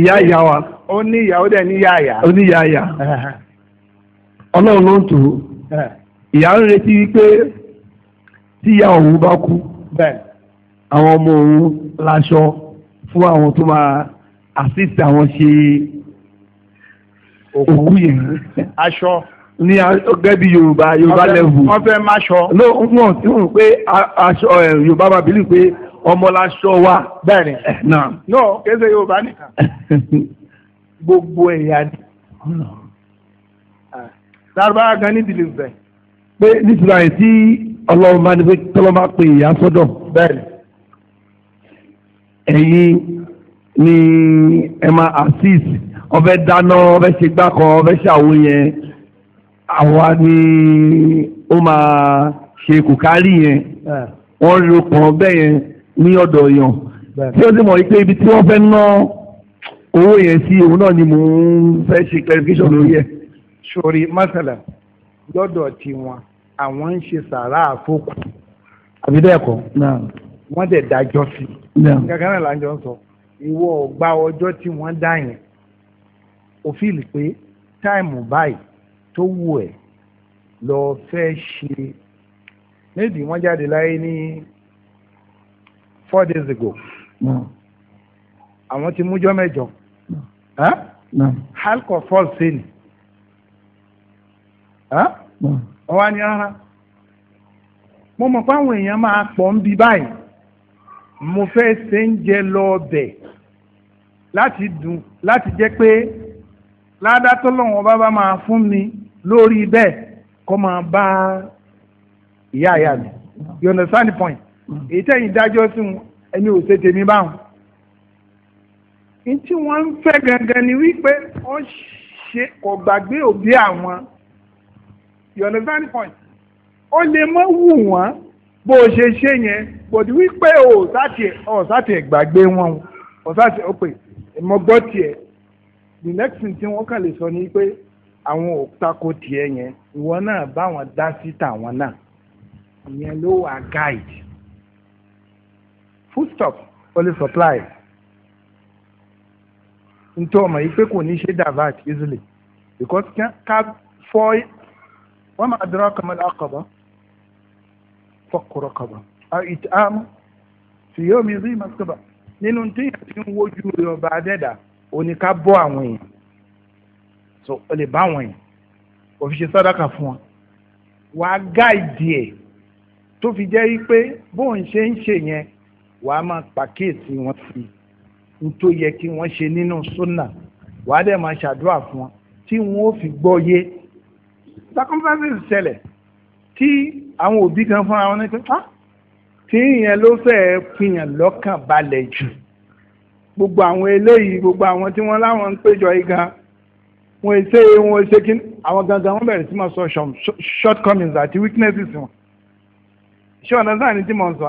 [SPEAKER 1] ìyá ìyá wa. ó ní ìyá ó dẹ̀ ní ìyá ìyá. ó ní ìyá ìyá. ọlọ́run ló ń tò ó. ìyá ń retí wípé tí ìyá òun bá kú. àwọn ọmọ òun láṣọ fún àwọn tó máa assist àwọn ṣe òkú yẹn. aṣọ ní gẹ́gẹ́ bí yorùbá yorùbá level. wọ́n fẹ́ máa ló ń wọ̀n tí wọ́n pé aṣọ yorùbá bá bílí pé ọmọláṣọ wa. bẹ́ẹ̀ni náà. no kéde yorùbá nìkan *laughs* gbogbo ẹ̀yà ni. lárúbáwá gan ní ìdílé bẹ́ẹ̀. pé nítorí àyè tí ọlọ́run máa ní pé tọ́lọ́ máa pe ìyá sọ́dọ̀. bẹ́ẹ̀ni. ẹ̀yin ni ẹ máa assist ọbẹ̀ dáná ọbẹ̀ ṣe gbákọ ọbẹ̀ ṣàwo yẹn àwa ni ó máa ṣe kòkárì yẹn wọ́n rí okùn ọbẹ̀ yẹn ní ọ̀dọ̀ èèyàn tí ó sì mọ̀ pé ibi tí wọ́n fẹ́ ná owó yẹn sí òun náà ni mò ń fẹ́ ṣe clarification lórí ẹ̀. sori masala lọ́dọ̀ tiwọn àwọn ń ṣe sàrà àfọkù àbí bẹ́ẹ̀ kọ́ wọ́n dẹ̀ dájọ́ sí i kankan náà lájọ ń sọ ìwọ ọgbà ọjọ́ tí wọ́n dá yẹn òfìlì pé táìmù báyìí tó wù ẹ́ lọ fẹ́ ṣe nídìí wọ́n jáde láyé ní four days ago àwọn ti mújọ́ mẹ́jọ halkọ fall sin ọwọ́ á ní rárá mo mọ̀ pé àwọn èèyàn máa pọ̀ ń bí báyìí mo fẹ́ ṣe ń jẹ lọ ọbẹ̀ láti dùn láti jẹ́ pé ládàtọ́ lọ́wọ́n bábá máa fún mi lórí bẹ́ẹ̀ kó máa bá ìyá ìyá mi you understand the point Hmm. èyí tẹ̀yìn dájọ́ sí wọn ẹni ò ṣe tèmi báwọn. ní tí wọ́n ń fẹ́ gangan ni wípé wọ́n ṣe kò gbàgbé òbí àwọn you understand the point ó lè mọ́ wù wọ́n bó o ṣe ṣe yẹn bòdì wípé o ò sáti ẹ̀ gbàgbé wọn o sáti ẹ̀ pè mo gbọ́ tiẹ̀ the next thing tí wọ́n kàn lè sọ ni pé àwọn ò tako tiẹ̀ yẹn ìwọ náà báwọn dá sí tàwọn náà ìyẹn ló wà guide full stop Only supply. supply nítorí ọmọ yìí pé kò ní ṣe divert easily because ká fọ́ wọ́n máa dọ́rọ́ kọ́mọ́lá ọkọ̀bọ̀ fọ́kùrọ̀ kọ̀bọ̀ ìtààmú tí yóò mi rí màsíkọ̀bà nínú téèyàn ti ń wojú rẹ̀ ọba adẹ́dà òní ká bọ́ àwọn èèyàn so ó lè bá àwọn èèyàn òfìṣẹ́ sàdákà fún wọn wàá gáìdì ẹ̀ tó fi jẹ́ pé bóun ṣe ń ṣe yẹn wàá máa pàkíyèsí wọn sí n tó yẹ kí wọ́n ṣe nínú súnà wàá dẹ̀ máa ṣàdúrà fún wọn tí wọ́n ó fi gbọ́ yé circumstances ṣẹlẹ̀ tí àwọn òbí kan fún àwọn ní pé ah tí ìyẹn ló fẹ́ẹ́ pìyàn lọ́kàn balẹ̀ jù gbogbo àwọn eléyìí gbogbo àwọn tí wọ́n láwọn ń péjọ yìí gan wọn ṣe wọn ṣe kí àwọn gangan wọn bẹ̀rẹ̀ sí máa sọ shortcomings àti weaknesses wọn ṣé ọ̀nà sáà ni tí mo sọ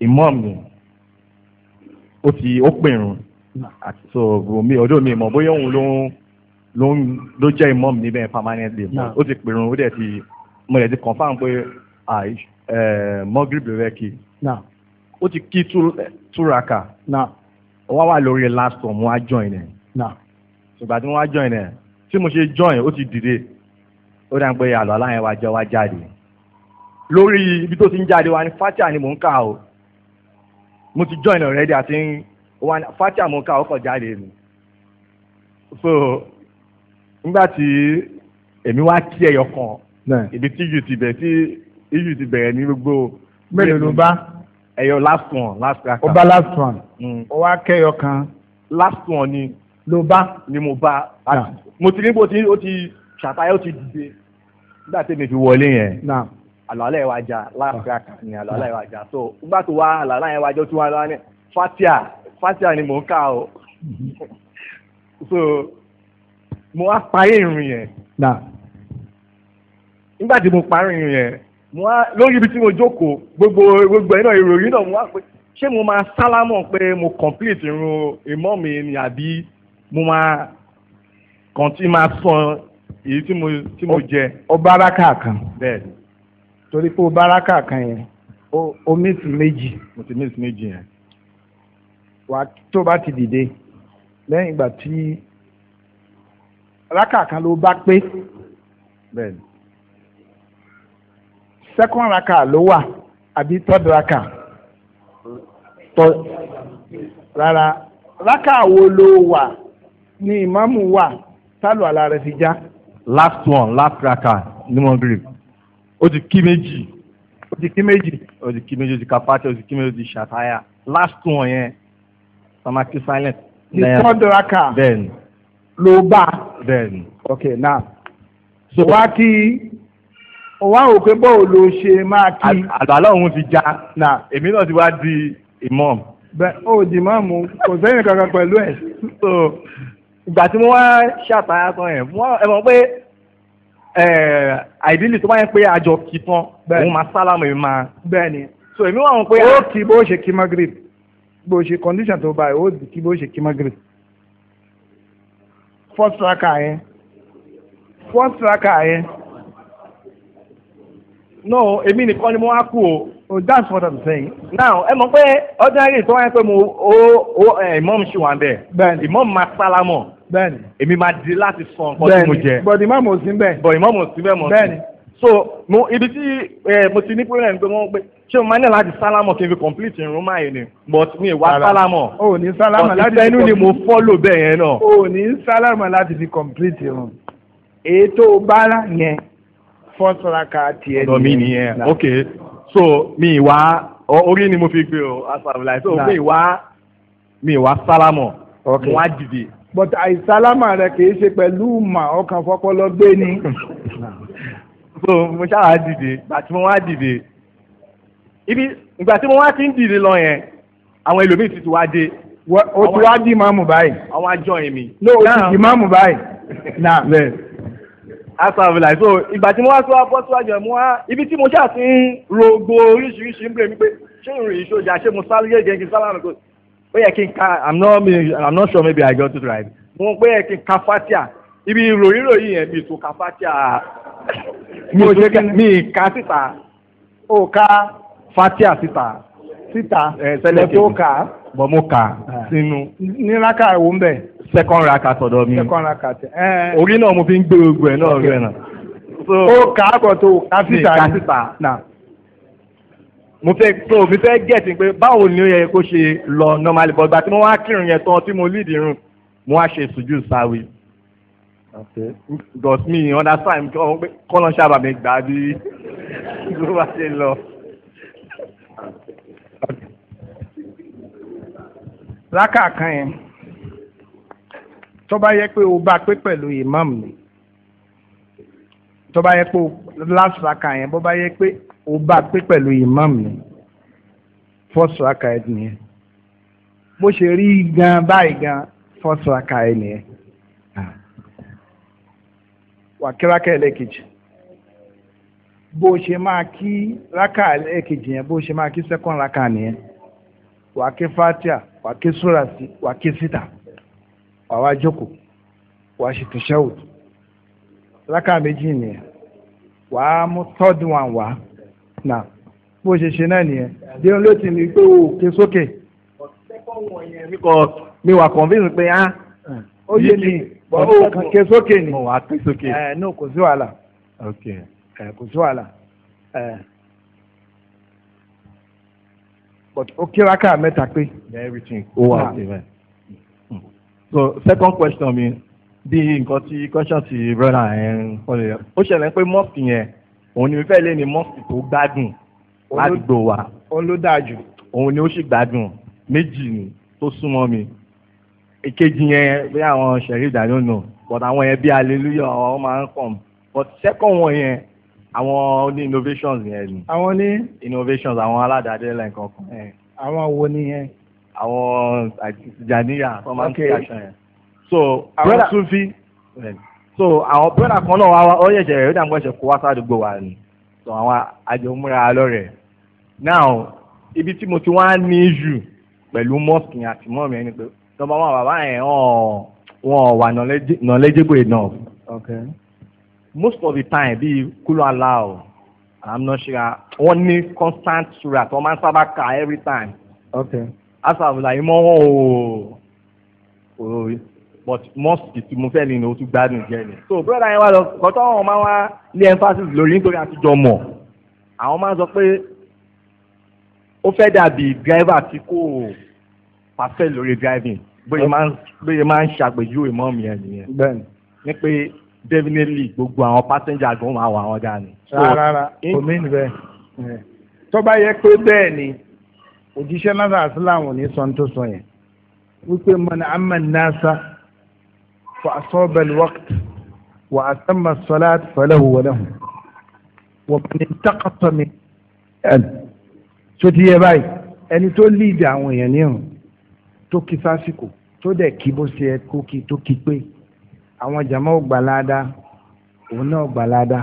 [SPEAKER 2] imam ni ó ti ó pèrún so mi ọdún mi mọ̀ bóyá òun ló ń ló ń ló jẹ́ imam níbẹ̀ permanently ó ti pèrún ó dẹ̀ ti mo dẹ̀ ti confam pé mọ́gìrìbì rẹ̀ kì ó ti kí túraka wọ́n wà lórí last one wọ́n á join ẹ̀ ìgbà tí wọ́n á join ẹ̀ tí mo ṣe join ó ti dìde ó dà ń pé àlọ́
[SPEAKER 1] aláyẹn wa jẹ́ wa jáde lórí ibi tó ti ń jáde wa ni fatia ni mò ń kà o mo ti join already àti wọn fati àmúká ọkọ̀ jáde mi
[SPEAKER 2] so nígbà tí èmi wá kí ẹyọ kan
[SPEAKER 1] ibi tí iyù ti bẹ̀ tí iyù ti bẹ̀rẹ̀ ní gbogbo. mélòó ló bá. ẹyọ last one last one. ó bá last one. Mm. ó wá kẹyọ kan. last one ni. ló bá. ni mo bá. mo ti ní bó ti ó ti ṣàtàyà ó ti dìde
[SPEAKER 2] nígbà tí èmi fi wọlé yẹn
[SPEAKER 1] àlọ́lá yẹn wá já láàfíà kan ni àlọ́lá yẹn wá so nígbà tó wá àlọ́lá yẹn wá jọ tún wá lọ́wọ́ ní fatia fatia ni mò ń kà o *laughs* so mo wá parí ìrìn yẹn
[SPEAKER 2] nígbà tí mo parí ìrìn yẹn mo wá lórí ibi tí mo jókòó gbogbo gbogbo ẹ̀ náà ìròyìn náà mo wá pé ṣé mo máa sálámọ̀ pé mo complete irun ìmọ̀ mi ni àbí mo
[SPEAKER 1] máa kàn tí máa sọ èyí tí mo jẹ. ó bá ara torí pé o báraka kan yẹn o miss méjì mo ti miss méjì yẹn wà tó bá ti dìde lẹ́yìn ìgbà tí raka kan ló bá pé bẹ́ẹ̀ni second raka ló wà àbí third raka tọ́ rárá raka wo ló wà ni ìmáàmù wà tálù àlà rẹ̀ fi já. last one last raka ni mo
[SPEAKER 2] bèrè. O ti kí méjì ó ti kí méjì ó ti kí méjì o ti ka o ó ti kí méjì
[SPEAKER 1] ó ti last one yẹn samaki silent. the third raka then lo ba. then okay now. so wá kí wá ò pé bọ́ọ̀ ló ṣe máa kí. àgbàlá òun ti já na èmi náà ti wá di imam. bẹ́ẹ̀ o di imam kò sẹ́yìn kankan pẹ̀lú ẹ̀. so ìgbà tí mo wá ṣàtàyà kan yẹn mo wá ẹ mọ̀ pé. Eh, àìdílì tó bá yẹn pé àjọ kì tán òun máa sálámù èmi máa. bẹ́ẹ̀ni so èmi wà wọn pé. ó kì bó ṣe kí magrib bó ṣe condition tó báyìí ó kì bó ṣe kí magrib. first raka yẹn first raka yẹn. no èmi nìkan ni mo wá kú o. Oh, that's what I'm saying. Now, ẹ mọ̀ pé ordinary tó wáyé pé mo ó ó imam eh, ṣì wà ń bẹ̀. Bẹ́ẹ̀ni. Imam máa sálámù bẹ́ẹ̀ni èmi máa di láti sọ nǹkan tí mo jẹ bọ̀dì má mọ̀ sí bẹ́ẹ̀ bọ̀dì má mọ̀ sí bẹ́ẹ̀ mọ̀ sí bẹ́ẹ̀ni
[SPEAKER 2] so mo ibi tí mo ti ní pẹ́rẹ́ ń pé wọ́n pé ṣé mo máa ní láti sálámọ̀ kí n fi complete irun máa yẹn ni but mi wá sálámọ̀
[SPEAKER 1] o ní sálámọ̀ láti fi complete ni mo follow bẹ́ẹ̀ yẹn náà o ní sálámọ̀ láti fi complete irun ètò bára yẹn fọ́sọ̀ràkà tiẹ̀ nìyẹn. ọ̀dọ̀ mi nìyẹn ok so mi wá orí ni mo fi gbé o asàlùláì so mi wá mi wá sálámọ̀ mo wá dìde but àìsálámà rẹ kì í ṣe pẹ̀lú mà ọkàn fọpọlọ gbé ni. *laughs* so mo ṣáà dìde ìgbà tí mo wá dìde ibi ìgbà tí mo wá ti ń dìde lọ yẹn àwọn ẹlòmíì ti ti wá dé. o ti wá di máàmù báyìí. àwọn àjọ èmi. no o ti di máàmù báyìí. na *laughs* bẹ́ẹ̀. like so ìgbà tí mo wá
[SPEAKER 2] sọ́wọ́ bọ́ síwájú ẹ̀ mo wá ibi tí mo ṣáà ti ń rògbò oríṣiríṣi ń bèrè mi pé ṣé ìròyìn ìṣòjà
[SPEAKER 1] ṣé mo sáré gẹ́gẹ́ kí kò
[SPEAKER 2] ó yẹ kí n ka i'm not sure maybe i got it right
[SPEAKER 1] mo pé yẹ kí ka fatia ibi ìròyìnròyìn yẹn mi tún ka fatia mi ka síta ó ka fatia síta síta o ka bọ̀ mo kà ah. sínú. ní raka ìwò ń bẹ̀. second
[SPEAKER 2] raka sọ̀dọ̀ second
[SPEAKER 1] raka orí
[SPEAKER 2] náà mo fi ń gbé gbogbo ẹ̀ náà rẹ̀ náà.
[SPEAKER 1] ó kà ka bọ̀ tó mo fẹ́ tó fi fẹ́ gẹ̀ẹ́sì pé báwo ni ó yẹ kó ṣe lọ normally but gbà tí mo wá kírun yẹn tán tí mo lead irun mo wá ṣe
[SPEAKER 2] sùjú sáwì. because mi understand kọ́nà sábà mi
[SPEAKER 1] gbà bí ló *laughs* bá ṣe lọ. rákà kan yẹn tó bá yẹ pé o bá pé pẹ̀lú imam ni tó bá yẹ pé o last rákà yẹn bó bá yẹ pé O bá pé pẹ̀lú imam ni first raka ẹ̀ nìyẹn bó ṣe rí gan báyìí gan first raka ẹ̀ nìyẹn wà kí raka ẹ̀ lẹ́ẹ̀kejì bó ṣe máa kí raka ẹ̀ yẹn bó ṣe máa kí second raka nìyẹn wà ké fatia wà ké surasi wà ké sita wà wá jókòó wà ṣe tẹ̀síọ́wò rákà méjì nìyẹn wà á mú third one wá nà bó ṣe ṣe náà nìyẹn díẹ̀ ló ti ní pé òkè sókè. mi wà convince pé á
[SPEAKER 2] ah, ó yé mi ké sókè ni. mo wà
[SPEAKER 1] á ké sókè. ẹ eh, ní kò sí wàhálà. ok ẹ eh, kò sí wàhálà. Eh, but ó kí rákà mẹ́ta pé. everything ó wà ó so second
[SPEAKER 2] question mi bí nǹkan tí question ti brother ẹ̀ ń kọ́lé ó ṣẹlẹ̀ pé mosque yẹn
[SPEAKER 1] òun ni fẹ́ lé ní mọ́sì tó gbádùn ládùúgbò wa òun ló dáa jù òun ni ó sì gbádùn méjì ni tó súnmọ́ mi èkejì yẹn bí àwọn
[SPEAKER 2] sẹ̀rí ìdájọ́ nù but àwọn yẹn bí hallelujah àwọn máa ń kàn but second wọn yẹn àwọn ní innovations yẹn ni. àwọn ní. innovations àwọn aládàáde lẹ́ǹkan kan.
[SPEAKER 1] àwọn wo ni yẹn. àwọn àtijaniya tó máa ń kí aṣọ so brother. Sufi so àwọn brọ́dà kan náà wá ó yẹ̀jẹ̀ rẹ̀ ó dàgbọ́ ẹ̀ṣẹ̀ kó wá sádùúgbò
[SPEAKER 2] wa ni so àwọn àjọ múra lọ́rẹ̀ now ibi tí mo ti wá ní jù pẹ̀lú mosque àti mọ́ mi ẹni pé tọ́ba wọn bàbá yẹn wọn wà knowledgeable enough
[SPEAKER 1] okay. most of the time bíi kúlọ̀ aláwọ̀ I'm not sure wọ́n ní constant sura tí wọ́n máa ń sábà kà every time. Okay. asàbùlà ìmọ̀ wọn ò ò but
[SPEAKER 2] mosque tí mo fẹ́ ni o tún gbádùn jẹ ni. so brother yẹn wá
[SPEAKER 1] lọ kọ́tọ́ àwọn máa wá ní
[SPEAKER 2] emphasis lórí nítorí àtijọ́
[SPEAKER 1] mọ̀ àwọn máa sọ pé ó fẹ́ dàbí driver tí kò perfect lórí driving bóyá máa ń bóyá máa ń ṣàpèjúwe mọ́ mi ẹ̀ nìyẹn. bẹ́ẹ̀ni. ní pé definitely gbogbo àwọn passenger gan máa wà wọn dání. rárá kò mí nì bẹ́ẹ̀. Eh. tó bá yẹ pé bẹ́ẹ̀ ni òjíṣẹ́ náà sàásìláàmù ní sọ́ńtò sọ yẹn wípé mọ̀nà àmọ̀ náà sá. فأصاب الوقت وأتم الصلاة فله وله ومن انتقص من أن sotiye báyìí ẹni tó líìdì àwọn èèyàn nírun tó kí sásìkò tó dẹ̀ kí bó ṣe yẹ kó kí tó kí pé àwọn jàmọ́ ò gbà ládàá òun náà ò gbà ládàá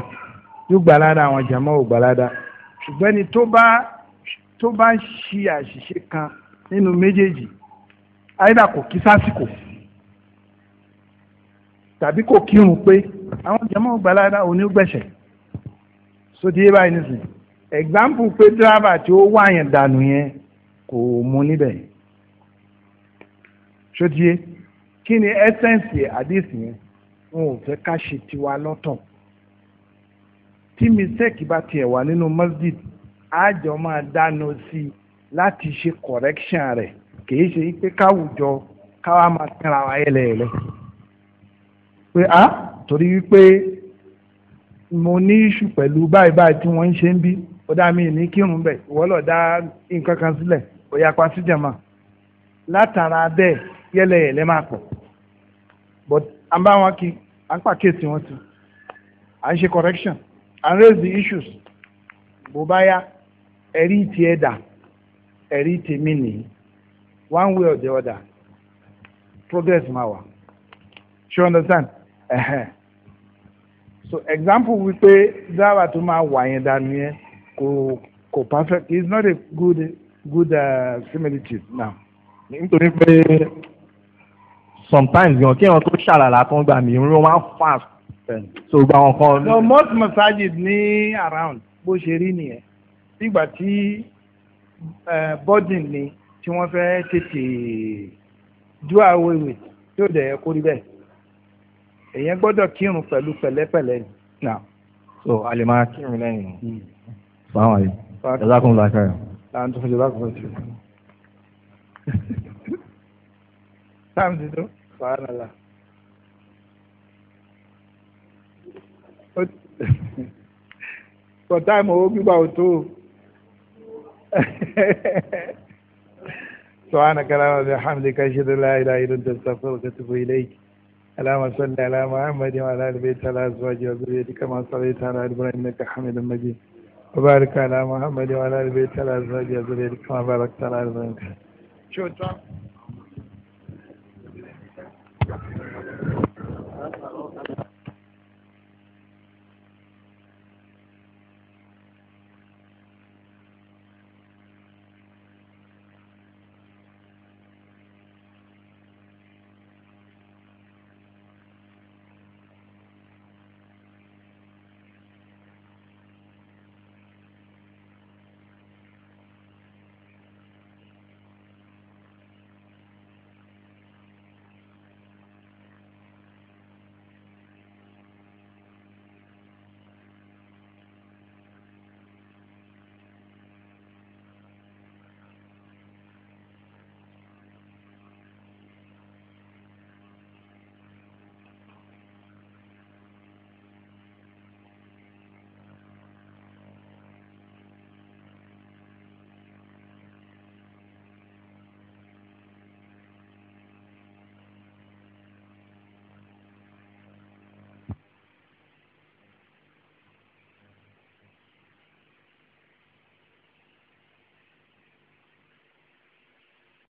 [SPEAKER 1] yóò gbà ládàá àwọn jàmọ́ ò gbà ládàá ṣùgbọ́n ẹni tó bá tó bá ń ṣe àṣìṣe kan nínú méjèèjì àyídà kò kí sásìkò tàbí kò kírun pé àwọn jẹmọ́ gbalada òní gbẹ̀ṣẹ̀ sóti yé báyìí nísìn example pé dírábà tí ó wá yẹn dànù yẹn kò mú níbẹ̀ sóti yé kí ni essence àdéhùn yẹn wọn ò fẹ́ ká ṣe tiwa lọ́tọ̀ tí mistake bá tiẹ̀ wà nínú masjid àjọ máa dáná sí i láti ṣe correction rẹ̀ kì í ṣe pé káwùjọ káwa máa tẹ́ra wa yẹlẹyẹlẹ. pé a torí wípé mo ní iṣu pẹ̀lú báyìí báyìí tí wọ́n ń ṣe ń bí ọ̀dà dá mi ní kírun bẹ̀ ìwọ́ lọ dá nǹkan kan sílẹ̀ ó yà pa síjàmà látara bẹ́ẹ̀ yẹ́lẹyẹ̀lẹ́ máa pọ̀ but à ń bá wọn kí à ń pàkíyèsí wọn sí à ń ṣe correction à ń raise the issues bó bá yá ẹ̀rí ti ẹ̀ dà ẹ̀rí tèmi nìyí one way or the other progress ma wà. Ṣé understand? ẹ̀hẹ́n so example wípé dábàá tó máa wà yẹn dànù yẹn kò kò perfect is not a good good uh, similitude now. nítorí pé
[SPEAKER 2] sometimes gan kí wọn tó
[SPEAKER 1] ṣàlàlà tó ń gbà mí irun wọn fast so gba wọn kan. no most masajid ní around bó ṣe rí nìyẹn nígbà tí burden ni tí wọ́n fẹ́ tètè do away with tí ó dẹ̀ kórìí bẹ́ẹ̀ èèyàn gbọ́dọ̀ kírun pẹ̀lú pẹ̀lẹ́pẹ̀lẹ́ náà. so a lè máa kírun lẹ́yìn
[SPEAKER 2] báwọn yìí jazakum la khair.
[SPEAKER 1] láwọn tó fún jazakum la khair. táàmù ti tó wàhálà la. for time owó gbígbà ò tó o. سبحانك اللهم وبحمدك اشهد ان لا اله الا انت استغفرك واتوب اليك اللهم صل على محمد وعلى ال بيت على ازواجه وذريته كما صليت على ابراهيم انك حميد مجيد وبارك على محمد وعلى ال بيت على ازواجه وذريته كما باركت على ابراهيم شكرا